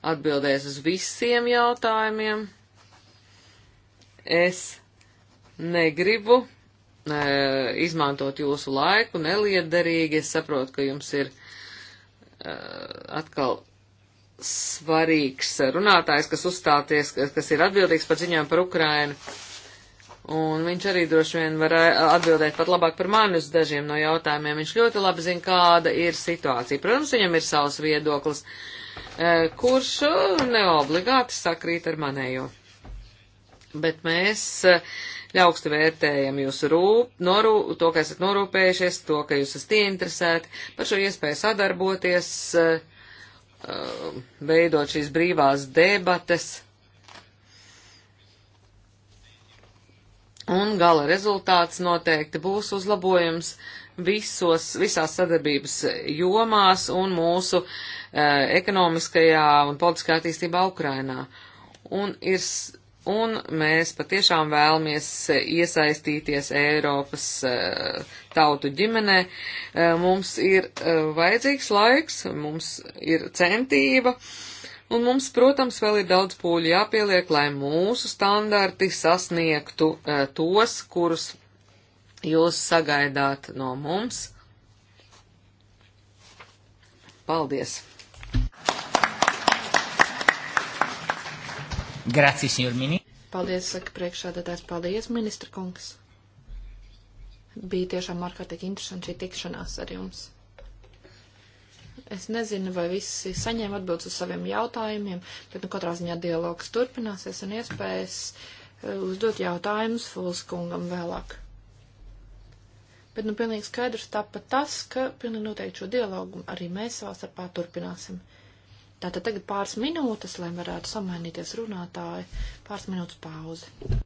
atbildēs uz visiem jautājumiem. Es negribu e, izmantot jūsu laiku neliederīgi. Es saprotu, ka jums ir e, atkal svarīgs runātājs, kas uzstāties, kas ir atbildīgs par ziņām par Ukrainu. Un viņš arī droši vien var e, atbildēt pat labāk par mani uz dažiem no jautājumiem. Viņš ļoti labi zina, kāda ir situācija. Protams, viņam ir savs viedoklis. Uh, Eh, kurš eh, neobligāti sakrīt ar manējo. Bet mēs eh, ļaukstu vērtējam jūsu rūp, norū, to, ka esat norūpējušies, to, ka jūs esat ieinteresēti par šo iespēju sadarboties, veidot šīs brīvās debates. Un gala rezultāts noteikti būs uzlabojums uh, visos, visās sadarbības jomās un mūsu uh, ekonomiskajā un politiskajā attīstībā Ukrainā. Un, ir, un mēs patiešām vēlamies eh, iesaistīties Eiropas uh, tautu ģimenē. Uh, mums ir uh, vajadzīgs laiks, mums ir centība. Un mums, protams, vēl ir daudz pūļu jāpieliek, lai mūsu standarti sasniegtu uh, tos, kurus jūs sagaidāt no mums. Paldies! Grazie, signor ministrs. Paldies, saka priekšādātājs. Paldies, ministra kungs. Bija tiešām ārkārtīgi interesanti šī tikšanās ar jums. Es nezinu, vai visi saņēma atbildes uz saviem jautājumiem, bet nu katrā ziņā dialogs turpināsies un iespējas eh, uzdot jautājumus Fulskungam vēlāk. Bet, nu, pilnīgi skaidrs tāpat tas, ka pilnīgi noteikti šo dialogu arī mēs savā starpā turpināsim. Tātad tagad pāris minūtes, lai varētu samainīties runātāji, pāris minūtes pauzi.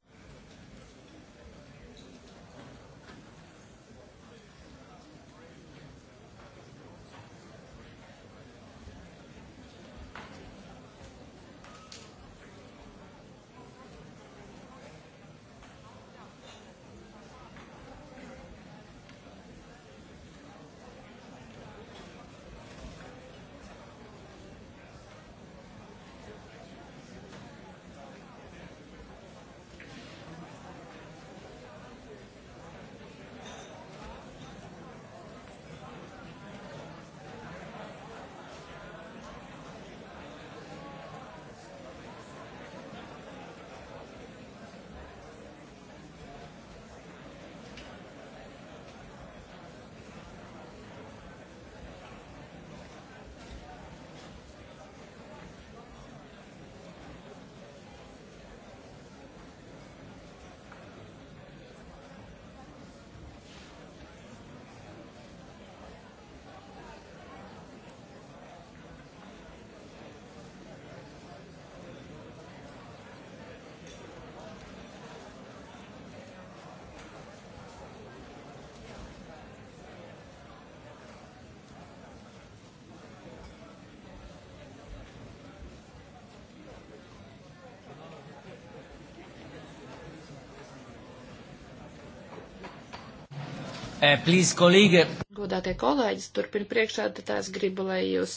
Eh, please, kolīga. Godātie kolēģis, turpina priekšsēdētājs, gribu, lai jūs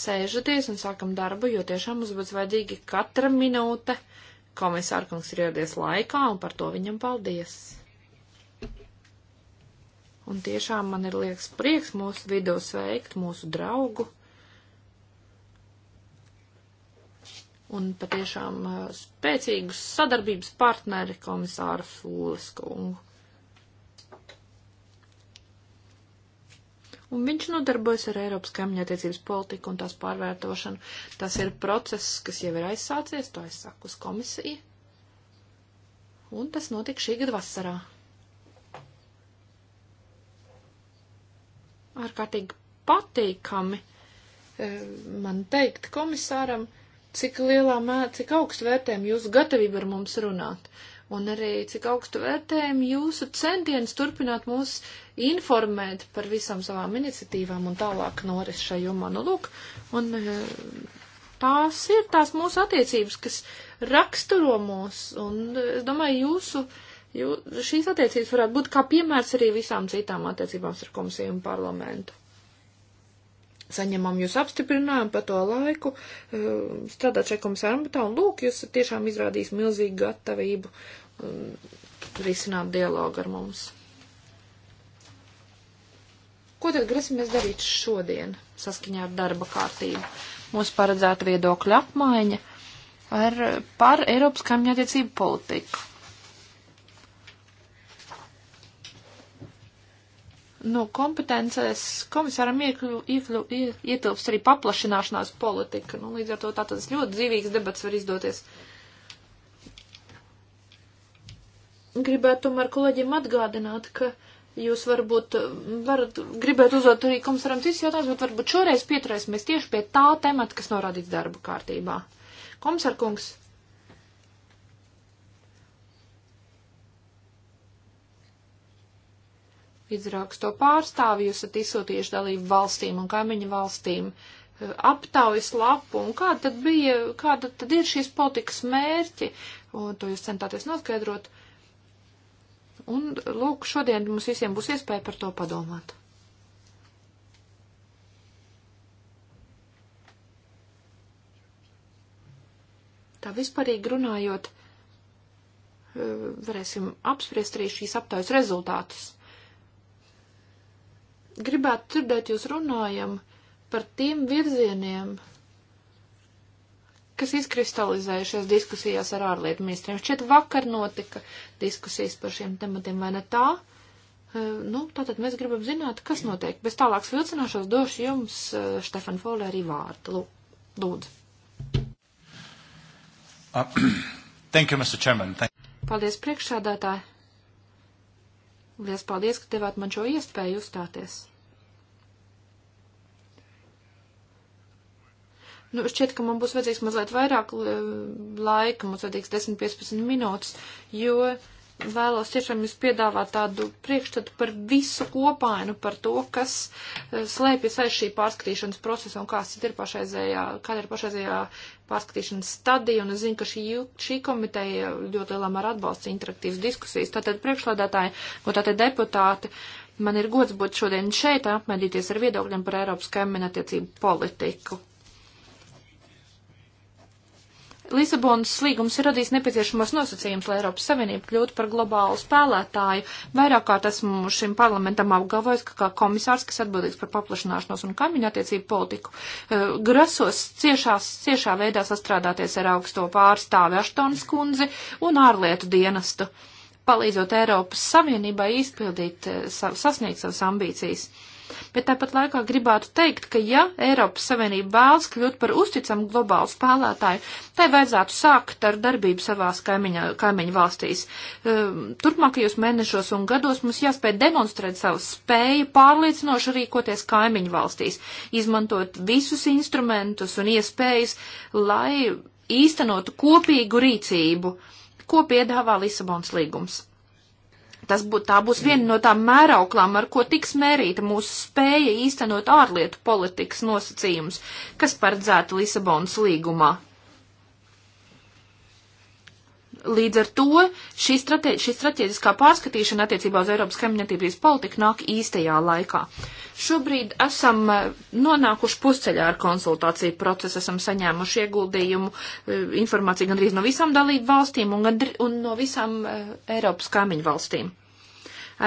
sēžaties un sākam darbu, jo tiešām mums būs vajadzīga katra minūte. Komisāra kungs ir ieradies laikā un par to viņam paldies. Un tiešām man ir liekas prieks mūsu vidū sveikt mūsu draugu. Un patiešām eh, spēcīgus sadarbības partneri komisāru Fūles kungu. un viņš nodarbojas ar Eiropas kaimiņattiecības politiku un tās pārvērtošanu. Tas ir process, kas jau ir aizsācies, to aizsāk uz komisiju. Un tas notika šī gada vasarā. Ārkārtīgi patīkami eh, man teikt komisāram, cik lielā mērā, cik augstu vērtējam jūsu gatavību ar mums runāt. Uh, un arī cik augstu vērtējam jūsu centienus turpināt mūs informēt par visām savām iniciatīvām un tālāk noris šai jomā. Nu, lūk, un e, tās ir tās mūsu attiecības, kas raksturo mūs, un e, es domāju, jūsu, jū, šīs attiecības varētu būt kā piemērs arī visām citām attiecībām ar komisiju un parlamentu saņemam jūs apstiprinājumu par to laiku eh, strādāt šai komisāram, bet tā un lūk, jūs tiešām izrādījis milzīgu gatavību um, risināt dialogu ar mums. Ko tad grasamies darīt šodien saskaņā ar darba kārtību? Mūsu paredzēta viedokļa apmaiņa ar par Eiropas kaimiņattiecību politiku. no kompetences komisāram iekļu, iekļu, ietilpst arī paplašināšanās politika. Nu, līdz ar to tātad ļoti dzīvīgs debats var izdoties. Gribētu tomēr kolēģiem atgādināt, ka jūs varbūt varat gribēt uzdot arī komisāram cits jautājums, bet varbūt šoreiz pieturēsimies tieši pie tā temata, kas norādīts darba kārtībā. Komisārkungs, izraksto pārstāvi, jūs esat izsūtījuši dalību valstīm un kaimiņu valstīm eh, aptaujas lapu, un kāda tad bija, kāda tad ir šīs politikas mērķi, un to jūs centāties noskaidrot. Un, lūk, šodien mums visiem būs iespēja par to padomāt. Tā vispārīgi runājot, eh, varēsim apspriest arī šīs aptaujas rezultātus gribētu dzirdēt jūs runājam par tiem virzieniem, kas izkristalizējušies diskusijās ar ārlietu ministriem. Šķiet, vakar notika diskusijas par šiem tematiem, vai ne tā? Eh, nu, tātad mēs gribam zināt, kas notiek. Bez tālākas vilcināšos došu jums, eh, Štefan Fole, arī vārdu. Lūdzu. Uh, [clears throat] thank you, Mr. Chairman. Thank you. Paldies, priekšsādātāji. Liels paldies, ka devāt man šo iespēju uzstāties. Nu, šķiet, ka man būs vajadzīgs mazliet vairāk eh, laika, mums vajadzīgs 10-15 minūtes, jo vēlos tiešām jūs piedāvāt tādu priekšstatu par visu kopainu, par to, kas eh, slēpjas aiz šī pārskatīšanas procesa un kāds ir pašreizējā, kāda ir pašreizējā pārskatīšanas stadija. Un es zinu, ka šī, šī komiteja ļoti lielā mērā atbalsta interaktīvas diskusijas. Tātad priekšlādātāji, ko tātad deputāti, man ir gods būt šodien šeit, apmedīties ar viedokļiem par Eiropas kaimiņattiecību politiku. Lisabonas līgums ir radījis nepieciešamos nosacījumus, lai Eiropas Savienība kļūtu par globālu spēlētāju. Vairāk kārt esmu šim parlamentam apgalvojis, ka kā komisārs, kas atbildīgs par paplašanāšanos un kaimiņu attiecību politiku, eh, grasos ciešās, ciešā veidā sastrādāties ar augsto pārstāvi Aštonas kundzi un ārlietu dienestu, palīdzot Eiropas Savienībai izpildīt, eh, sasniegt savas ambīcijas. Bet tāpat laikā gribētu teikt, ka ja Eiropas Savienība vēlas kļūt par uzticamu globālu spēlētāju, tai vajadzētu sākt ar darbību savās kaimiņa, kaimiņu valstīs. Ehm, turpmākajos mēnešos un gados mums jāspēj demonstrēt savu spēju pārliecinoši rīkoties kaimiņu valstīs, izmantot visus instrumentus un iespējas, lai īstenotu kopīgu rīcību, ko piedāvā Lisabons līgums. Tas būt, tā būs viena no tām mērauklām, ar ko tiks mērīta mūsu spēja īstenot ārlietu politikas nosacījumus, kas paredzēta Lisabonas līgumā. Līdz ar to šī, strate, šī strateģiskā pārskatīšana attiecībā uz Eiropas kaimiņattīstības politiku nāk īstajā laikā. Šobrīd esam eh, nonākuši pusceļā ar konsultāciju procesu, esam saņēmuši ieguldījumu eh, informāciju gandrīz no visām dalību valstīm un, gandri, un no visām eh, Eiropas kaimiņu valstīm.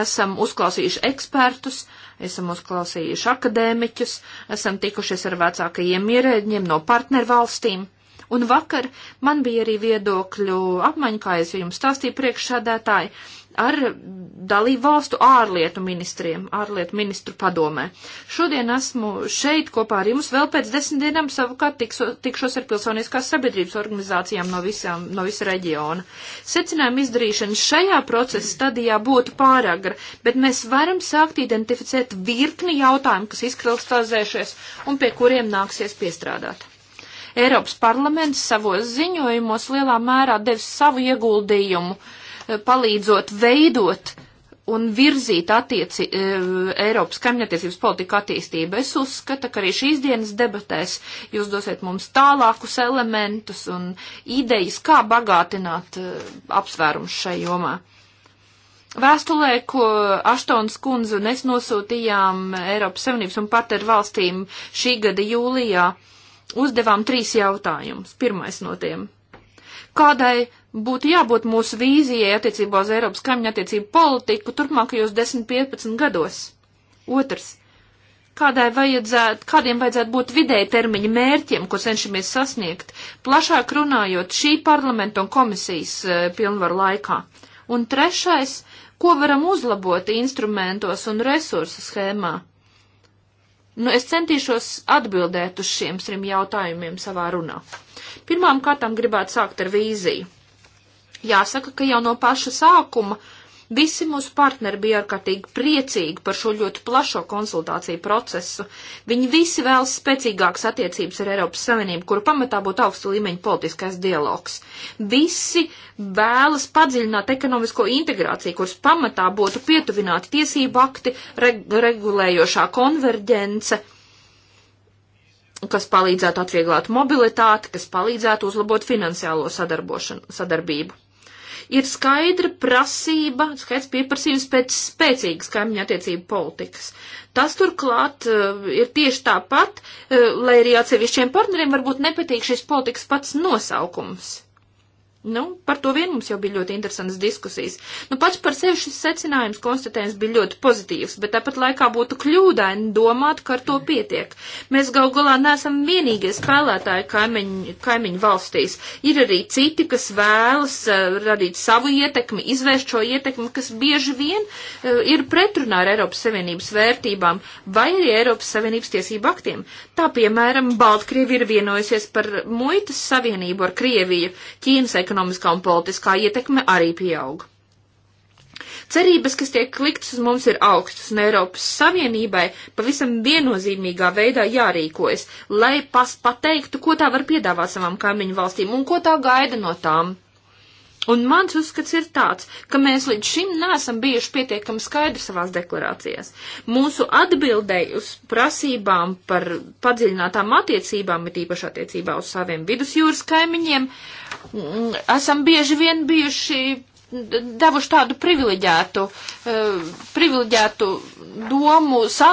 Esam uzklausījuši ekspertus, esam uzklausījuši akadēmiķus, esam tikušies ar vecākajiem ierēģiem no partnervalstīm Un vakar man bija arī viedokļu apmaiņa, kā es jums stāstīju priekšsādētāji, ar dalību valstu ārlietu ministriem, ārlietu ministru padomē. Šodien esmu šeit kopā ar jums, vēl pēc desmit dienām savukārt tikso, tikšos ar pilsoniskās sabiedrības organizācijām no, visām, no visa reģiona. Secinājuma izdarīšana šajā procesa stadijā būtu pāragra, bet mēs varam sākt identificēt virkni jautājumu, kas izkristalizējušies un pie kuriem nāksies piestrādāt. Eiropas parlaments savos ziņojumos lielā mērā devis savu ieguldījumu, eh, palīdzot veidot un virzīt attieci, eh, Eiropas kaimiņattiecības politiku attīstību. Es uzskatu, ka arī šīs dienas debatēs jūs dosiet mums tālākus elementus un idejas, kā bagātināt eh, apsvērums šai jomā. Vēstulē, ko Aštons kundze un es nosūtījām Eiropas Savienības un partneru valstīm šī gada jūlijā, uh, uzdevām trīs jautājumus. Pirmais no tiem. Kādai būtu jābūt mūsu vīzijai attiecībā uz Eiropas kaimiņu attiecību politiku turpmākajos 10-15 gados? Otrs. Kādai vajadzētu, kādiem vajadzētu būt vidēji termiņa mērķiem, ko cenšamies sasniegt, plašāk runājot šī parlamenta un komisijas uh, pilnvaru laikā? Un trešais, ko varam uzlabot instrumentos un resursu schēmā? Nu, es centīšos atbildēt uz šiem trim jautājumiem savā runā. Pirmām kārtām gribētu sākt ar vīziju. Jāsaka, ka jau no paša sākuma uh, Visi mūsu partneri bija ārkārtīgi priecīgi par šo ļoti plašo konsultāciju procesu. Viņi visi vēlas spēcīgākas attiecības ar Eiropas Savienību, kuru pamatā būtu augsta līmeņa politiskais dialogs. Visi vēlas padziļināt ekonomisko integrāciju, kuras pamatā būtu pietuvināti tiesību akti, reg regulējošā konverģence kas palīdzētu atvieglāt mobilitāti, kas palīdzētu uzlabot finansiālo sadarbību ir skaidra prasība, skaidrs pieprasījums pēc spēcīgas kaimiņa attiecību politikas. Tas turklāt uh, ir tieši tāpat, uh, lai arī atsevišķiem partneriem varbūt nepatīk šis politikas pats nosaukums. Nu, par to vien mums jau bija ļoti interesantas diskusijas. Nu, pats par sevi šis secinājums konstatējums bija ļoti pozitīvs, bet tāpat laikā būtu kļūdaini domāt, ka ar to pietiek. Mēs gal galā neesam vienīgie spēlētāji kaimiņu, kaimiņu valstīs. Ir arī citi, kas vēlas uh, radīt savu ietekmi, izvērst šo ietekmi, kas bieži vien uh, ir pretrunā ar Eiropas Savienības vērtībām vai arī Eiropas Savienības tiesību aktiem. Tā, piemēram, Baltkrievi ir vienojusies par muitas savienību ar Krieviju, Ķīnas ekonomiku ekonomiskā un politiskā ietekme arī pieaug. Cerības, kas tiek liktas uz mums, ir augstas, un Eiropas Savienībai pavisam viennozīmīgā veidā jārīkojas, lai pas pateiktu, ko tā var piedāvāt savām kaimiņu valstīm un ko tā gaida no tām. Un mans uzskats ir tāds, ka mēs līdz šim neesam bijuši pietiekami skaidri savās deklarācijās. Mūsu atbildēji uz prasībām par padziļinātām attiecībām, it īpaši attiecībā uz saviem vidusjūras kaimiņiem, mm, esam bieži vien bijuši devuši tādu privileģētu, uh, privileģētu domu sa,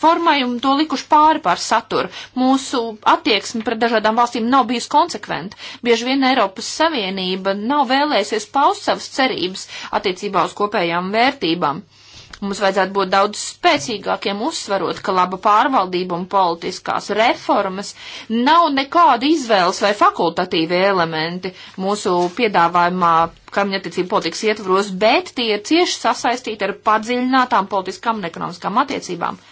formai un to likuši pāri pār saturu. Mūsu attieksme pret dažādām valstīm nav bijusi konsekventa. Bieži vien Eiropas Savienība nav vēlēsies paust savas cerības attiecībā uz kopējām vērtībām. Uh, Mums vajadzētu būt daudz spēcīgākiem, uzsverot, ka laba pārvaldība un politiskās reformas nav nekāda izvēles vai fakultatīvie elementi mūsu piedāvājumā kaimiņattiecību politikas ietvaros, bet tie ir cieši sasaistīti ar padziļinātām politiskām un ekonomiskām attiecībām.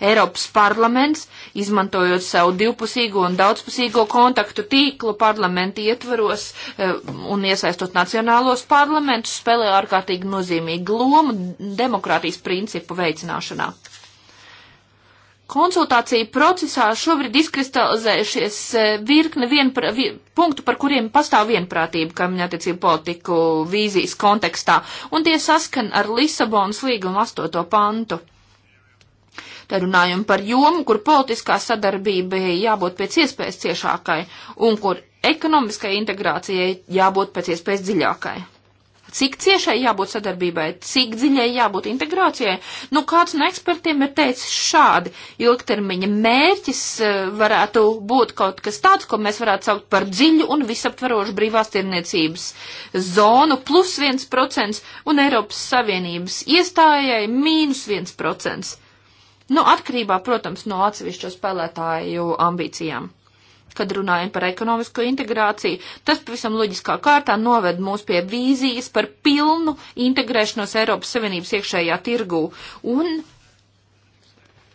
Eiropas parlaments, izmantojot savu divpusīgo un daudzpusīgo kontaktu tīklu parlamentu ietvaros eh, un iesaistot nacionālos parlamentus, spēlē ārkārtīgi nozīmīgu lomu demokrātijas principu veicināšanā. Konsultāciju procesā šobrīd izkristalizējušies eh, virkne vienpra, vi, punktu, par kuriem pastāv vienprātība kaimiņa attiecību politiku vīzijas kontekstā, un tie saskan ar Lisabonas līguma 8. pantu. Te runājam par jomu, kur politiskā sadarbība jābūt pēc iespējas ciešākai un kur ekonomiskai integrācijai jābūt pēc iespējas dziļākai. Cik ciešai jābūt sadarbībai, cik dziļai jābūt integrācijai? Nu, kāds no ekspertiem ir teicis šādi ilgtermiņa mērķis eh, varētu būt kaut kas tāds, ko mēs varētu saukt par dziļu un visaptverošu brīvās tirniecības zonu plus 1% un Eiropas Savienības iestājai mīnus 1%. Nu, atkarībā, protams, no atsevišķo spēlētāju ambīcijām. Kad runājam par ekonomisko integrāciju, tas pavisam loģiskā kārtā noved mūs pie vīzijas par pilnu integrēšanos Eiropas Savienības iekšējā tirgū un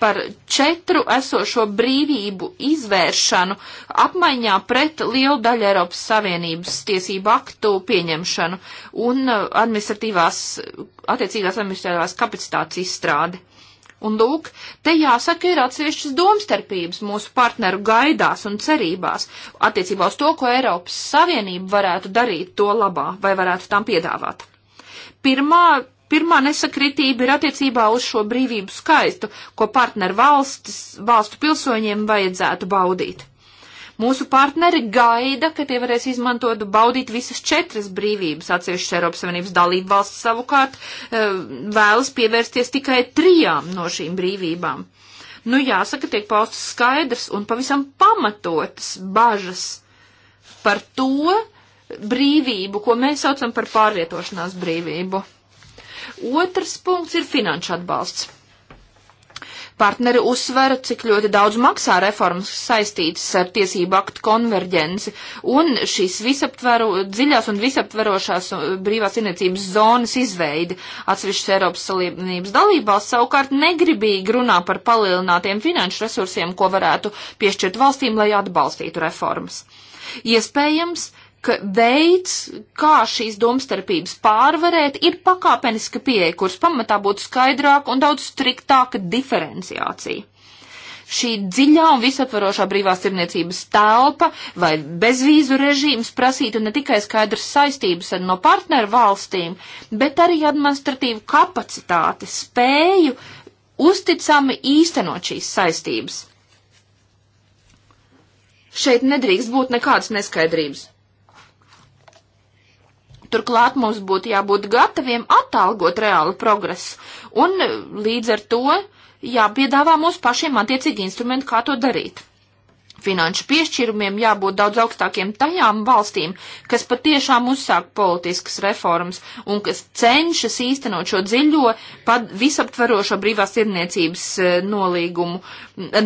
par četru esošo brīvību izvēršanu apmaiņā pret lielu daļu Eiropas Savienības tiesību aktu pieņemšanu un uh, administratīvās, attiecīgās administratīvās kapacitātes izstrādi. Un lūk, te jāsaka, ir atsevišķas domstarpības mūsu partneru gaidās un cerībās attiecībā uz to, ko Eiropas Savienība varētu darīt to labā vai varētu tam piedāvāt. Pirmā, pirmā nesakritība ir attiecībā uz šo brīvību skaistu, ko partneru valstis, valstu pilsoņiem vajadzētu baudīt. Mūsu partneri gaida, ka tie varēs izmantot, baudīt visas četras brīvības. Atsevišķas Eiropas Savienības dalību valsts savukārt eh, vēlas pievērsties tikai trijām no šīm brīvībām. Nu, jāsaka, tiek paustas skaidrs un pavisam pamatotas bažas par to brīvību, ko mēs saucam par pārvietošanās brīvību. Otrs punkts ir finanšu atbalsts. Partneri uzsver, cik ļoti daudz maksā reformas saistītas ar tiesību aktu konverģenci, un šīs visaptveru, dziļās un visaptverošās uh, brīvās tirniecības zonas izveidi. Atsevišķas Eiropas Savienības dalībvalsts savukārt negribīgi runā par palielinātiem finanšu resursiem, ko varētu piešķirt valstīm, lai atbalstītu reformas. Iespējams, ka veids, kā šīs domstarpības pārvarēt, ir pakāpeniska pieeja, kuras pamatā būtu skaidrāka un daudz striktāka diferenciācija. Šī dziļā un visaptvarošā brīvās tirniecības telpa vai bezvīzu režīms prasītu ne tikai skaidras saistības no partneru valstīm, bet arī administratīvu kapacitāti, spēju uzticami īstenot šīs saistības. Šeit nedrīkst būt nekādas neskaidrības. Turklāt mums būtu jābūt gataviem atalgot reālu progresu, un eh, līdz ar to jāpiedāvā mums pašiem attiecīgi instrumenti, kā to darīt finanšu piešķirumiem jābūt daudz augstākiem tajām valstīm, kas patiešām uzsāk politiskas reformas un kas cenšas īstenot šo dziļo, pat visaptverošo brīvās tirniecības e, nolīgumu,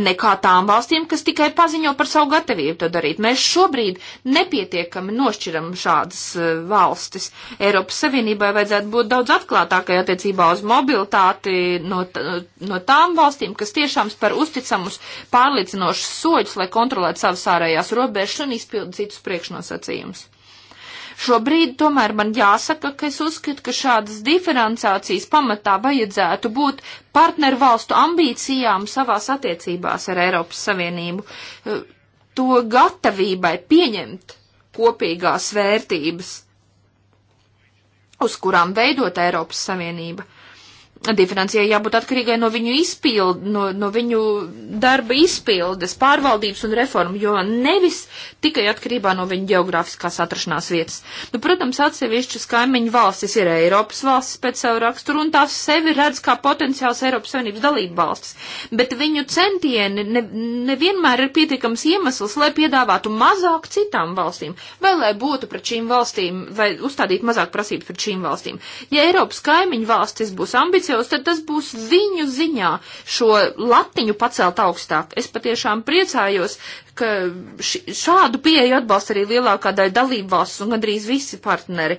nekā tām valstīm, kas tikai paziņo par savu gatavību to darīt. Mēs šobrīd nepietiekami nošķiram šādas e, valstis. Eiropas Savienībai vajadzētu būt daudz atklātākai attiecībā uz mobilitāti no, no tām valstīm, kas tiešām spēr uzticamus pārliecinošus soļus, lai kontrolētu kontrolēt savas ārējās robežas un izpildīt citus priekšnosacījumus. Šobrīd tomēr man jāsaka, ka es uzskatu, ka šādas diferenciācijas pamatā vajadzētu būt partneru valstu ambīcijām savās attiecībās ar Eiropas Savienību, eh, to gatavībai pieņemt kopīgās vērtības, uz kurām veidot Eiropas Savienība. Diferencijai jābūt atkarīgai no viņu izpild, no, no viņu darba izpildes, pārvaldības un reformu, jo nevis tikai atkarībā no viņu geogrāfiskās atrašanās vietas. Nu, protams, atsevišķas kaimiņu valstis ir Eiropas valstis pēc savu raksturu, un tās sevi redz kā potenciāls Eiropas Savienības dalību valstis. Bet viņu centieni nevienmēr ne, ne ir pietiekams iemesls, lai piedāvātu mazāk citām valstīm, vai lai būtu pret šīm valstīm, vai uzstādītu mazāk prasības pret šīm valstīm. Ja Eiropas kaimiņu valstis būs ambiciozas, ambīcijos, tad tas būs viņu ziņā šo latiņu pacelt augstāk. Es patiešām priecājos, ka ši, šādu pieeju atbalsta arī lielākā daļa dalību valsts un gandrīz visi partneri,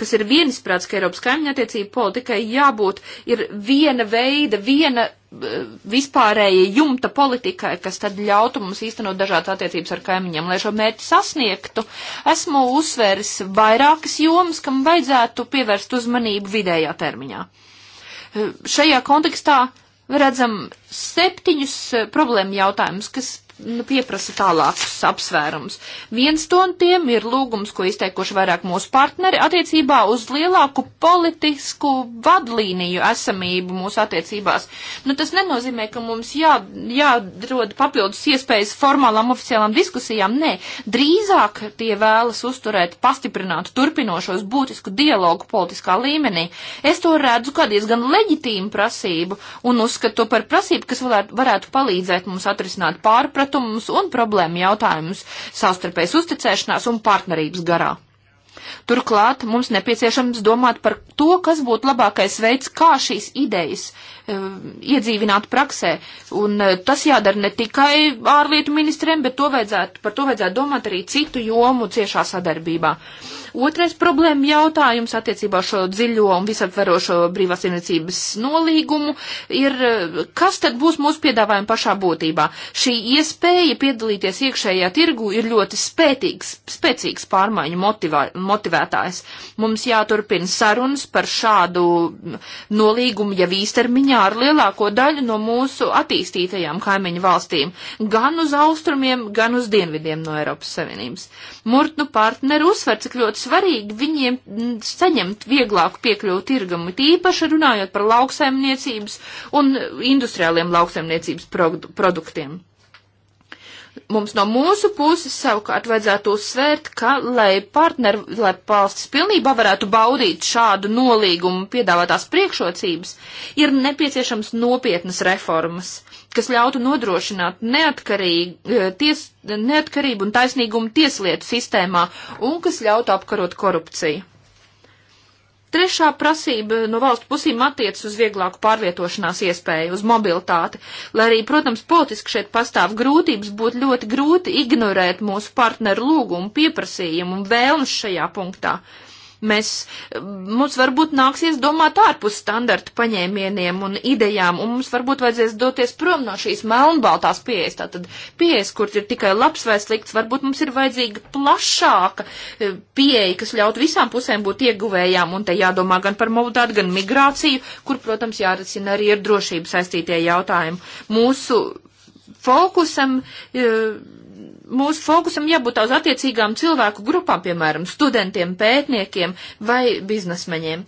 kas ir vienisprāts, ka Eiropas kaimiņattiecību politikai jābūt ir viena veida, viena e, vispārēja jumta politikai, kas tad ļautu mums īstenot dažādas attiecības ar kaimiņiem. Lai šo mērķi sasniegtu, esmu uzsvēris vairākas jomas, kam vajadzētu pievērst uzmanību vidējā termiņā. Šajā kontekstā redzam septiņus eh, problēmu jautājumus, kas nu, pieprasa tālākus apsvērums. Viens no tiem ir lūgums, ko izteikuši vairāk mūsu partneri attiecībā uz lielāku politisku vadlīniju esamību mūsu attiecībās. Nu, tas nenozīmē, ka mums jā, jādrod papildus iespējas formālām oficiālām diskusijām. Nē, drīzāk tie vēlas uzturēt pastiprinātu turpinošos būtisku dialogu politiskā līmenī. Es to redzu kā diezgan leģitīmu prasību un uzskatu to par prasību, kas varētu, varētu palīdzēt mums atrisināt pārpratni pārpratumus un problēmu jautājumus savstarpējas uzticēšanās un partnerības garā. Turklāt mums nepieciešams domāt par to, kas būtu labākais veids, kā šīs idejas Um, iedzīvināt praksē. Un uh, tas jādara ne tikai ārlietu ministriem, bet to vajadzētu, par to vajadzētu domāt arī citu jomu ciešā sadarbībā. Otrais problēma jautājums attiecībā šo dziļo un visapverošo brīvās vienniecības nolīgumu ir, uh, kas tad būs mūsu piedāvājuma pašā būtībā. Šī iespēja piedalīties iekšējā tirgu ir ļoti spētīgs, spēcīgs pārmaiņu motivā, motivētājs. Mums jāturpina sarunas par šādu nolīgumu jau īstermiņā ziņā ar lielāko daļu no mūsu attīstītajām kaimiņu valstīm, gan uz austrumiem, gan uz dienvidiem no Eiropas Savienības. Murtnu partneri uzsver, cik ļoti svarīgi viņiem saņemt vieglāku piekļuvu tirgumu, tīpaši runājot par lauksaimniecības un industriāliem lauksaimniecības produktiem. Mums no mūsu puses savukārt vajadzētu uzsvērt, ka, lai partneri, lai valstis pilnībā varētu baudīt šādu nolīgumu piedāvātās priekšrocības, ir nepieciešams nopietnas reformas, kas ļautu nodrošināt e, ties, neatkarību un taisnīgumu tieslietu sistēmā un kas ļautu apkarot korupciju. Trešā prasība no valstu pusīm attiecas uz vieglāku pārvietošanās iespēju, uz mobilitāti. Lai arī, protams, politiski šeit pastāv grūtības, būtu ļoti grūti ignorēt mūsu partneru lūgumu, pieprasījumu un vēlmes šajā punktā. Mēs, mums varbūt nāksies domāt ārpus standartu paņēmieniem un idejām, un mums varbūt vajadzēs doties prom no šīs melnbaltās pieejas. Tātad pieejas, kur ir tikai labs vai slikts, varbūt mums ir vajadzīga plašāka e, pieeja, kas ļaut visām pusēm būt ieguvējām, un te jādomā gan par mobilitāti, gan migrāciju, kur, protams, jārisina arī ar drošību saistītie jautājumi. Mūsu fokusam. Uh, mūsu fokusam jābūt uz attiecīgām cilvēku grupām, piemēram, studentiem, pētniekiem vai biznesmeņiem.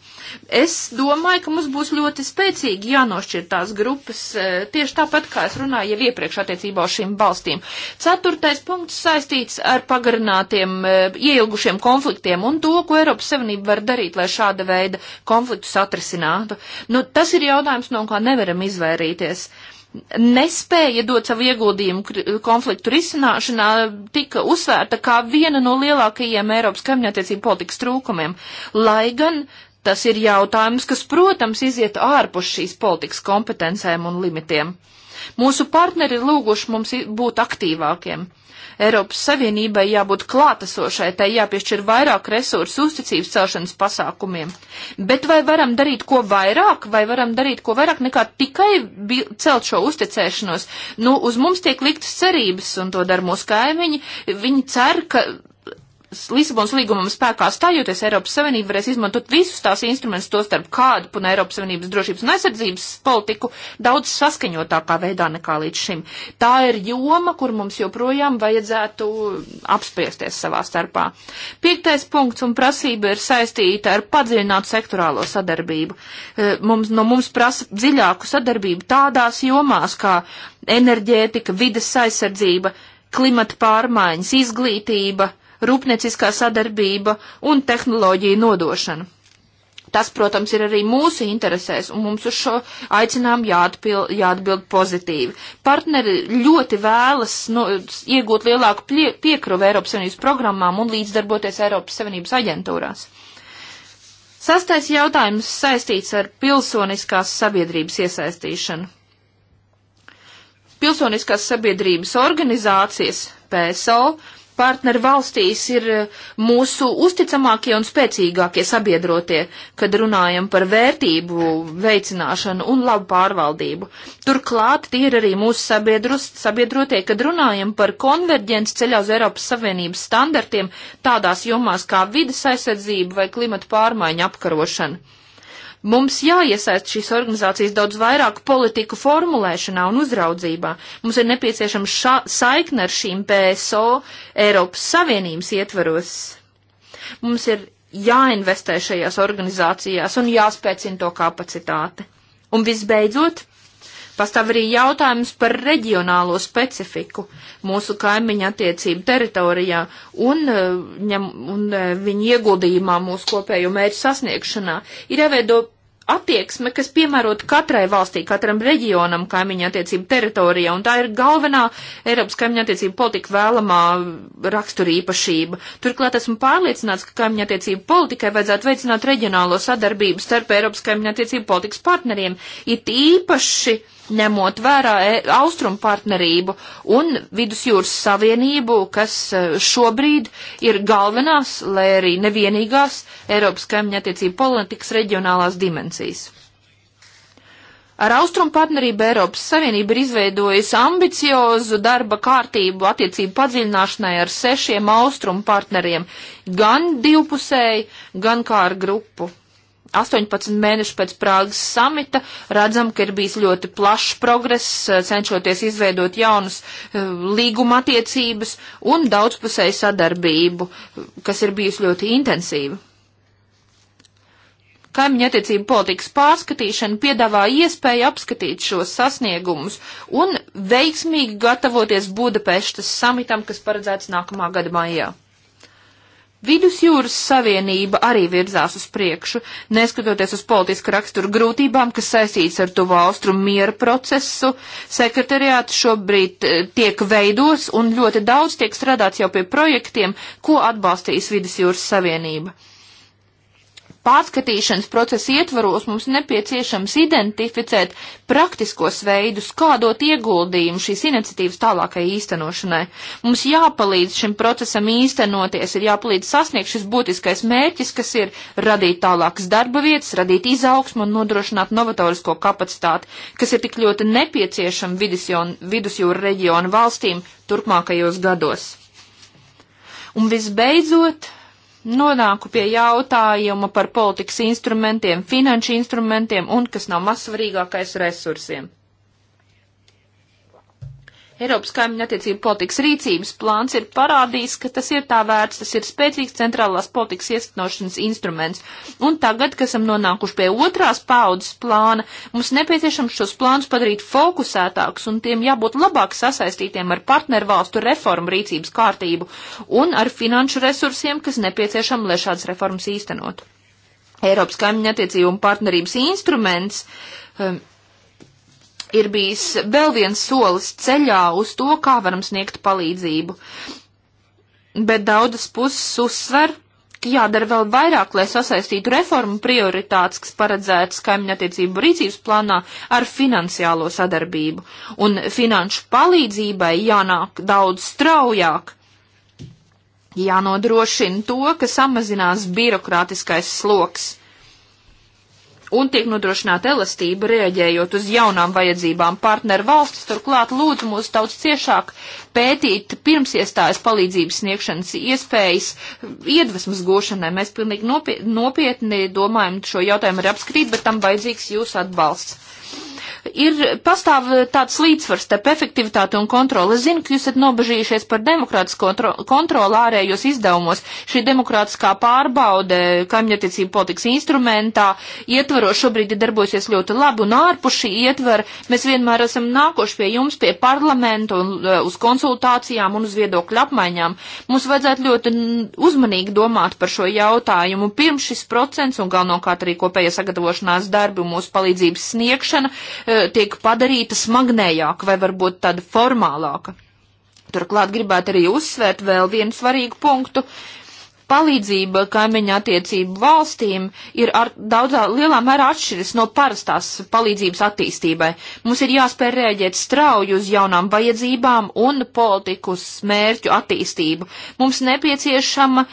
Es domāju, ka mums būs ļoti spēcīgi jānošķir tās grupas, e, tieši tāpat kā es runāju jau iepriekš attiecībā uz šīm valstīm. Ceturtais punkts saistīts ar pagarinātiem, e, ieilgušiem konfliktiem un to, ko Eiropas Savienība var darīt, lai šāda veida konfliktus atrisinātu. Nu, tas ir jautājums, no kā nevaram izvairīties. Uh, nespēja dot savu ieguldījumu konfliktu risināšanā tika uzsvērta kā viena no lielākajiem Eiropas kaimiņattiecību politikas trūkumiem, lai gan tas ir jautājums, kas, protams, iziet ārpus šīs politikas kompetencēm un limitiem. Mūsu partneri ir lūguši mums būt aktīvākiem. Eiropas Savienībai jābūt klātesošai, tai jāpiešķir vairāk resursu uzticības celšanas pasākumiem. Bet vai varam darīt ko vairāk, vai varam darīt ko vairāk nekā tikai celt šo uzticēšanos? Nu, uz mums tiek liktas cerības, un to dar mūsu kaimiņi. Viņi cer, ka Lisabonas līgumam spēkā stājoties Eiropas Savienība varēs izmantot visus tās instrumentus, to starp kādu un Eiropas Savienības drošības un aizsardzības politiku daudz saskaņotākā veidā nekā līdz šim. Tā ir joma, kur mums joprojām vajadzētu apspriesties savā starpā. Piektais punkts un prasība ir saistīta ar padziļinātu sektorālo sadarbību. Eh, mums, no mums prasa dziļāku sadarbību tādās jomās kā enerģētika, vides aizsardzība, klimata pārmaiņas, izglītība, uh, rūpnieciskā sadarbība un tehnoloģija nodošana. Tas, protams, ir arī mūsu interesēs, un mums uz šo aicinām jāatpil, jāatbild pozitīvi. Partneri ļoti vēlas no, nu, iegūt lielāku pie, piekruvu Eiropas Savienības programmām un līdzdarboties Eiropas Savienības aģentūrās. Sastais jautājums saistīts ar pilsoniskās sabiedrības iesaistīšanu. Pilsoniskās sabiedrības organizācijas PSO partneri valstīs ir eh, mūsu uzticamākie un spēcīgākie sabiedrotie, kad runājam par vērtību veicināšanu un labu pārvaldību. Turklāt tie ir arī mūsu sabiedrus, sabiedrotie, kad runājam par konverģenci ceļā uz Eiropas Savienības standartiem tādās jomās kā vidas aizsardzība vai klimata pārmaiņa apkarošana. Mums jāiesaist šīs organizācijas daudz vairāk politiku formulēšanā un uzraudzībā. Mums ir nepieciešama saikne ar šīm PSO Eiropas Savienības ietvaros. Mums ir jāinvestē šajās organizācijās un jāspēcina to kapacitāte. Un visbeidzot, Pastāv arī jautājums par reģionālo specifiku mūsu kaimiņa attiecību teritorijā un, e, ņem, un e, viņa ieguldījumā mūsu kopējo mērķu sasniegšanā. Ir jāveido attieksme, kas piemērot katrai valstī, katram reģionam kaimiņa attiecību teritorijā, un tā ir galvenā Eiropas kaimiņa attiecību politika vēlamā raksturīpašība. Turklāt esmu pārliecināts, ka kaimiņa attiecību politikai vajadzētu veicināt reģionālo sadarbību starp Eiropas kaimiņa attiecību politikas partneriem, it īpaši uh, ņemot vērā e, austrumu partnerību un vidusjūras savienību, kas e, šobrīd ir galvenās, lai arī nevienīgās Eiropas kaimiņa attiecību politikas reģionālās dimensijas. Ar austrumu partnerību Eiropas Savienība ir izveidojusi ambiciozu darba kārtību attiecību padziļināšanai ar sešiem austrumu partneriem, gan divpusēji, gan kā ar grupu 18 mēnešu pēc Prāgas samita redzam, ka ir bijis ļoti plašs progress, eh, cenšoties izveidot jaunas eh, līguma attiecības un daudzpusēju sadarbību, kas ir bijusi ļoti intensīva. Kaimiņa attiecību politikas pārskatīšana piedāvā iespēju apskatīt šos sasniegumus un veiksmīgi gatavoties Budapeštas samitam, kas paredzēts nākamā gada maijā. Vidusjūras savienība arī virzās uz priekšu, neskatoties uz politisku raksturu grūtībām, kas saistīts ar tuvu austrumu miera procesu. Sekretariāts šobrīd eh, tiek veidos un ļoti daudz tiek strādāts jau pie projektiem, ko atbalstīs Vidusjūras savienība pārskatīšanas procesa ietvaros mums nepieciešams identificēt praktiskos veidus, kādot ieguldījumu šīs iniciatīvas tālākai īstenošanai. Mums jāpalīdz šim procesam īstenoties, ir jāpalīdz sasniegt šis būtiskais mērķis, kas ir radīt tālākas darba vietas, radīt izaugsmu un nodrošināt novatorisko kapacitāti, kas ir tik ļoti nepieciešama vidusjūra reģiona valstīm turpmākajos gados. Un visbeidzot, nonāku pie jautājuma par politikas instrumentiem, finanšu instrumentiem un, kas nav mazsvarīgākais, resursiem. Eiropas kaimiņu attiecību politikas rīcības plāns ir parādījis, ka tas ir tā vērts, tas ir spēcīgs centrālās politikas iestanošanas instruments. Un tagad, kad esam nonākuši pie otrās paudzes plāna, mums nepieciešams šos plānus padarīt fokusētākus un tiem jābūt labāk sasaistītiem ar partnervalstu reformu rīcības kārtību un ar finanšu resursiem, kas nepieciešami, lai šādas reformas īstenotu. Eiropas kaimiņu attiecību un partnerības instruments um, ir bijis vēl viens solis ceļā uz to, kā varam sniegt palīdzību. Bet daudzas puses uzsver, ka jādara vēl vairāk, lai sasaistītu reformu prioritātes, kas paredzētas kaimiņattiecību rīcības plānā ar finansiālo sadarbību. Un finanšu palīdzībai jānāk daudz straujāk. Jānodrošina to, ka samazinās birokrātiskais sloks un tiek nodrošināta elastība rēģējot uz jaunām vajadzībām. Partneru valstis turklāt lūdzu mūs daudz ciešāk pētīt pirms iestājas palīdzības sniegšanas iespējas iedvesmas gūšanai. Mēs pilnīgi nopietni domājam šo jautājumu ir apskrīt, bet tam vajadzīgs jūsu atbalsts ir pastāv tāds līdzsvars starp efektivitāti un kontroli. Es zinu, ka jūs esat nobežījušies par demokrātisko kontro, kontroli ārējos izdevumos. Šī demokrātiskā pārbaude kaimiņattiecību politikas instrumentā ietvaro šobrīd ir darbosies ļoti labi un ārpus šī ietvara mēs vienmēr esam nākoši pie jums, pie parlamentu un e, uz konsultācijām un uz viedokļu apmaiņām. Mums vajadzētu ļoti uzmanīgi domāt par šo jautājumu pirms šis procents un galvenokārt arī kopējie sagatavošanās darbi un mūsu palīdzības sniegšana e, E, tiek padarīta smagnējāka vai varbūt tāda formālāka. Turklāt gribētu arī uzsvērt vēl vienu svarīgu punktu, palīdzība kaimiņa attiecību valstīm ir ar daudzā lielā mērā atšķiras no parastās palīdzības attīstībai. Mums ir jāspēj rēģēt strauji uz jaunām vajadzībām un politikas mērķu attīstību. Mums nepieciešama uh,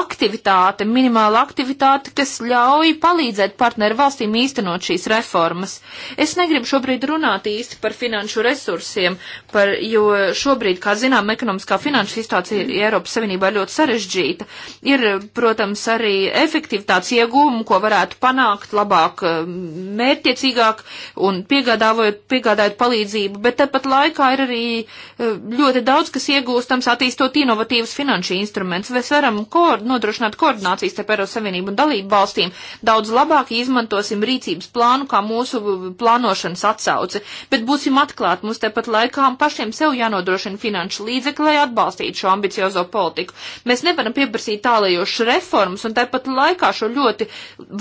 aktivitāte, minimāla aktivitāte, kas ļauj palīdzēt partneru valstīm īstenot šīs reformas. Es negribu šobrīd runāt īsti par finanšu resursiem, par, jo šobrīd, kā zinām, ekonomiskā finanšu situācija Eiropas Savienībā ir ļoti sarežģīta Ir, protams, arī efektivitātes iegūmu, ko varētu panākt labāk, eh, mērķiecīgāk un piegādājot, piegādājot palīdzību, bet tāpat laikā ir arī eh, ļoti daudz, kas iegūstams attīstot inovatīvas finanšu instrumentus. Mēs varam koord nodrošināt koordinācijas starp Eiropas Savienību un dalību valstīm. Daudz labāk izmantosim rīcības plānu kā mūsu eh, plānošanas atsauci, bet būsim atklāti, mums tepat laikā pašiem sev jānodrošina finanšu līdzekļi, lai atbalstītu šo ambiciozo politiku. Mēs nevaram pieprasīt pieprasīt tālajošas reformas un tāpat laikā šo ļoti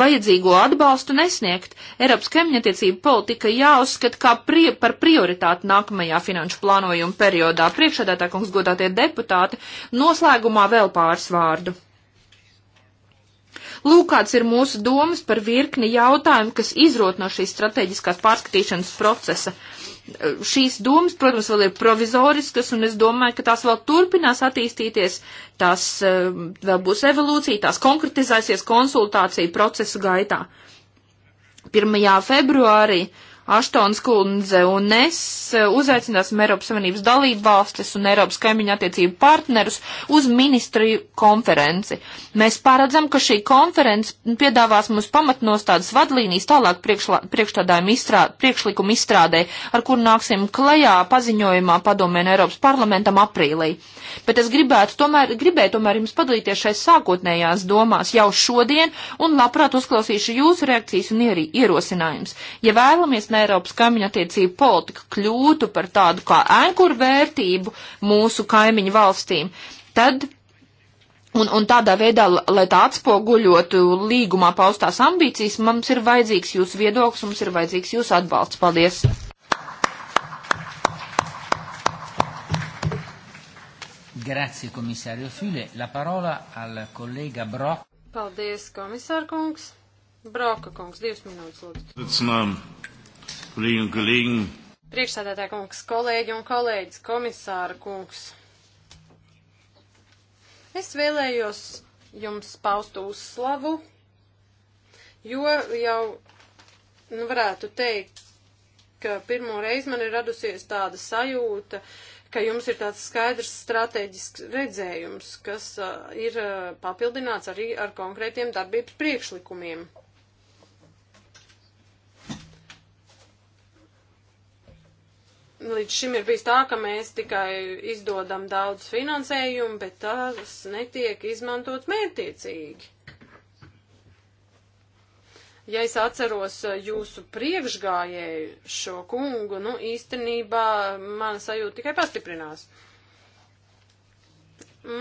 vajadzīgo atbalstu nesniegt. Eiropas kaimiņattiecība politika jāuzskata kā pri par prioritāti nākamajā finanšu plānojuma periodā. Priekšādātā kungs godātie deputāti, noslēgumā vēl pāris vārdu. Lūk, kāds ir mūsu domas par virkni jautājumu, kas izrot no šīs strateģiskās pārskatīšanas procesa. Uh, šīs domas, protams, vēl ir provizoriskas, un es domāju, ka tās vēl turpinās attīstīties, tās eh, vēl būs evolūcija, tās konkretizēsies konsultāciju procesu gaitā. 1. februārī uh, Aštons kundze un es eh, uzaicināsim Eiropas Savienības dalību valstis un Eiropas kaimiņu attiecību partnerus uz ministriju konferenci. Mēs paredzam, ka šī konference piedāvās mums pamatnostādes vadlīnijas tālāk priekšstādājumu izstrād, priekšlikumu izstrādē, ar kur nāksim klajā paziņojumā padomē un Eiropas parlamentam aprīlī. Bet es gribētu tomēr, gribēju tomēr jums padalīties šais sākotnējās domās jau šodien un labprāt uzklausīšu jūsu reakcijas un ierosinājumus. Ja vēlamies, ne un Eiropas kaimiņa attiecību politika kļūtu par tādu kā ēkur vērtību mūsu kaimiņu valstīm, tad Un, un tādā veidā, lai tā atspoguļotu līgumā paustās ambīcijas, mums ir vajadzīgs jūsu viedoklis, mums ir vajadzīgs jūsu atbalsts. Paldies! Grazie, komisārio Füle. La parola al kolēga Brok. Paldies, komisār kungs. Broka kungs, divas minūtes lūdzu. Kolleginnen und Kollegen. Priekšsēdētāja kungs, kolēģi un kolēģis, komisāra kungs. Es vēlējos jums paust uzslavu, jo jau, nu, varētu teikt, ka pirmo reizi man ir radusies tāda sajūta, ka jums ir tāds skaidrs strateģisks redzējums, kas uh, ir uh, papildināts arī ar konkrētiem darbības priekšlikumiem. Līdz šim ir bijis tā, ka mēs tikai izdodam daudz finansējumu, bet tās netiek izmantots mērtiecīgi. Ja es atceros jūsu priekšgājēju šo kungu, nu īstenībā mana sajūta tikai pastiprinās.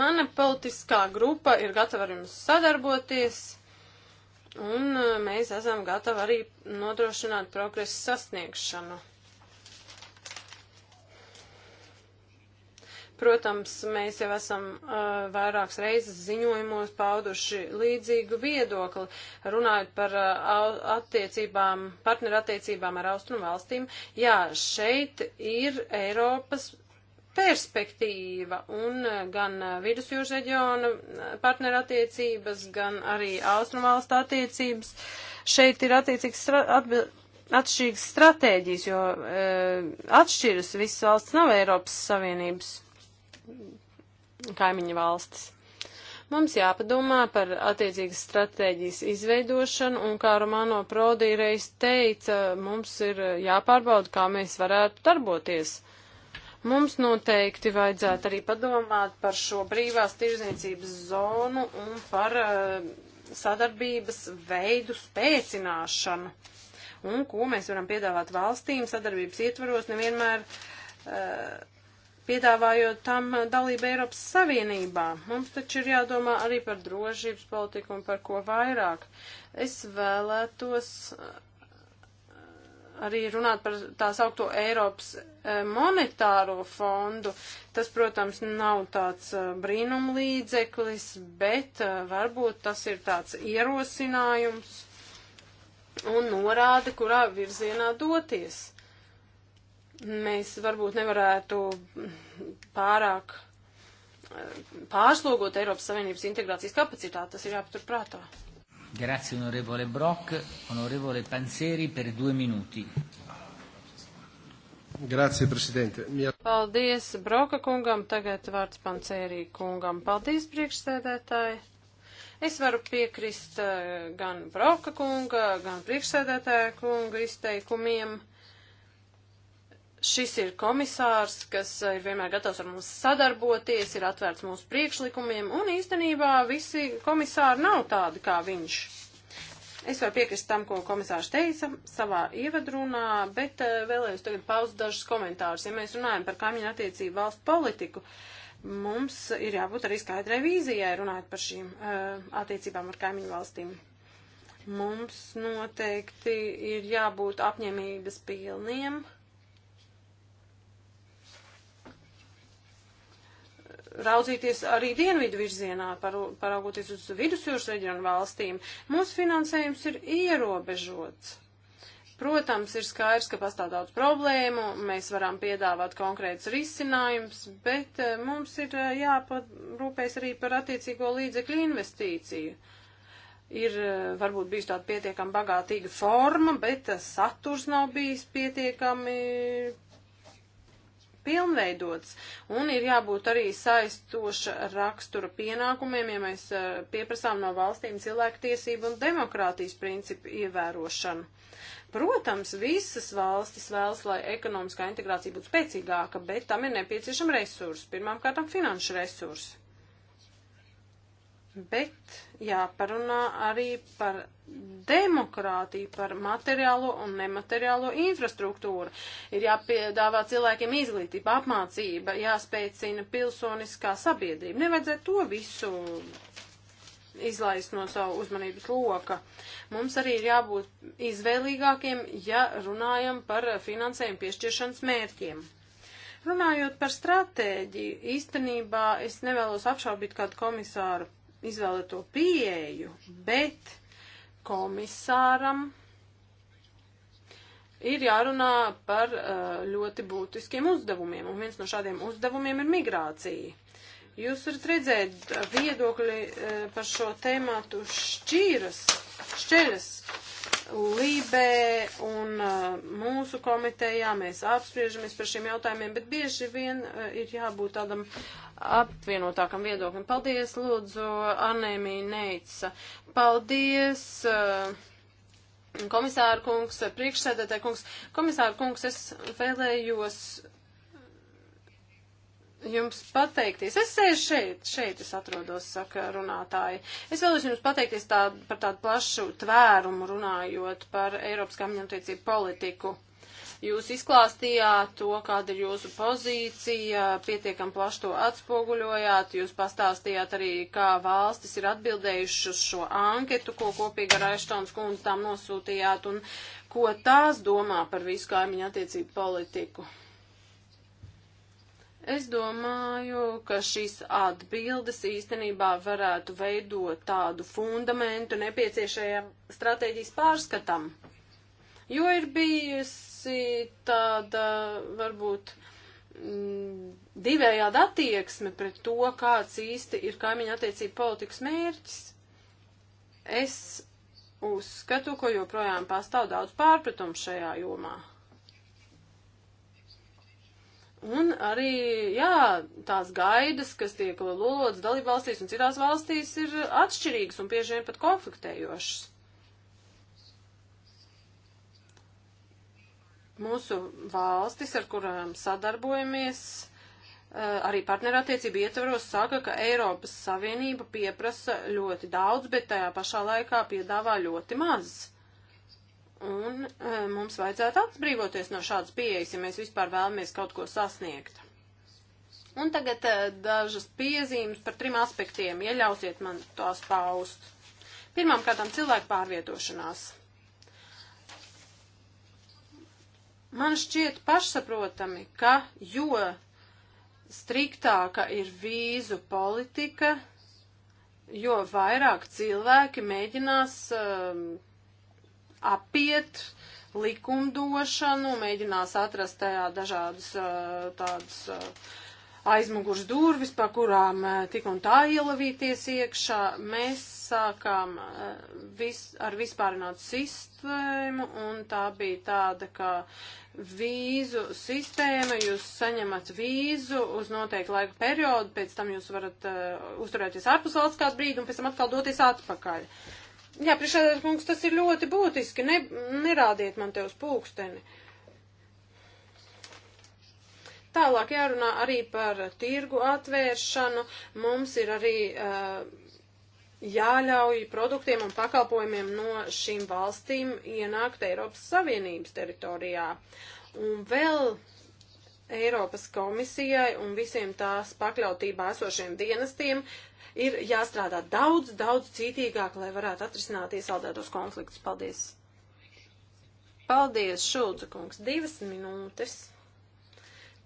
Mana politiskā grupa ir gatava ar jums sadarboties, un mēs esam gatavi arī nodrošināt progresu sasniegšanu. Protams, mēs jau esam uh, vairākas reizes ziņojumos pauduši līdzīgu viedokli, runājot par uh, attiecībām, partnerattiecībām ar austrumu valstīm. Jā, šeit ir Eiropas perspektīva un uh, gan uh, vidusjūras reģiona uh, partnerattiecības, gan arī austrumu valstu attiecības. Šeit ir attiecīgs atbild atšķirīgas stratēģijas, jo e, atšķiras visas valsts nav Eiropas Savienības kaimiņu valstis. Mums jāpadomā par attiecīgas stratēģijas izveidošanu, un kā Romano Prodi reiz teica, mums ir jāpārbauda, kā mēs varētu darboties. Mums noteikti vajadzētu arī padomāt par šo brīvās tirzniecības zonu un par uh, sadarbības veidu spēcināšanu. Un ko mēs varam piedāvāt valstīm sadarbības ietvaros nevienmēr uh, piedāvājot tam dalību Eiropas Savienībā. Mums taču ir jādomā arī par drošības politiku un par ko vairāk. Es vēlētos eh, arī runāt par tās augto Eiropas eh, monetāro fondu. Tas, protams, nav tāds eh, brīnumlīdzeklis, bet varbūt tas ir tāds ierosinājums un norāde, kurā virzienā doties mēs varbūt nevarētu pārāk eh, pārslogot Eiropas Savienības integrācijas kapacitāti. Tas ir jāpatur prātā. Grazie, onorevole Brock. Onorevole Panseri, per due minūti. Grazie, Presidente. Mia... Paldies Broka kungam, tagad vārds Pansērī kungam. Paldies, priekšsēdētāji. Es varu piekrist eh, gan Broka kunga, gan priekšsēdētāja kunga izteikumiem. Uh, šis ir komisārs, kas eh, ir vienmēr gatavs ar mums sadarboties, ir atvērts mūsu priekšlikumiem, un īstenībā visi komisāri nav tādi kā viņš. Es varu piekrist tam, ko komisārs teica savā ievadrunā, bet eh, vēlējos tagad paust dažus komentārus. Ja mēs runājam par kaimiņu attiecību valstu politiku, mums ir jābūt arī skaidrai vīzijai runājot par šīm uh, attiecībām ar kaimiņu valstīm. Mums noteikti ir jābūt apņemības pilniem. Uh, raudzīties arī dienvidu virzienā, paraugoties uz vidusjūras reģionu valstīm. Mūsu finansējums ir ierobežots. Protams, ir skaidrs, ka pastāv daudz problēmu, mēs varam piedāvāt konkrētus risinājumus, bet eh, mums ir eh, jāparūpēs arī par attiecīgo līdzekļu investīciju. Ir eh, varbūt bijusi tāda pietiekami bagātīga forma, bet saturs nav bijis pietiekami pilnveidots, un ir jābūt arī saistoša rakstura pienākumiem, ja mēs eh, pieprasām no valstīm cilvēktiesību un demokrātijas principu ievērošanu. Protams, visas valstis vēlas, lai ekonomiskā integrācija būtu spēcīgāka, bet tam ir nepieciešama resursa, pirmkārt, finanšu resursi. Bet jāparunā arī par demokrātiju, par materiālo un nemateriālo infrastruktūru. Ir jāpiedāvā cilvēkiem izglītība, apmācība, jāspēcina pilsoniskā sabiedrība. Nevajadzētu to visu izlaist no savu uzmanības loka. Mums arī ir jābūt izvēlīgākiem, ja runājam par finansējumu piešķiršanas mērķiem. Runājot par stratēģiju, īstenībā es nevēlos apšaubīt kādu komisāru izvēlēto pieeju, bet komisāram ir jārunā par uh, ļoti būtiskiem uzdevumiem, un viens no šādiem uzdevumiem ir migrācija. Jūs varat redzēt, uh, viedokļi uh, par šo tēmātu šķīras, šķeļas, Lībē un uh, mūsu komitejā mēs apspriežamies par šiem jautājumiem, bet bieži vien uh, ir jābūt tādam apvienotākam viedoklim. Paldies, lūdzu, Anēmī Neica. Paldies. Uh, komisāra kungs, priekšsēdētāja kungs, komisāra kungs, es vēlējos jums pateikties. Es sēžu šeit, šeit es atrodos, saka runātāji. Es vēlos jums pateikties tā, par tādu plašu tvērumu runājot par Eiropas kaimiņattiecību politiku. Jūs izklāstījāt to, kāda ir jūsu pozīcija, pietiekam plaši to atspoguļojāt, jūs pastāstījāt arī, kā valstis ir atbildējušas šo anketu, ko kopīgi ar Aištons kundzi tām nosūtījāt, un ko tās domā par visu kaimiņu attiecību politiku. Es domāju, ka šīs atbildes īstenībā varētu veidot tādu fundamentu nepieciešajam stratēģijas pārskatam, jo ir bijusi tāda varbūt mm, divējāda attieksme pret to, kāds īsti ir kaimiņa attiecība politikas mērķis. Es uzskatu, ka joprojām pastāv daudz pārpratumu šajā jomā. Un arī, jā, tās gaidas, kas tiek lolotas dalībvalstīs un citās valstīs, ir atšķirīgas un bieži vien pat konfliktējošas. Mūsu valstis, ar kurām sadarbojamies, eh, arī partnerattiecību ietvaros saka, ka Eiropas Savienība pieprasa ļoti daudz, bet tajā pašā laikā piedāvā ļoti maz. Un e, mums vajadzētu atbrīvoties no šādas pieejas, ja mēs vispār vēlamies kaut ko sasniegt. Un tagad e, dažas piezīmes par trim aspektiem, ja ļausiet man tās paust. Pirmām kārtām cilvēku pārvietošanās. Man šķiet pašsaprotami, ka jo striktāka ir vīzu politika, jo vairāk cilvēki mēģinās uh, e, apiet likumdošanu, mēģinās atrast tajā dažādas tādas aizmugurs durvis, pa kurām tik un tā ielavīties iekšā. Mēs sākām vis, ar vispārinātu sistēmu, un tā bija tāda, ka vīzu sistēma, jūs saņemat vīzu uz noteiktu laiku periodu, pēc tam jūs varat uh, uzturēties ārpus valsts kādu brīdi, un pēc tam atkal doties atpakaļ. Uh, Jā, priekšādāt kungs, tas ir ļoti būtiski. Ne, nerādiet man te uz pulksteni. Tālāk jārunā arī par tirgu atvēršanu. Mums ir arī uh, jāļauj produktiem un pakalpojumiem no šīm valstīm ienākt Eiropas Savienības teritorijā. Un vēl Eiropas komisijai un visiem tās pakļautībā esošiem dienestiem ir jāstrādā daudz, daudz cītīgāk, lai varētu atrisināt iesaldētos konfliktus. Paldies! Paldies, Šulca kungs! Divas minūtes!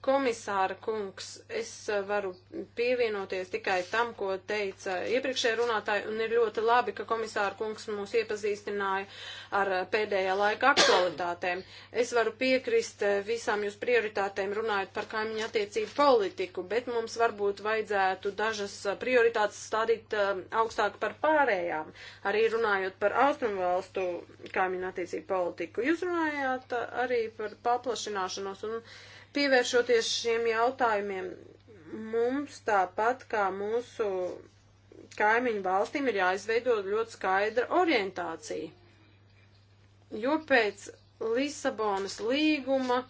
Komisāra kungs, es eh, varu pievienoties tikai tam, ko teica iepriekšējā runātāja, un ir ļoti labi, ka komisāra kungs mūs iepazīstināja ar eh, pēdējā laika aktualitātēm. Es varu piekrist eh, visām jūs prioritātēm runājot par kaimiņu attiecību politiku, bet mums varbūt vajadzētu dažas prioritātes stādīt augstāk par pārējām, arī runājot par austrumvalstu kaimiņu attiecību politiku. Jūs runājāt arī par paplašināšanos un Pievēršoties šiem jautājumiem, mums tāpat kā mūsu kaimiņu valstīm ir jāizveido ļoti skaidra orientācija. Jo pēc Lisabonas līguma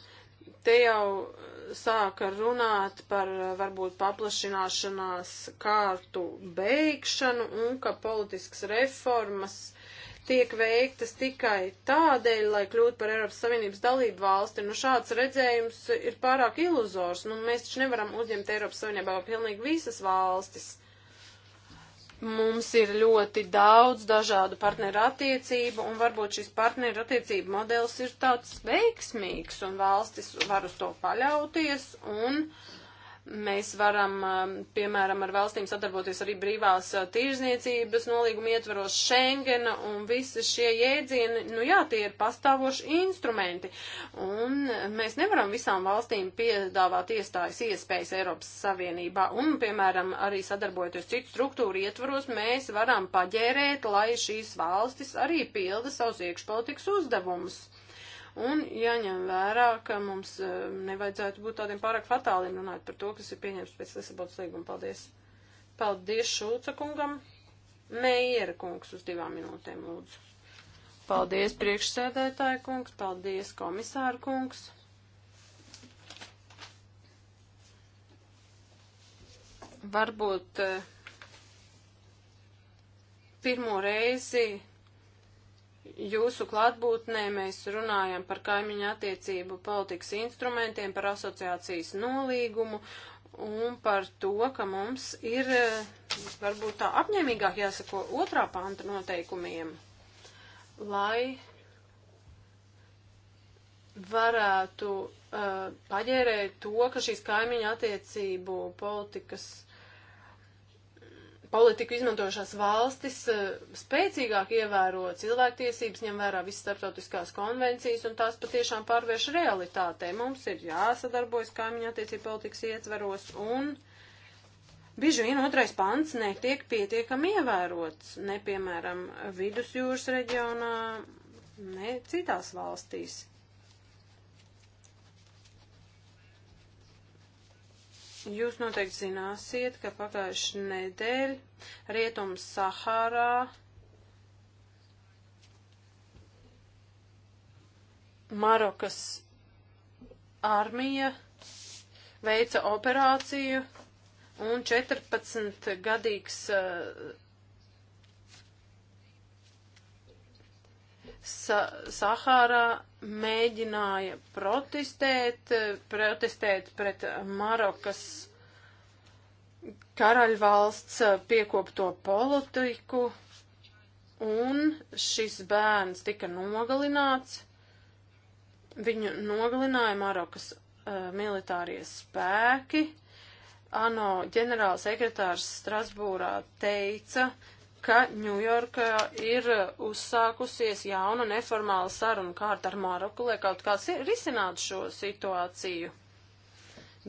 te jau sāka runāt par varbūt paplašināšanās kārtu beigšanu un ka politiskas reformas tiek veiktas tikai tādēļ, lai kļūtu par Eiropas Savienības dalību valsti. Nu, šāds redzējums ir pārāk iluzors. Nu, mēs taču nevaram uzņemt Eiropas Savienībā pilnīgi visas valstis. Mums ir ļoti daudz dažādu partneru attiecību, un varbūt šis partneru attiecību modelis ir tāds veiksmīgs, un valstis var uz to paļauties, un uh, Mēs varam, um, piemēram, ar valstīm sadarboties arī brīvās uh, tirzniecības nolīguma ietvaros Schengena un visi šie jēdzieni, nu jā, tie ir pastāvoši instrumenti. Un mēs nevaram visām valstīm piedāvāt iestājas iespējas Eiropas Savienībā. Un, piemēram, arī sadarbojoties citu struktūru ietvaros, mēs varam paģērēt, lai šīs valstis arī pilda savus iekšpolitikas uzdevumus. Un jāņem vērā, ka mums eh, nevajadzētu būt tādiem pārāk fatāliem runāt par to, kas ir pieņemts pēc Lisabotas līguma. Paldies! Paldies Šulca kungam! Meiera kungs uz divām minūtēm lūdzu. Paldies priekšsēdētāja kungs, paldies komisāra kungs. Varbūt eh, pirmo reizi jūsu klātbūtnē mēs runājam par kaimiņu attiecību politikas instrumentiem, par asociācijas nolīgumu un par to, ka mums ir eh, varbūt tā apņēmīgāk jāsako otrā panta noteikumiem, lai varētu uh, paģērēt to, ka šīs kaimiņu attiecību politikas politiku izmantošās valstis eh, spēcīgāk ievēro cilvēktiesības, ņem vērā visas starptautiskās konvencijas un tās patiešām pārvērš realitātē. Mums ir jāsadarbojas kaimiņa attiecību politikas ietveros un bieži vien otrais pants netiek pietiekami ievērots, ne piemēram vidusjūras reģionā, ne citās valstīs. Jūs noteikti zināsiet, ka pagājuši nedēļ Rietum Sahārā Marokas armija veica operāciju un 14 gadīgs uh, Sa Sahārā mēģināja protestēt, protestēt pret Marokas karaļvalsts piekopto politiku, un šis bērns tika nogalināts. Viņu nogalināja Marokas uh, militārie spēki. ANO ģenerālsekretārs Strasbūrā teica, ka Ņujorkā ir uzsākusies jauna neformāla saruna kārta ar Maroku, lai kaut kāds risinātu šo situāciju.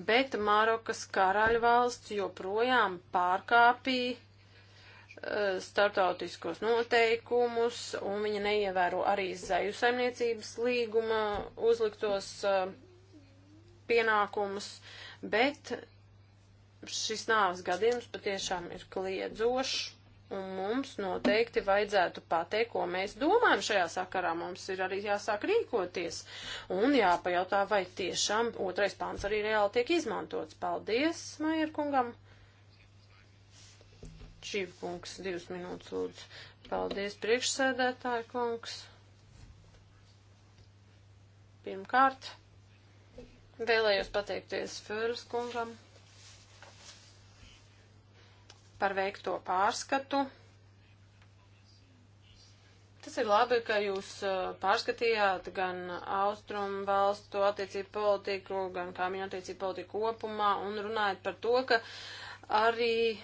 Bet Marokas karaļvalsts joprojām pārkāpīja eh, startautiskos noteikumus, un viņa neievēro arī zaju saimniecības līguma uzliktos eh, pienākumus, bet šis nāves gadījums patiešām ir kliedzošs. Un mums noteikti vajadzētu pateikt, ko mēs domājam šajā sakarā. Mums ir arī jāsāk rīkoties un jāpajautā, vai tiešām otrais pāns arī reāli tiek izmantots. Paldies, Maier kungam. Čīvkungs, divas minūtes lūdzu. Paldies, priekšsēdētāja kungs. Pirmkārt, vēlējos pateikties Fēras kungam par veikto pārskatu. Tas ir labi, ka jūs uh, pārskatījāt gan austrumu valstu attiecību politiku, gan kāmiņu attiecību politiku kopumā un runājat par to, ka arī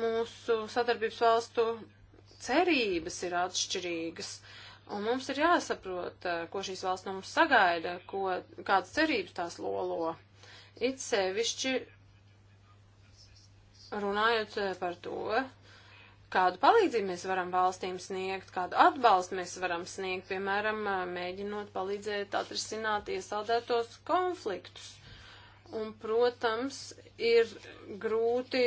mūsu sadarbības valstu cerības ir atšķirīgas. Un mums ir jāsaprot, uh, ko šīs valsts no mums sagaida, ko, kādas cerības tās lolo. It sevišķi runājot eh, par to, kādu palīdzību mēs varam valstīm sniegt, kādu atbalstu mēs varam sniegt, piemēram, eh, mēģinot palīdzēt atrisināt iesaldētos konfliktus. Un, protams, ir grūti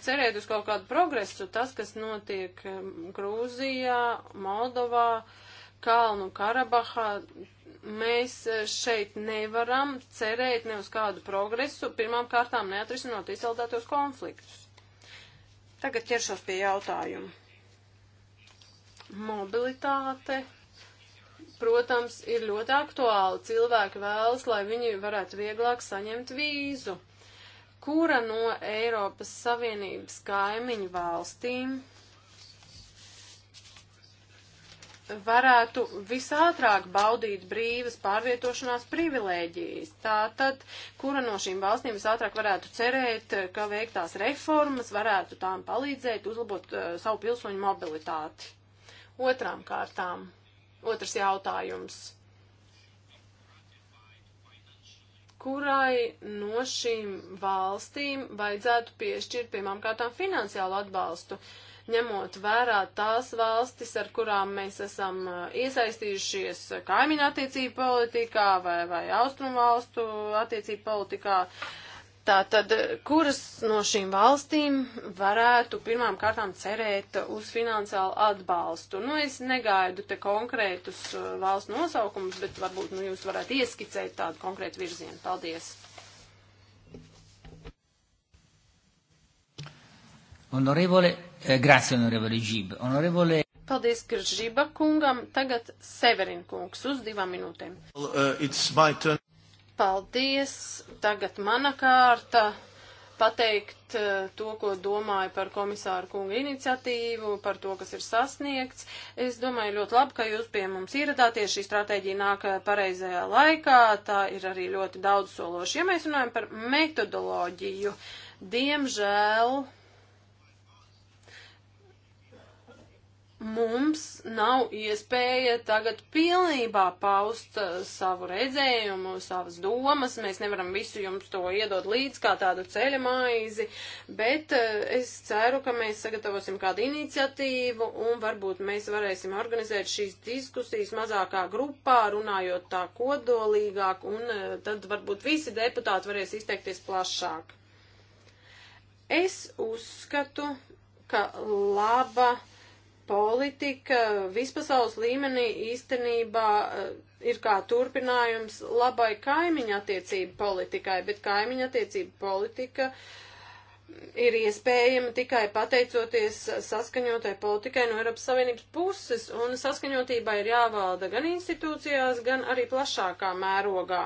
cerēt uz kaut kādu progresu, tas, kas notiek eh, Grūzijā, Moldovā, Kalnu Karabahā, mēs eh, šeit nevaram cerēt ne uz kādu progresu, pirmām kārtām neatrisinot izsaldētos konfliktus. Tagad ķeršos pie jautājumu. Mobilitāte, protams, ir ļoti aktuāla. Cilvēki vēlas, lai viņi varētu vieglāk saņemt vīzu. Kura no Eiropas Savienības kaimiņu valstīm varētu visātrāk baudīt brīvas pārvietošanās privilēģijas. Tātad, kura no šīm valstīm visātrāk varētu cerēt, ka veiktās reformas varētu tām palīdzēt uzlabot uh, savu pilsoņu mobilitāti? Otrām kārtām, otrs jautājums. Kurai no šīm valstīm vajadzētu piešķirt, piemēram, kārtām finansiālu atbalstu? Uh, ņemot vērā tās valstis, ar kurām mēs esam uh, iesaistījušies uh, kaimiņu attiecību politikā vai, vai austrumvalstu attiecību politikā. Tātad, uh, kuras no šīm valstīm varētu pirmām kārtām cerēt uz finansiālu atbalstu? Nu, es negaidu te konkrētus valsts nosaukumus, bet varbūt nu, jūs varētu ieskicēt tādu konkrētu virzienu. Paldies! Onorevole Eh, grazie, onorevole Gib. Onorevole... Paldies, Gržība kungam. Tagad Severin kungs uz divām minūtēm. Uh, Paldies. Tagad mana kārta pateikt eh, to, ko domāju par komisāru kunga iniciatīvu, par to, kas ir sasniegts. Es domāju, ļoti labi, ka jūs pie mums ieradāties. Šī stratēģija nāk eh, pareizajā laikā. Tā ir arī ļoti daudz sološa. Ja mēs runājam par metodoloģiju, diemžēl mums nav iespēja tagad pilnībā paust uh, savu redzējumu, savas domas. Mēs nevaram visu jums to iedot līdz kā tādu ceļa maizi, bet uh, es ceru, ka mēs sagatavosim kādu iniciatīvu un varbūt mēs varēsim organizēt šīs diskusijas mazākā grupā, runājot tā kodolīgāk, un uh, tad varbūt visi deputāti varēs izteikties plašāk. Es uzskatu, ka laba politika vispasaules līmenī īstenībā eh, ir kā turpinājums labai kaimiņa attiecību politikai, bet kaimiņa attiecību politika uh, ir iespējama tikai pateicoties saskaņotai politikai no Eiropas Savienības puses, un saskaņotībai ir jāvalda gan institūcijās, gan arī plašākā mērogā.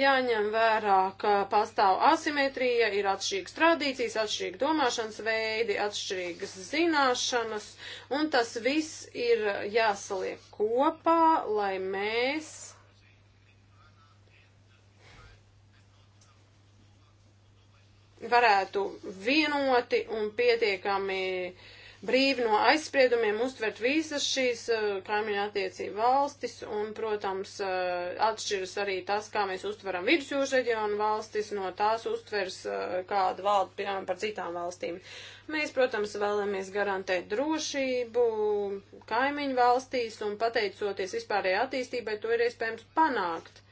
Jāņem vērā, ka pastāv asimetrija, ir atšķirīgas tradīcijas, atšķirīgi domāšanas veidi, atšķirīgas zināšanas, un tas viss ir jāsaliek kopā, lai mēs varētu vienoti un pietiekami brīvi no aizspriedumiem uztvert visas šīs eh, kaimiņu attiecību valstis un, protams, eh, atšķiras arī tas, kā mēs uztveram vidusjūras reģionu valstis, no tās uztvers eh, kādu valdu, piemēram, par citām valstīm. Mēs, protams, vēlamies garantēt drošību kaimiņu valstīs un pateicoties vispārējai attīstībai, to ir iespējams panākt.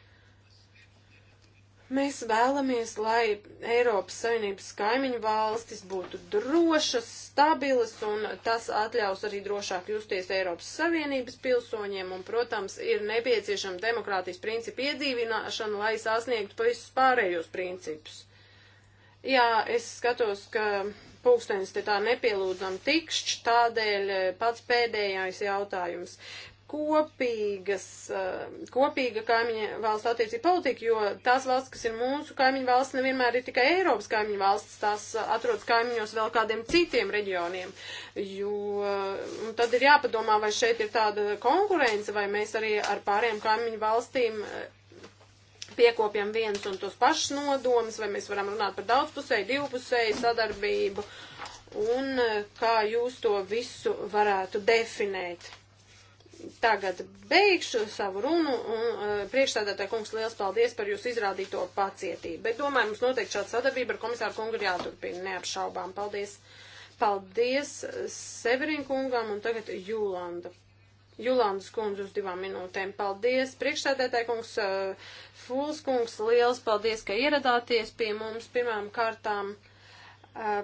Mēs vēlamies, lai Eiropas Savienības kaimiņu valstis būtu drošas, stabilas, un tas atļaus arī drošāk justies Eiropas Savienības pilsoņiem, un, protams, ir nepieciešama demokrātijas principu iedzīvināšana, lai sasniegtu visus pārējos principus. Jā, es skatos, ka pulkstenis te tā nepielūdzam tikšķ, tādēļ eh, pats pēdējais jautājums kopīgas, um, kopīga kaimiņa valsts attiecība politika, jo tās valsts, kas ir mūsu kaimiņa valsts, nevienmēr ir tikai Eiropas kaimiņa valsts, tās atrodas kaimiņos vēl kādiem citiem reģioniem. Jo tad ir jāpadomā, vai šeit ir tāda konkurence, vai mēs arī ar pāriem kaimiņu valstīm eh, piekopjam viens un tos pašus nodomus, vai mēs varam runāt par daudzpusēju, divpusēju sadarbību, un eh, kā jūs to visu varētu definēt tagad beigšu savu runu un uh, eh, priekšstādātā kungs liels paldies par jūsu izrādīto pacietību. Bet domāju, mums noteikti šāda sadarbība ar komisāru kungu ir jāturpina neapšaubām. Paldies. Paldies eh, Severin kungam un tagad Jūlanda. Jūlandas kundze uz divām minūtēm. Paldies, priekšstādētāji kungs, uh, Fūls kungs, liels paldies, ka ieradāties pie mums pirmām kārtām. Uh,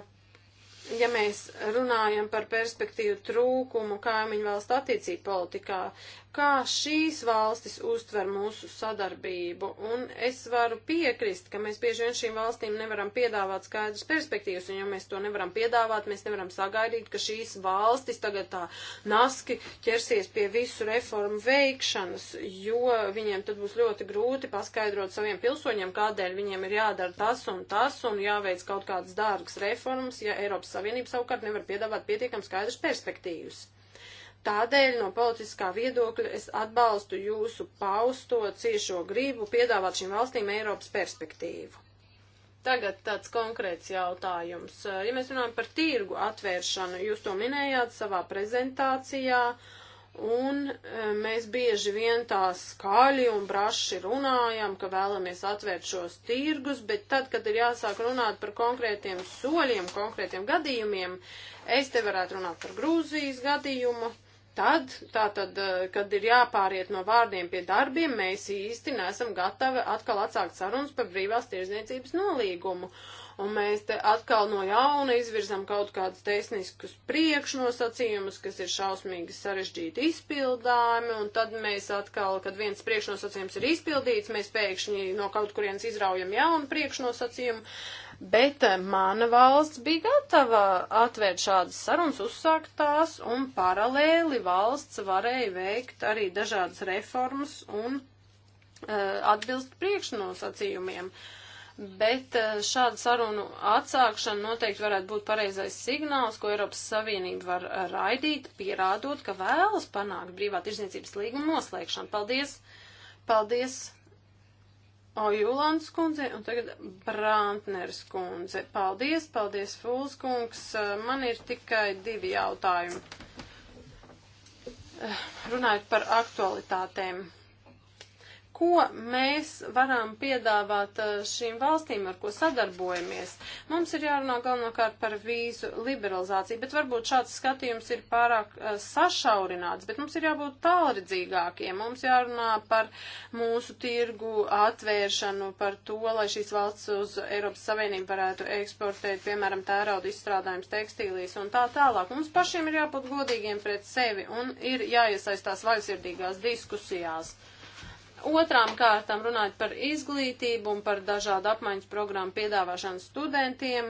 ja mēs runājam par perspektīvu trūkumu kaimiņu valstu attīcību politikā, kā šīs valstis uztver mūsu sadarbību, un es varu piekrist, ka mēs bieži vien šīm valstīm nevaram piedāvāt skaidrs perspektīvas, un ja mēs to nevaram piedāvāt, mēs nevaram sagaidīt, ka šīs valstis tagad tā naski ķersies pie visu reformu veikšanas, jo viņiem tad būs ļoti grūti paskaidrot saviem pilsoņiem, kādēļ viņiem ir jādara tas un tas, un jāveic kaut kādas dārgas reformas, ja Eiropas Savienība savukārt nevar piedāvāt pietiekam skaidrs perspektīvas. Tādēļ no politiskā viedokļa es atbalstu jūsu pausto ciešo gribu piedāvāt šīm valstīm Eiropas perspektīvu. Tagad tāds konkrēts jautājums. Ja mēs runājam par tirgu atvēršanu, jūs to minējāt savā prezentācijā, un e, mēs bieži vien tā skaļi un braši runājam, ka vēlamies atvērt šos tirgus, bet tad, kad ir jāsāk runāt par konkrētiem soļiem, konkrētiem gadījumiem, es te varētu runāt par Grūzijas gadījumu, Tad, tātad, eh, kad ir jāpāriet no vārdiem pie darbiem, mēs īsti nesam gatavi atkal atsākt sarunas par brīvās tirzniecības nolīgumu. Un mēs te atkal no jauna izvirzam kaut kādus tehniskus priekšnosacījumus, kas ir šausmīgi sarežģīti izpildāmi, un tad mēs atkal, kad viens priekšnosacījums ir izpildīts, mēs pēkšņi no kaut kurienes izraujam jaunu priekšnosacījumu. Uh, bet eh, mana valsts bija gatava atvērt šādas sarunas, uzsākt tās, un paralēli valsts varēja veikt arī dažādas reformas un uh, atbilst priekšnosacījumiem. Bet uh, eh, šādu sarunu atsākšana noteikti varētu būt pareizais signāls, ko Eiropas Savienība var raidīt, pierādot, ka vēlas panākt brīvā tirzniecības līguma noslēgšanu. Paldies! Paldies! Ojulāns kundze un tagad Brāntners kundze. Paldies, paldies, Fūlskungs. Man ir tikai divi jautājumi. Eh, runājot par aktualitātēm ko mēs varam piedāvāt eh, šīm valstīm, ar ko sadarbojamies. Mums ir jārunā galvenokārt par vīzu liberalizāciju, bet varbūt šāds skatījums ir pārāk uh, sašaurināts, bet mums ir jābūt tālredzīgākiem. Mums jārunā par mūsu tirgu atvēršanu, par to, lai šīs valsts uz Eiropas Savienību varētu eksportēt, piemēram, tērauda izstrādājums tekstīlīs un tā tālāk. Mums pašiem ir jābūt godīgiem pret sevi un ir jāiesaistās vaļsirdīgās diskusijās. Otrām kārtām runājot par izglītību un par dažādu apmaiņas programmu piedāvāšanu studentiem.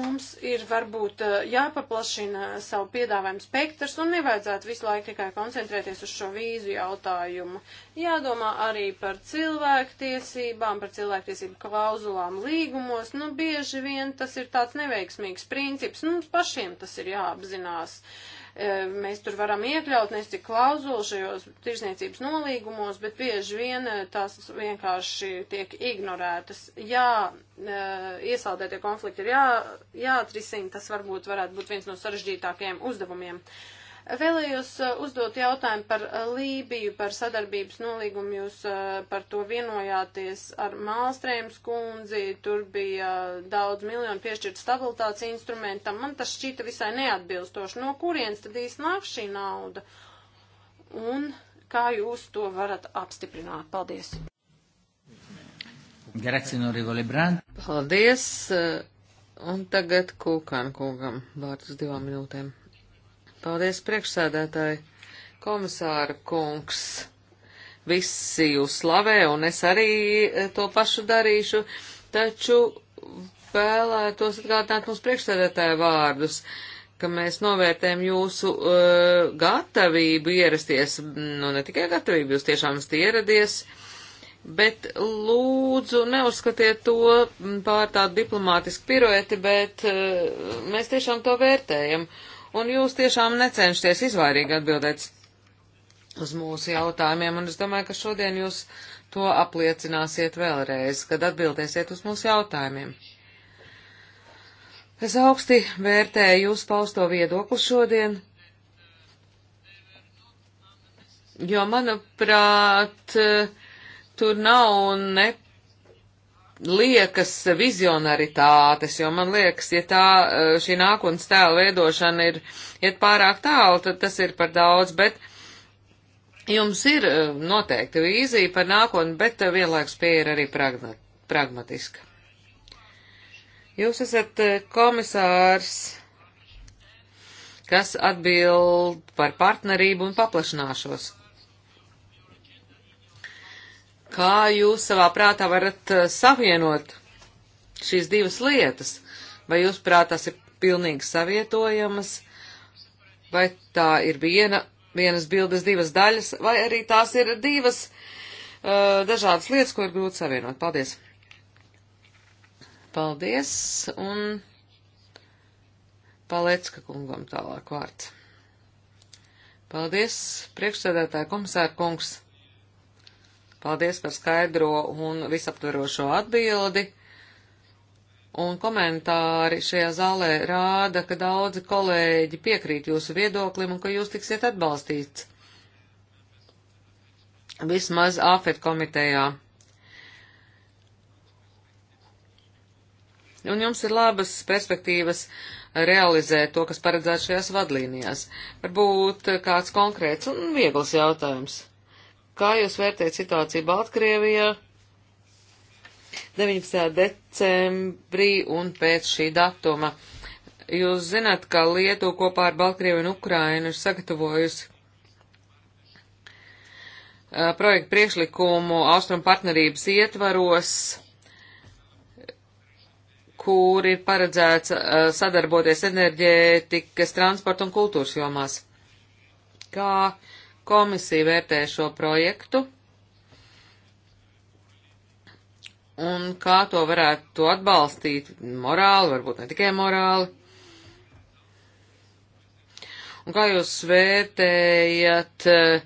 Mums ir varbūt eh, jāpaplašina savu piedāvājumu spektrs un nevajadzētu visu laiku tikai koncentrēties uz šo vīzu jautājumu. Jādomā arī par cilvēktiesībām, par cilvēktiesību klauzulām līgumos. Nu, bieži vien tas ir tāds neveiksmīgs princips. Mums pašiem tas ir jāapzinās. Uh, E, mēs tur varam iekļaut nesik klauzulu šajos tirzniecības nolīgumos, bet bieži vien e, tās vienkārši tiek ignorētas. Jā, e, iesaldētie konflikti ir jā, jāatrisina, tas varbūt varētu būt viens no sarežģītākajiem uzdevumiem. Uh, Vēlējos uh, uzdot jautājumu par uh, Lībiju, par sadarbības nolīgumu. Jūs uh, par to vienojāties ar Mālstrēmas kundzi, tur bija daudz miljonu piešķirt stabilitātes instrumentam. Man tas šķita visai neatbilstoši. No kurienes tad īsti nāk šī nauda? Un kā jūs to varat apstiprināt? Paldies! Grazie, Norivoli Brand. Paldies! Un tagad Kūkan kungam vārds divām minūtēm. Paldies, priekšsēdētāji. Komisāra kungs, visi jūs slavē, un es arī e, to pašu darīšu, taču vēlētos atgādināt mums priekšsēdētāju vārdus, ka mēs novērtējam jūsu uh, gatavību ierasties, nu ne tikai gatavību, jūs tiešām esat ieradies, bet lūdzu neuzskatiet to pār tādu diplomātisku piroeti, bet uh, mēs tiešām to vērtējam. Uh, un jūs tiešām necenšaties izvairīgi atbildēt uz mūsu jautājumiem, un es domāju, ka šodien jūs to apliecināsiet vēlreiz, kad atbildēsiet uz mūsu jautājumiem. Es augsti vērtēju jūs pausto viedokli šodien, jo, manuprāt, tur nav ne liekas vizionaritātes, jo man liekas, ja tā eh, šī nākotnes tēla veidošana ir iet pārāk tālu, tad tas ir par daudz, bet jums ir eh, noteikti vīzija par nākotni, bet eh, vienlaiks pieeja ir arī pragmatiska. Jūs esat komisārs, kas atbild par partnerību un paplašināšos. Kā jūs savā prātā varat eh, savienot šīs divas lietas? Vai jūs prātās ir pilnīgi savietojamas, vai tā ir viena, vienas bildes divas daļas, vai arī tās ir divas uh, dažādas lietas, ko ir grūti savienot? Paldies! Paldies! Un Palecka kungam tālāk vārds. Paldies, priekšsēdētāja komisāra kungs! Paldies par skaidro un visaptverošo atbildi. Un komentāri šajā zālē rāda, ka daudzi kolēģi piekrīt jūsu viedoklim un ka jūs tiksiet atbalstīts. Vismaz AFET komitejā. un jums ir labas perspektīvas realizēt to, kas paredzēts šajās vadlīnijās. Varbūt kāds konkrēts un viegls jautājums. Kā jūs vērtējat situāciju Baltkrievijā 19. decembrī un pēc šī datuma? Jūs zināt, ka Lietuva kopā ar Baltkrieviju un Ukrainu ir sagatavojusi projektu priekšlikumu Austrum partnerības ietvaros kur ir paredzēts sadarboties enerģētikas, transporta un kultūras jomās. Kā Komisija vērtē šo projektu un kā to varētu to atbalstīt morāli, varbūt ne tikai morāli. Un kā jūs vērtējat eh,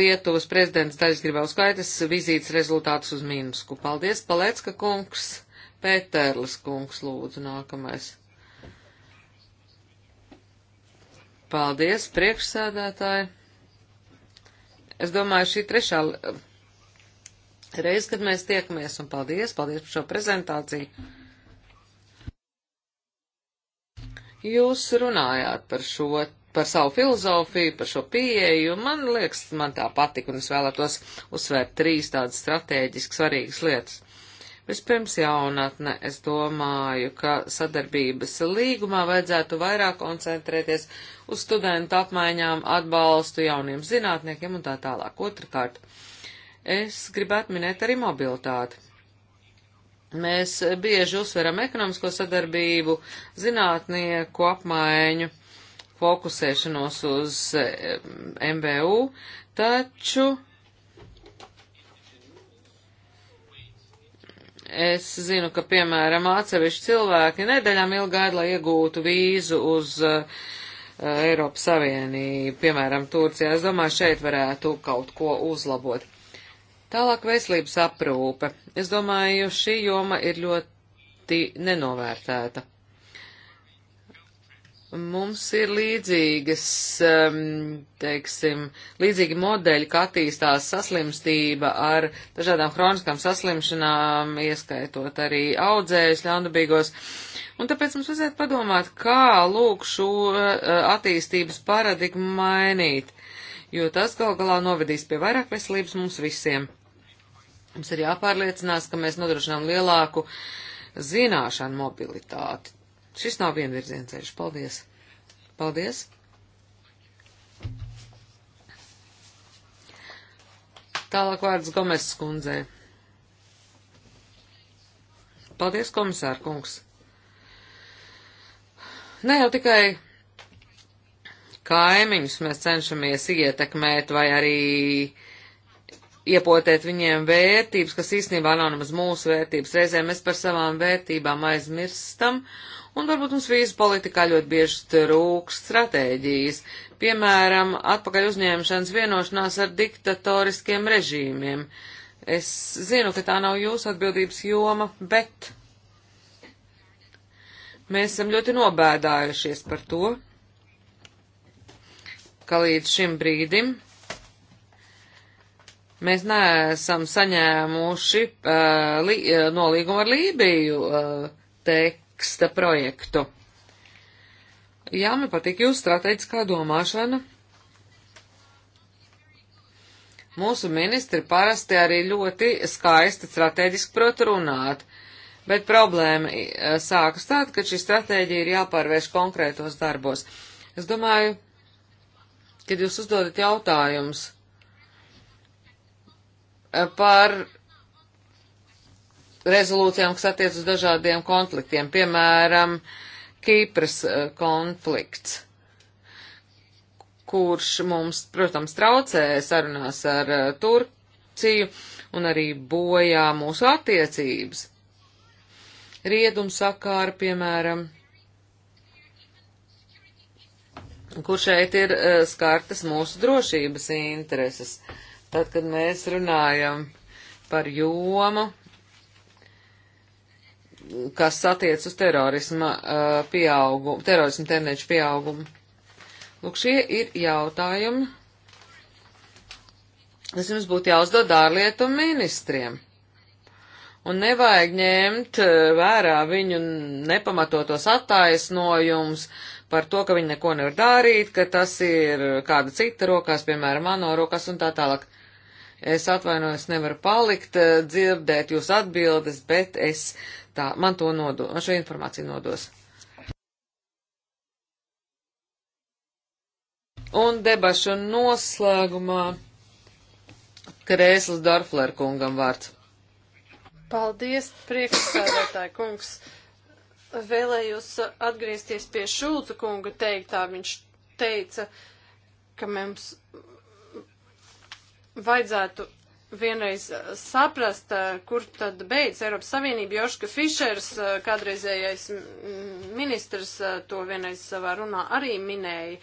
Lietuvas prezidents Daļas Gribauskaitas vizītes rezultātus uz Minsku? Paldies, Palecka kungs, Pēterlis kungs, lūdzu, nākamais. Paldies, priekšsēdētāji. Es domāju, šī trešā reize, kad mēs tiekamies, un paldies, paldies par šo prezentāciju. Jūs runājāt par šo, par savu filozofiju, par šo pieeju, un man liekas, man tā patika, un es vēlētos uzsvērt trīs tādas strateģiski svarīgas lietas. Vispirms jaunatne, es domāju, ka sadarbības līgumā vajadzētu vairāk koncentrēties uz studentu apmaiņām, atbalstu jauniem zinātniekiem un tā tālāk. Otrakārt, es gribētu minēt arī mobilitāti. Mēs bieži uzsveram ekonomisko sadarbību, zinātnieku apmaiņu, fokusēšanos uz MBU, taču Es zinu, ka, piemēram, atsevišķi cilvēki nedēļām ilgi gaida, lai iegūtu vīzu uz uh, uh, Eiropas Savienību, piemēram, Turcijā. Es domāju, šeit varētu kaut ko uzlabot. Tālāk veselības aprūpe. Es domāju, šī joma ir ļoti nenovērtēta. Mums ir līdzīgas, um, teiksim, līdzīgi modeļi, kā attīstās saslimstība ar dažādām hroniskām saslimšanām, ieskaitot arī audzējus ļaundabīgos. Un tāpēc mums vajadzētu padomāt, kā lūk šo uh, attīstības paradigmu mainīt, jo tas gal galā novedīs pie vairāk veselības mums visiem. Mums ir jāpārliecinās, ka mēs nodrošinām lielāku zināšanu mobilitāti Šis nav vienvirziens ceļš. Paldies! Paldies! Tālāk vārds Gomes skundzē. Paldies, komisār kungs. Ne jau tikai kaimiņus mēs cenšamies ietekmēt vai arī iepotēt viņiem vērtības, kas īstenībā nav nemaz mūsu vērtības. Reizēm mēs par savām vērtībām aizmirstam Un varbūt mums vīzu politikā ļoti bieži trūkst stratēģijas, piemēram, atpakaļ uzņemšanas vienošanās ar diktatoriskiem režīmiem. Es zinu, ka tā nav jūsu atbildības joma, bet mēs esam ļoti nobēdājušies par to, ka līdz šim brīdim mēs neesam saņēmuši uh, li, uh, nolīgumu ar Lībiju uh, teikt teksta projektu. Jā, man patīk jūsu strateģiskā domāšana. Mūsu ministri parasti arī ļoti skaisti strateģiski prot runāt, bet problēma e, sākas tad, kad šī stratēģija ir jāpārvērš konkrētos darbos. Es domāju, kad jūs uzdodat jautājumus e, par rezolūcijām, kas attiec uz dažādiem konfliktiem, piemēram, Kīpras eh, konflikts, kurš mums, protams, traucē sarunās ar eh, Turciju un arī bojā mūsu attiecības. Riedums sakāra, piemēram, kur šeit ir eh, skartas mūsu drošības intereses. Tad, kad mēs runājam par jomu, kas attiec uz terorisma uh, pieaugumu, terorisma tendenci pieaugumu. Lūk, šie ir jautājumi, kas jums būtu jāuzdod ārlietu ministriem. Un nevajag ņemt uh, vērā viņu nepamatotos attaisnojums par to, ka viņi neko nevar darīt, ka tas ir kāda cita rokās, piemēram, mano rokās un tā tālāk. Es atvainojos, nevaru palikt, uh, dzirdēt jūs atbildes, bet es tā, man to nodo, man šo informāciju nodos. Un debašu noslēgumā Krēsls Dorfler kungam vārds. Paldies, priekšsēdētāji kungs. Vēlējos atgriezties pie Šulca kunga teiktā. Viņš teica, ka mums vajadzētu vienreiz eh, saprast, eh, kur tad beidz Eiropas Savienība. Joška Fišers, eh, kādreizējais ministrs, to vienreiz savā runā arī minēja.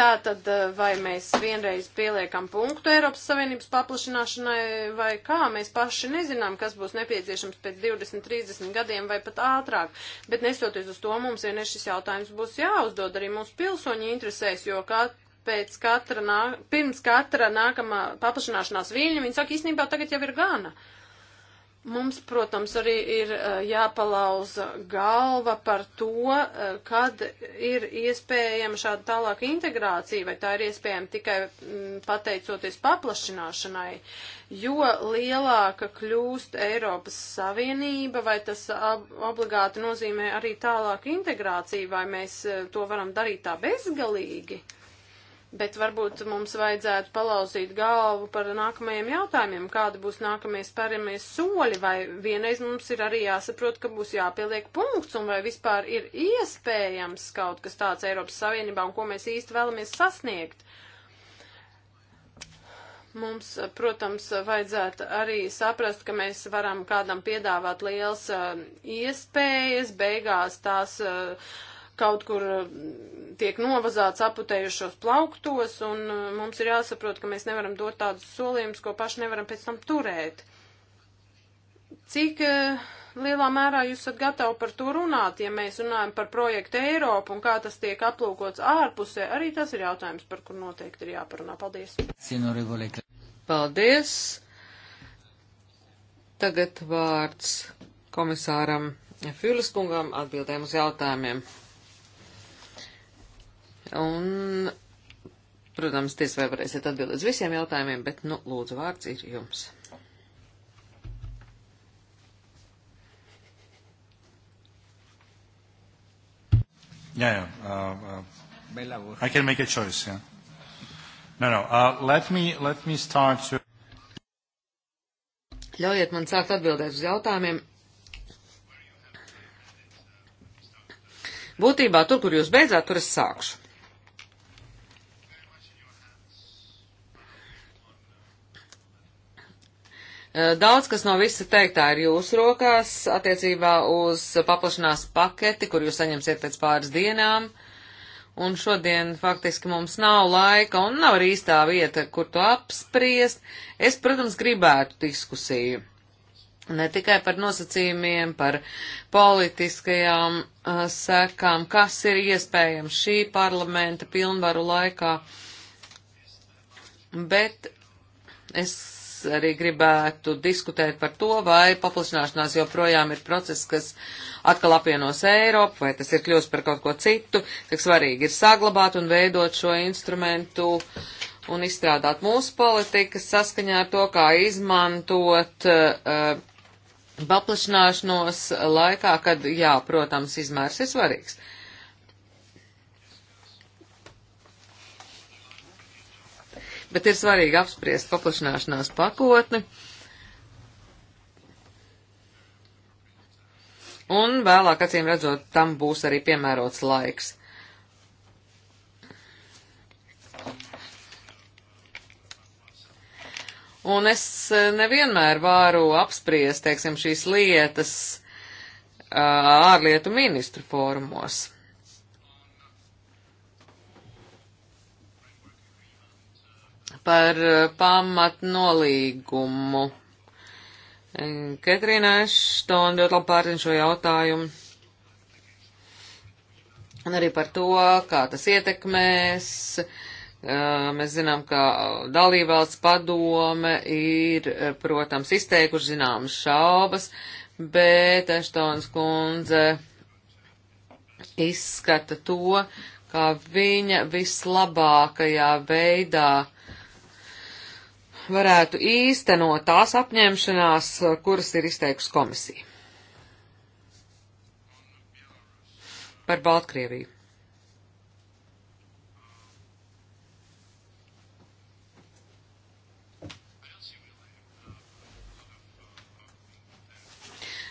Tā tad vai mēs vienreiz pieliekam punktu Eiropas Savienības paplašināšanai, vai kā mēs paši nezinām, kas būs nepieciešams pēc 20, 30 gadiem vai pat ātrāk. Bet nestoties uz to, mums vienreiz šis jautājums būs jāuzdod arī mūsu pilsoņu interesēs, jo kā pēc katra, nā, pirms katra nākamā paplašanāšanās viļņa, viņi saka, īstenībā tagad jau ir gana. Mums, protams, arī ir eh, jāpalauza galva par to, eh, kad ir iespējama šāda tālāka integrācija, vai tā ir iespējama tikai mm, pateicoties paplašināšanai, jo lielāka kļūst Eiropas Savienība, vai tas obligāti nozīmē arī tālāku integrāciju, vai mēs eh, to varam darīt tā bezgalīgi bet varbūt mums vajadzētu palauzīt galvu par nākamajiem jautājumiem, kāda būs nākamie spērimie soļi, vai vienreiz mums ir arī jāsaprot, ka būs jāpieliek punkts, un vai vispār ir iespējams kaut kas tāds Eiropas Savienībā, un ko mēs īsti vēlamies sasniegt. Mums, protams, vajadzētu arī saprast, ka mēs varam kādam piedāvāt liels uh, iespējas, beigās tās uh, kaut kur eh, tiek novazāts aputējušos plauktos, un eh, mums ir jāsaprot, ka mēs nevaram dot tādus solījumus, ko paši nevaram pēc tam turēt. Cik eh, lielā mērā jūs esat gatavi par to runāt, ja mēs runājam par projektu Eiropu un kā tas tiek aplūkots ārpusē, arī tas ir jautājums, par kur noteikti ir jāparunā. Paldies! Paldies! Tagad vārds komisāram Fīliskungam atbildēm uz jautājumiem. Un, protams, tiesa vai varēsiet atbildēt uz visiem jautājumiem, bet, nu, lūdzu, vārds ir jums. Yeah, yeah. Uh, uh, I can make a choice, yeah. No, no. Uh, let me, let me start to... Ļaujiet man sākt atbildēt uz jautājumiem. Būtībā tur, kur jūs beidzāt, tur es sākšu. Daudz kas no visa teiktā ir jūsu rokās attiecībā uz paplašanās paketi, kur jūs saņemsiet pēc pāris dienām. Un šodien faktiski mums nav laika un nav arī īstā vieta, kur to apspriest. Es, protams, gribētu diskusiju. Ne tikai par nosacījumiem, par politiskajām uh, sekām, kas ir iespējams šī parlamenta pilnvaru laikā, bet es arī gribētu diskutēt par to, vai paplašināšanās joprojām ir process, kas atkal apvienos Eiropu, vai tas ir kļūst par kaut ko citu, cik svarīgi ir saglabāt un veidot šo instrumentu un izstrādāt mūsu politikas saskaņā ar to, kā izmantot uh, paplašināšanos laikā, kad, jā, protams, izmērs ir svarīgs. Uh, bet ir svarīgi apspriest paplašināšanās pakotni. Un vēlāk, acīm redzot, tam būs arī piemērots laiks. Un es eh, nevienmēr varu apspriest, teiksim, šīs lietas eh, ārlietu ministru fórumos. par eh, pamatnolīgumu. Eh, Katrīna Eštona ļoti labi pārzina šo jautājumu. Un arī par to, kā tas ietekmēs. Eh, Mēs zinām, ka dalībvalsts padome ir, protams, izteikuši zināmas šaubas, bet Eštons kundze izskata to, kā viņa vislabākajā veidā uh, varētu īstenot tās apņemšanās, kuras ir izteikusi komisija. Par Baltkrieviju.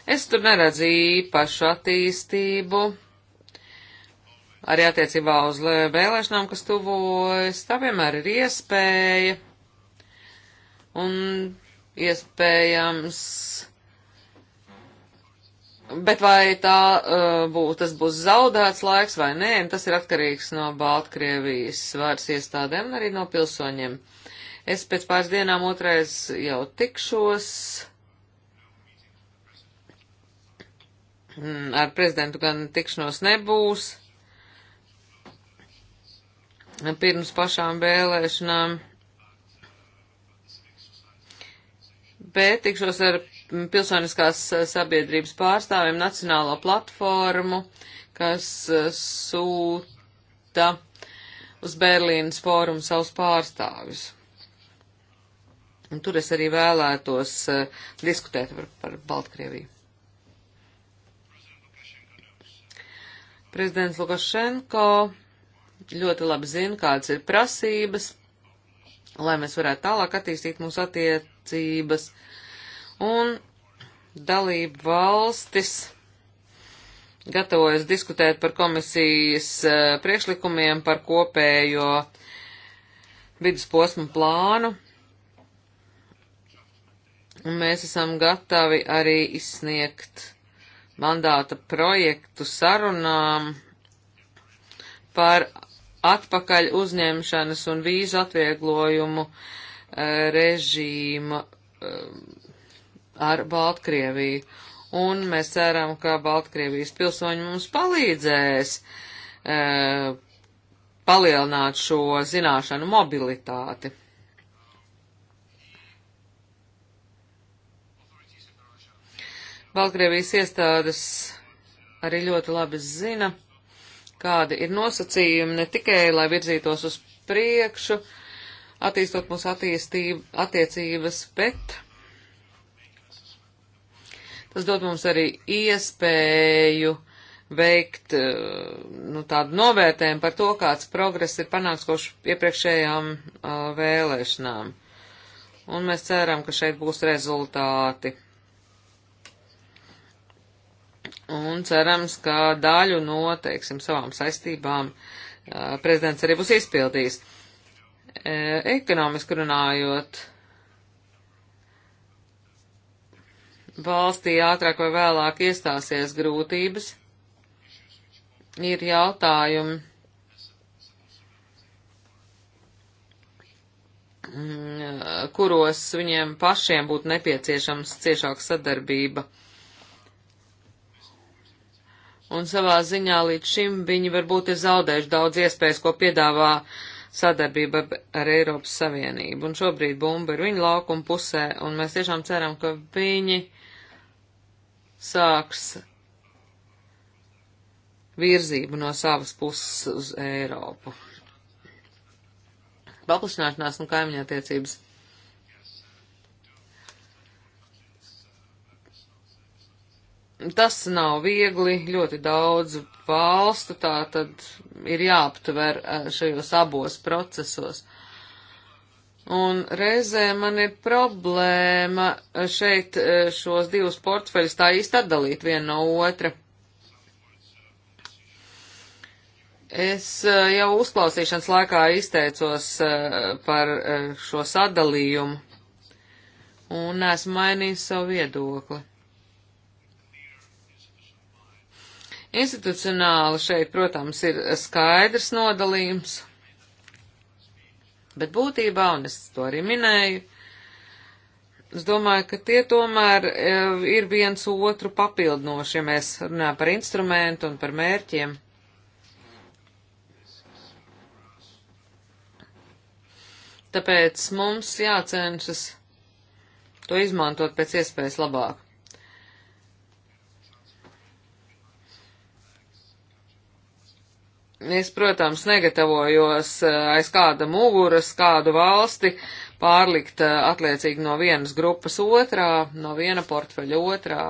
Es tur neredzu īpašu attīstību. Arī attiecībā uz vēlēšanām, kas tuvojas, tā vienmēr ir iespēja un iespējams. Bet vai tā uh, būs, tas būs zaudēts laiks vai nē, tas ir atkarīgs no Baltkrievijas varas iestādēm un arī no pilsoņiem. Es pēc pāris dienām otrais jau tikšos mm, ar prezidentu gan tikšanos nebūs pirms pašām vēlēšanām. bet tikšos ar pilsoniskās sabiedrības pārstāvjiem nacionālo platformu, kas eh, sūta uz Berlīnas fórumu savus pārstāvjus. Un tur es arī vēlētos eh, diskutēt par, par Baltkrieviju. Prezidents Lukašenko ļoti labi zina, kādas ir prasības, lai mēs varētu tālāk attīstīt mūsu attiecības tiesniecības. Un dalību valstis gatavojas diskutēt par komisijas e, priekšlikumiem par kopējo vidusposmu plānu. Un mēs esam gatavi arī izsniegt mandāta projektu sarunām par atpakaļ uzņemšanas un vīzu atvieglojumu uh, režīma eh, ar Baltkrieviju. Un mēs ceram, ka Baltkrievijas pilsoņi mums palīdzēs eh, palielināt šo zināšanu mobilitāti. Baltkrievijas iestādes arī ļoti labi zina, kādi ir nosacījumi ne tikai, lai virzītos uz priekšu, uh, attīstot mūsu attiecības, bet tas dod mums arī iespēju veikt eh, nu, tādu novērtējumu par to, kāds progress ir panāks kopš iepriekšējām eh, vēlēšanām. Un mēs ceram, ka šeit būs rezultāti. Un cerams, ka daļu no, teiksim, savām saistībām eh, prezidents arī būs izpildījis. E, ekonomiski runājot, valstī ātrāk vai vēlāk iestāsies grūtības, ir jautājumi, mm, kuros viņiem pašiem būtu nepieciešams ciešāka sadarbība. Un savā ziņā līdz šim viņi varbūt ir zaudējuši daudz iespējas, ko piedāvā uh, sadarbība ar Eiropas Savienību. Un šobrīd bumba ir viņa laukuma pusē, un mēs tiešām ceram, ka viņi sāks virzību no savas puses uz Eiropu. Paplašināšanās un kaimiņattiecības. tas nav viegli, ļoti daudz valstu tā tad ir jāaptver e, šajos abos procesos. Un reizē man ir problēma šeit e, šos divus portfeļus tā īsti atdalīt vienu no otra. Es e, jau uzklausīšanas laikā izteicos par šo sadalījumu un esmu mainījis savu viedokli. Institucionāli šeit, protams, ir skaidrs nodalījums, bet būtībā, un es to arī minēju, es domāju, ka tie tomēr e, ir viens otru papildinoši, ja mēs runājam par instrumentu un par mērķiem. Tāpēc mums jācenšas to izmantot pēc iespējas labāk. Es, protams, negatavojos eh, aiz kāda muguras kādu valsti pārlikt eh, atliecīgi no vienas grupas otrā, no viena portfeļa otrā,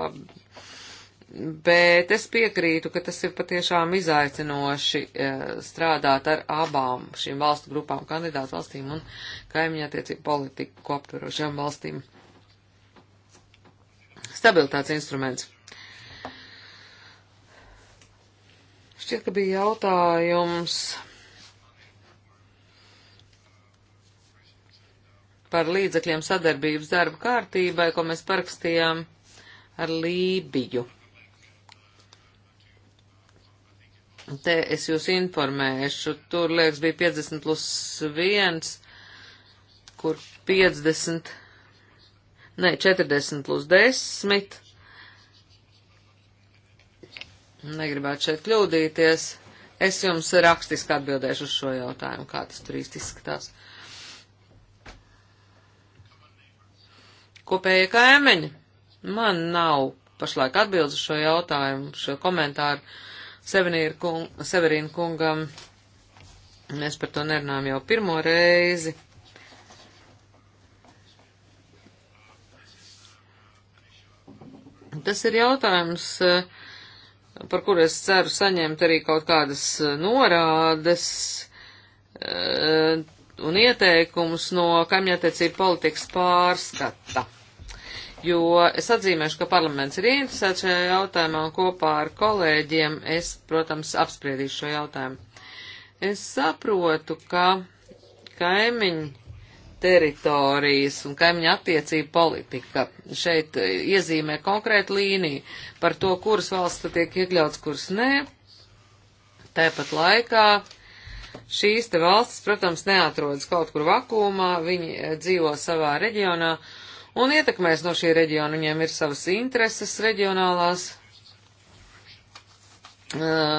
bet es piekrītu, ka tas ir patiešām izaicinoši eh, strādāt ar abām šīm valstu grupām, kandidātu valstīm un kaimiņattiecību politiku aptverošām valstīm. Stabilitātes instruments. Šķiet, ka bija jautājums par līdzekļiem sadarbības darba kārtībai, ko mēs parakstījām ar Lībiju. Te es jūs informēšu, tur liekas bija 50 plus 1, kur 50, ne, 40 plus 10 Negribētu šeit kļūdīties. Es jums rakstiski atbildēšu uz šo jautājumu, kā tas tur īsti izskatās. Kopējie kaimiņi? Man nav pašlaik atbildes uz šo jautājumu, šo komentāru kung, Severīna kungam. Mēs par to nerunājam jau pirmo reizi. Tas ir jautājums. Uh, par kuru es ceru saņemt arī kaut kādas eh, norādes eh, un ieteikumus no kaimiņattiecību politikas pārskata. Jo es atzīmēšu, ka parlaments ir ieinteresēts šajā jautājumā un kopā ar kolēģiem es, protams, apspriedīšu šo jautājumu. Es saprotu, ka kaimiņu teritorijas un kaimiņa attiecība politika. Šeit e, iezīmē konkrētu līniju par to, kuras valsts tiek iekļauts, kuras nē. Tāpat laikā šīs te valstis, protams, neatrodas kaut kur vakumā, viņi e, dzīvo savā reģionā un ietekmēs no šī reģiona, viņiem ir savas intereses reģionālās, e,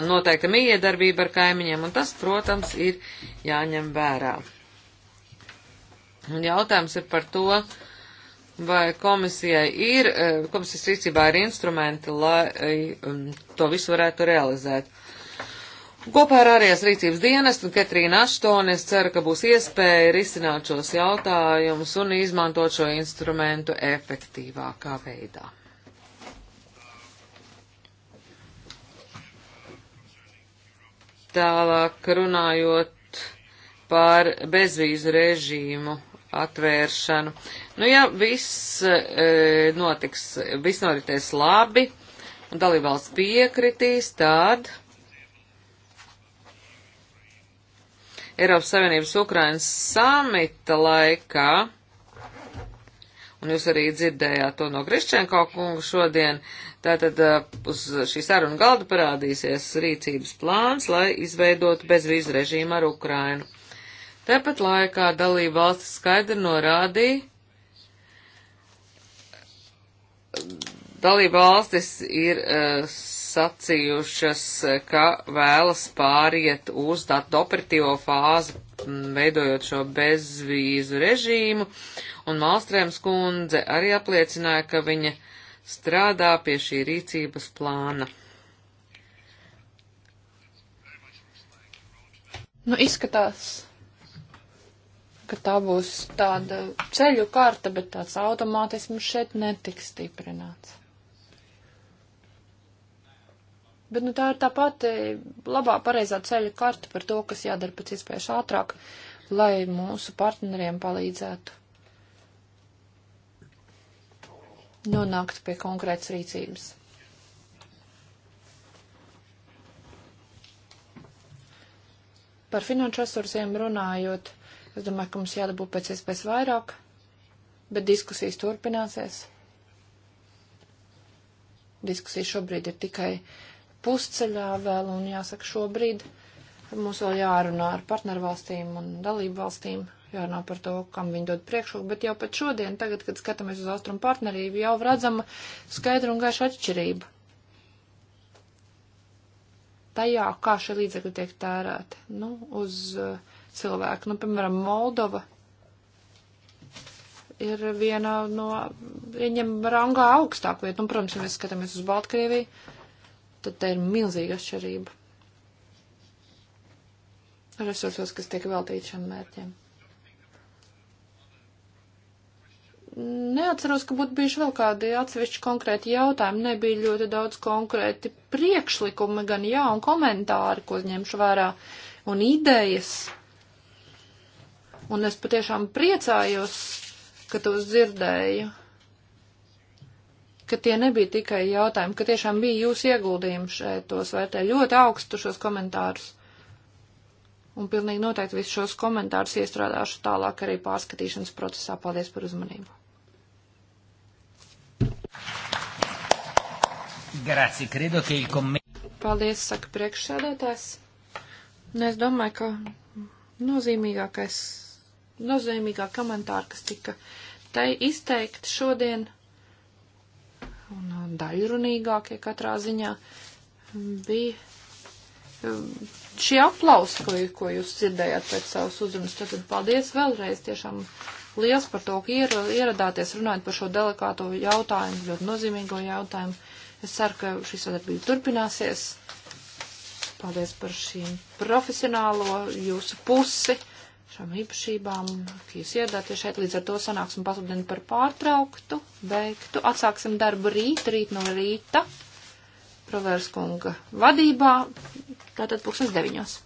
noteikta miedarbība ar kaimiņiem, un tas, protams, ir jāņem vērā. Un jautājums ir par to, vai komisijai ir, e, komisijas rīcībā ir instrumenti, lai e, to visu varētu realizēt. Kopā ar ārējās rīcības dienestu un Ketrīnu Aštoni es ceru, ka būs iespēja risināt šos jautājumus un izmantot šo instrumentu efektīvākā veidā. Tālāk runājot par bezvīzu režīmu atvēršanu. Nu, ja viss e, notiks, viss noritēs labi un dalībvalsts piekritīs, tad Eiropas Savienības Ukrainas samita laikā, un jūs arī dzirdējāt to no Griščenko kunga šodien, tātad e, uz šī saruna galda parādīsies rīcības plāns, lai izveidotu bezvīzu režīmu ar Ukrainu. Tepat laikā dalība valsts skaidri norādīja, dalība valstis ir uh, sacījušas, eh, ka vēlas pāriet uz tādu operatīvo fāzi, mm, veidojot šo bezvīzu režīmu, un Malstrēms kundze arī apliecināja, ka viņa strādā pie šī rīcības plāna. Nu, izskatās ka tā būs tāda ceļu karta, bet tāds automātisms šeit netiks stiprināts. Bet nu, tā ir tā pati labā, pareizā ceļa karta par to, kas jādara pēc iespējas ātrāk, lai mūsu partneriem palīdzētu nonākt pie konkrētas rīcības. Par finanšu resursiem runājot, Es domāju, ka mums jādabū pēc iespējas vairāk, bet diskusijas turpināsies. Diskusijas šobrīd ir tikai pusceļā vēl, un jāsaka, šobrīd mums vēl jārunā ar partnervalstīm un dalību valstīm, jārunā par to, kam viņi dod priekšroku, bet jau pat šodien, tagad, kad skatāmies uz austrumu partnerību, jau redzama skaidra un gaiša atšķirība tajā, kā šie līdzekļi tiek tērēti. Nu, uz uh, cilvēki. Nu, piemēram, Moldova ir viena no, ieņem rangā augstāku vietu. Nu, protams, ja mēs skatāmies uz Baltkrieviju, tad te ir milzīga atšķirība resursos, kas tiek veltīti šiem mērķiem. Neatceros, ka būtu bijuši vēl kādi atsevišķi konkrēti jautājumi. Nebija ļoti daudz konkrēti priekšlikumi, gan jā, un komentāri, ko ņemšu vērā, un idejas. Un es patiešām priecājos, ka tos dzirdēju, ka tie nebija tikai jautājumi, ka tiešām bija jūsu ieguldījumi šeit, tos vērtē ļoti augstu šos komentārus. Un pilnīgi noteikti visus šos komentārus iestrādāšu tālāk arī pārskatīšanas procesā. Paldies par uzmanību. Grazie, credo, ka il commento. Paldies, saka priekšsēdētājs. Un nu, es domāju, ka nozīmīgākais nozīmīgā komentāra, kas tika tai izteikti šodien, un uh, daļrunīgākie katrā ziņā, bija um, šie aplausi, ko, ko jūs dzirdējāt pēc savas uzrunas. Tātad paldies vēlreiz tiešām liels par to, ka ier, ieradāties runājot par šo delikāto jautājumu, ļoti nozīmīgo jautājumu. Es ceru, ka šī sadarbība turpināsies. Paldies par šīm profesionālo jūsu pusi šām īpašībām, kas iedātie šeit. Līdz ar to sanāksim pasludinu par pārtrauktu, beigtu. Atsāksim darbu rīt, rīt no rīta, provērskunga vadībā, tātad pulkstens deviņos.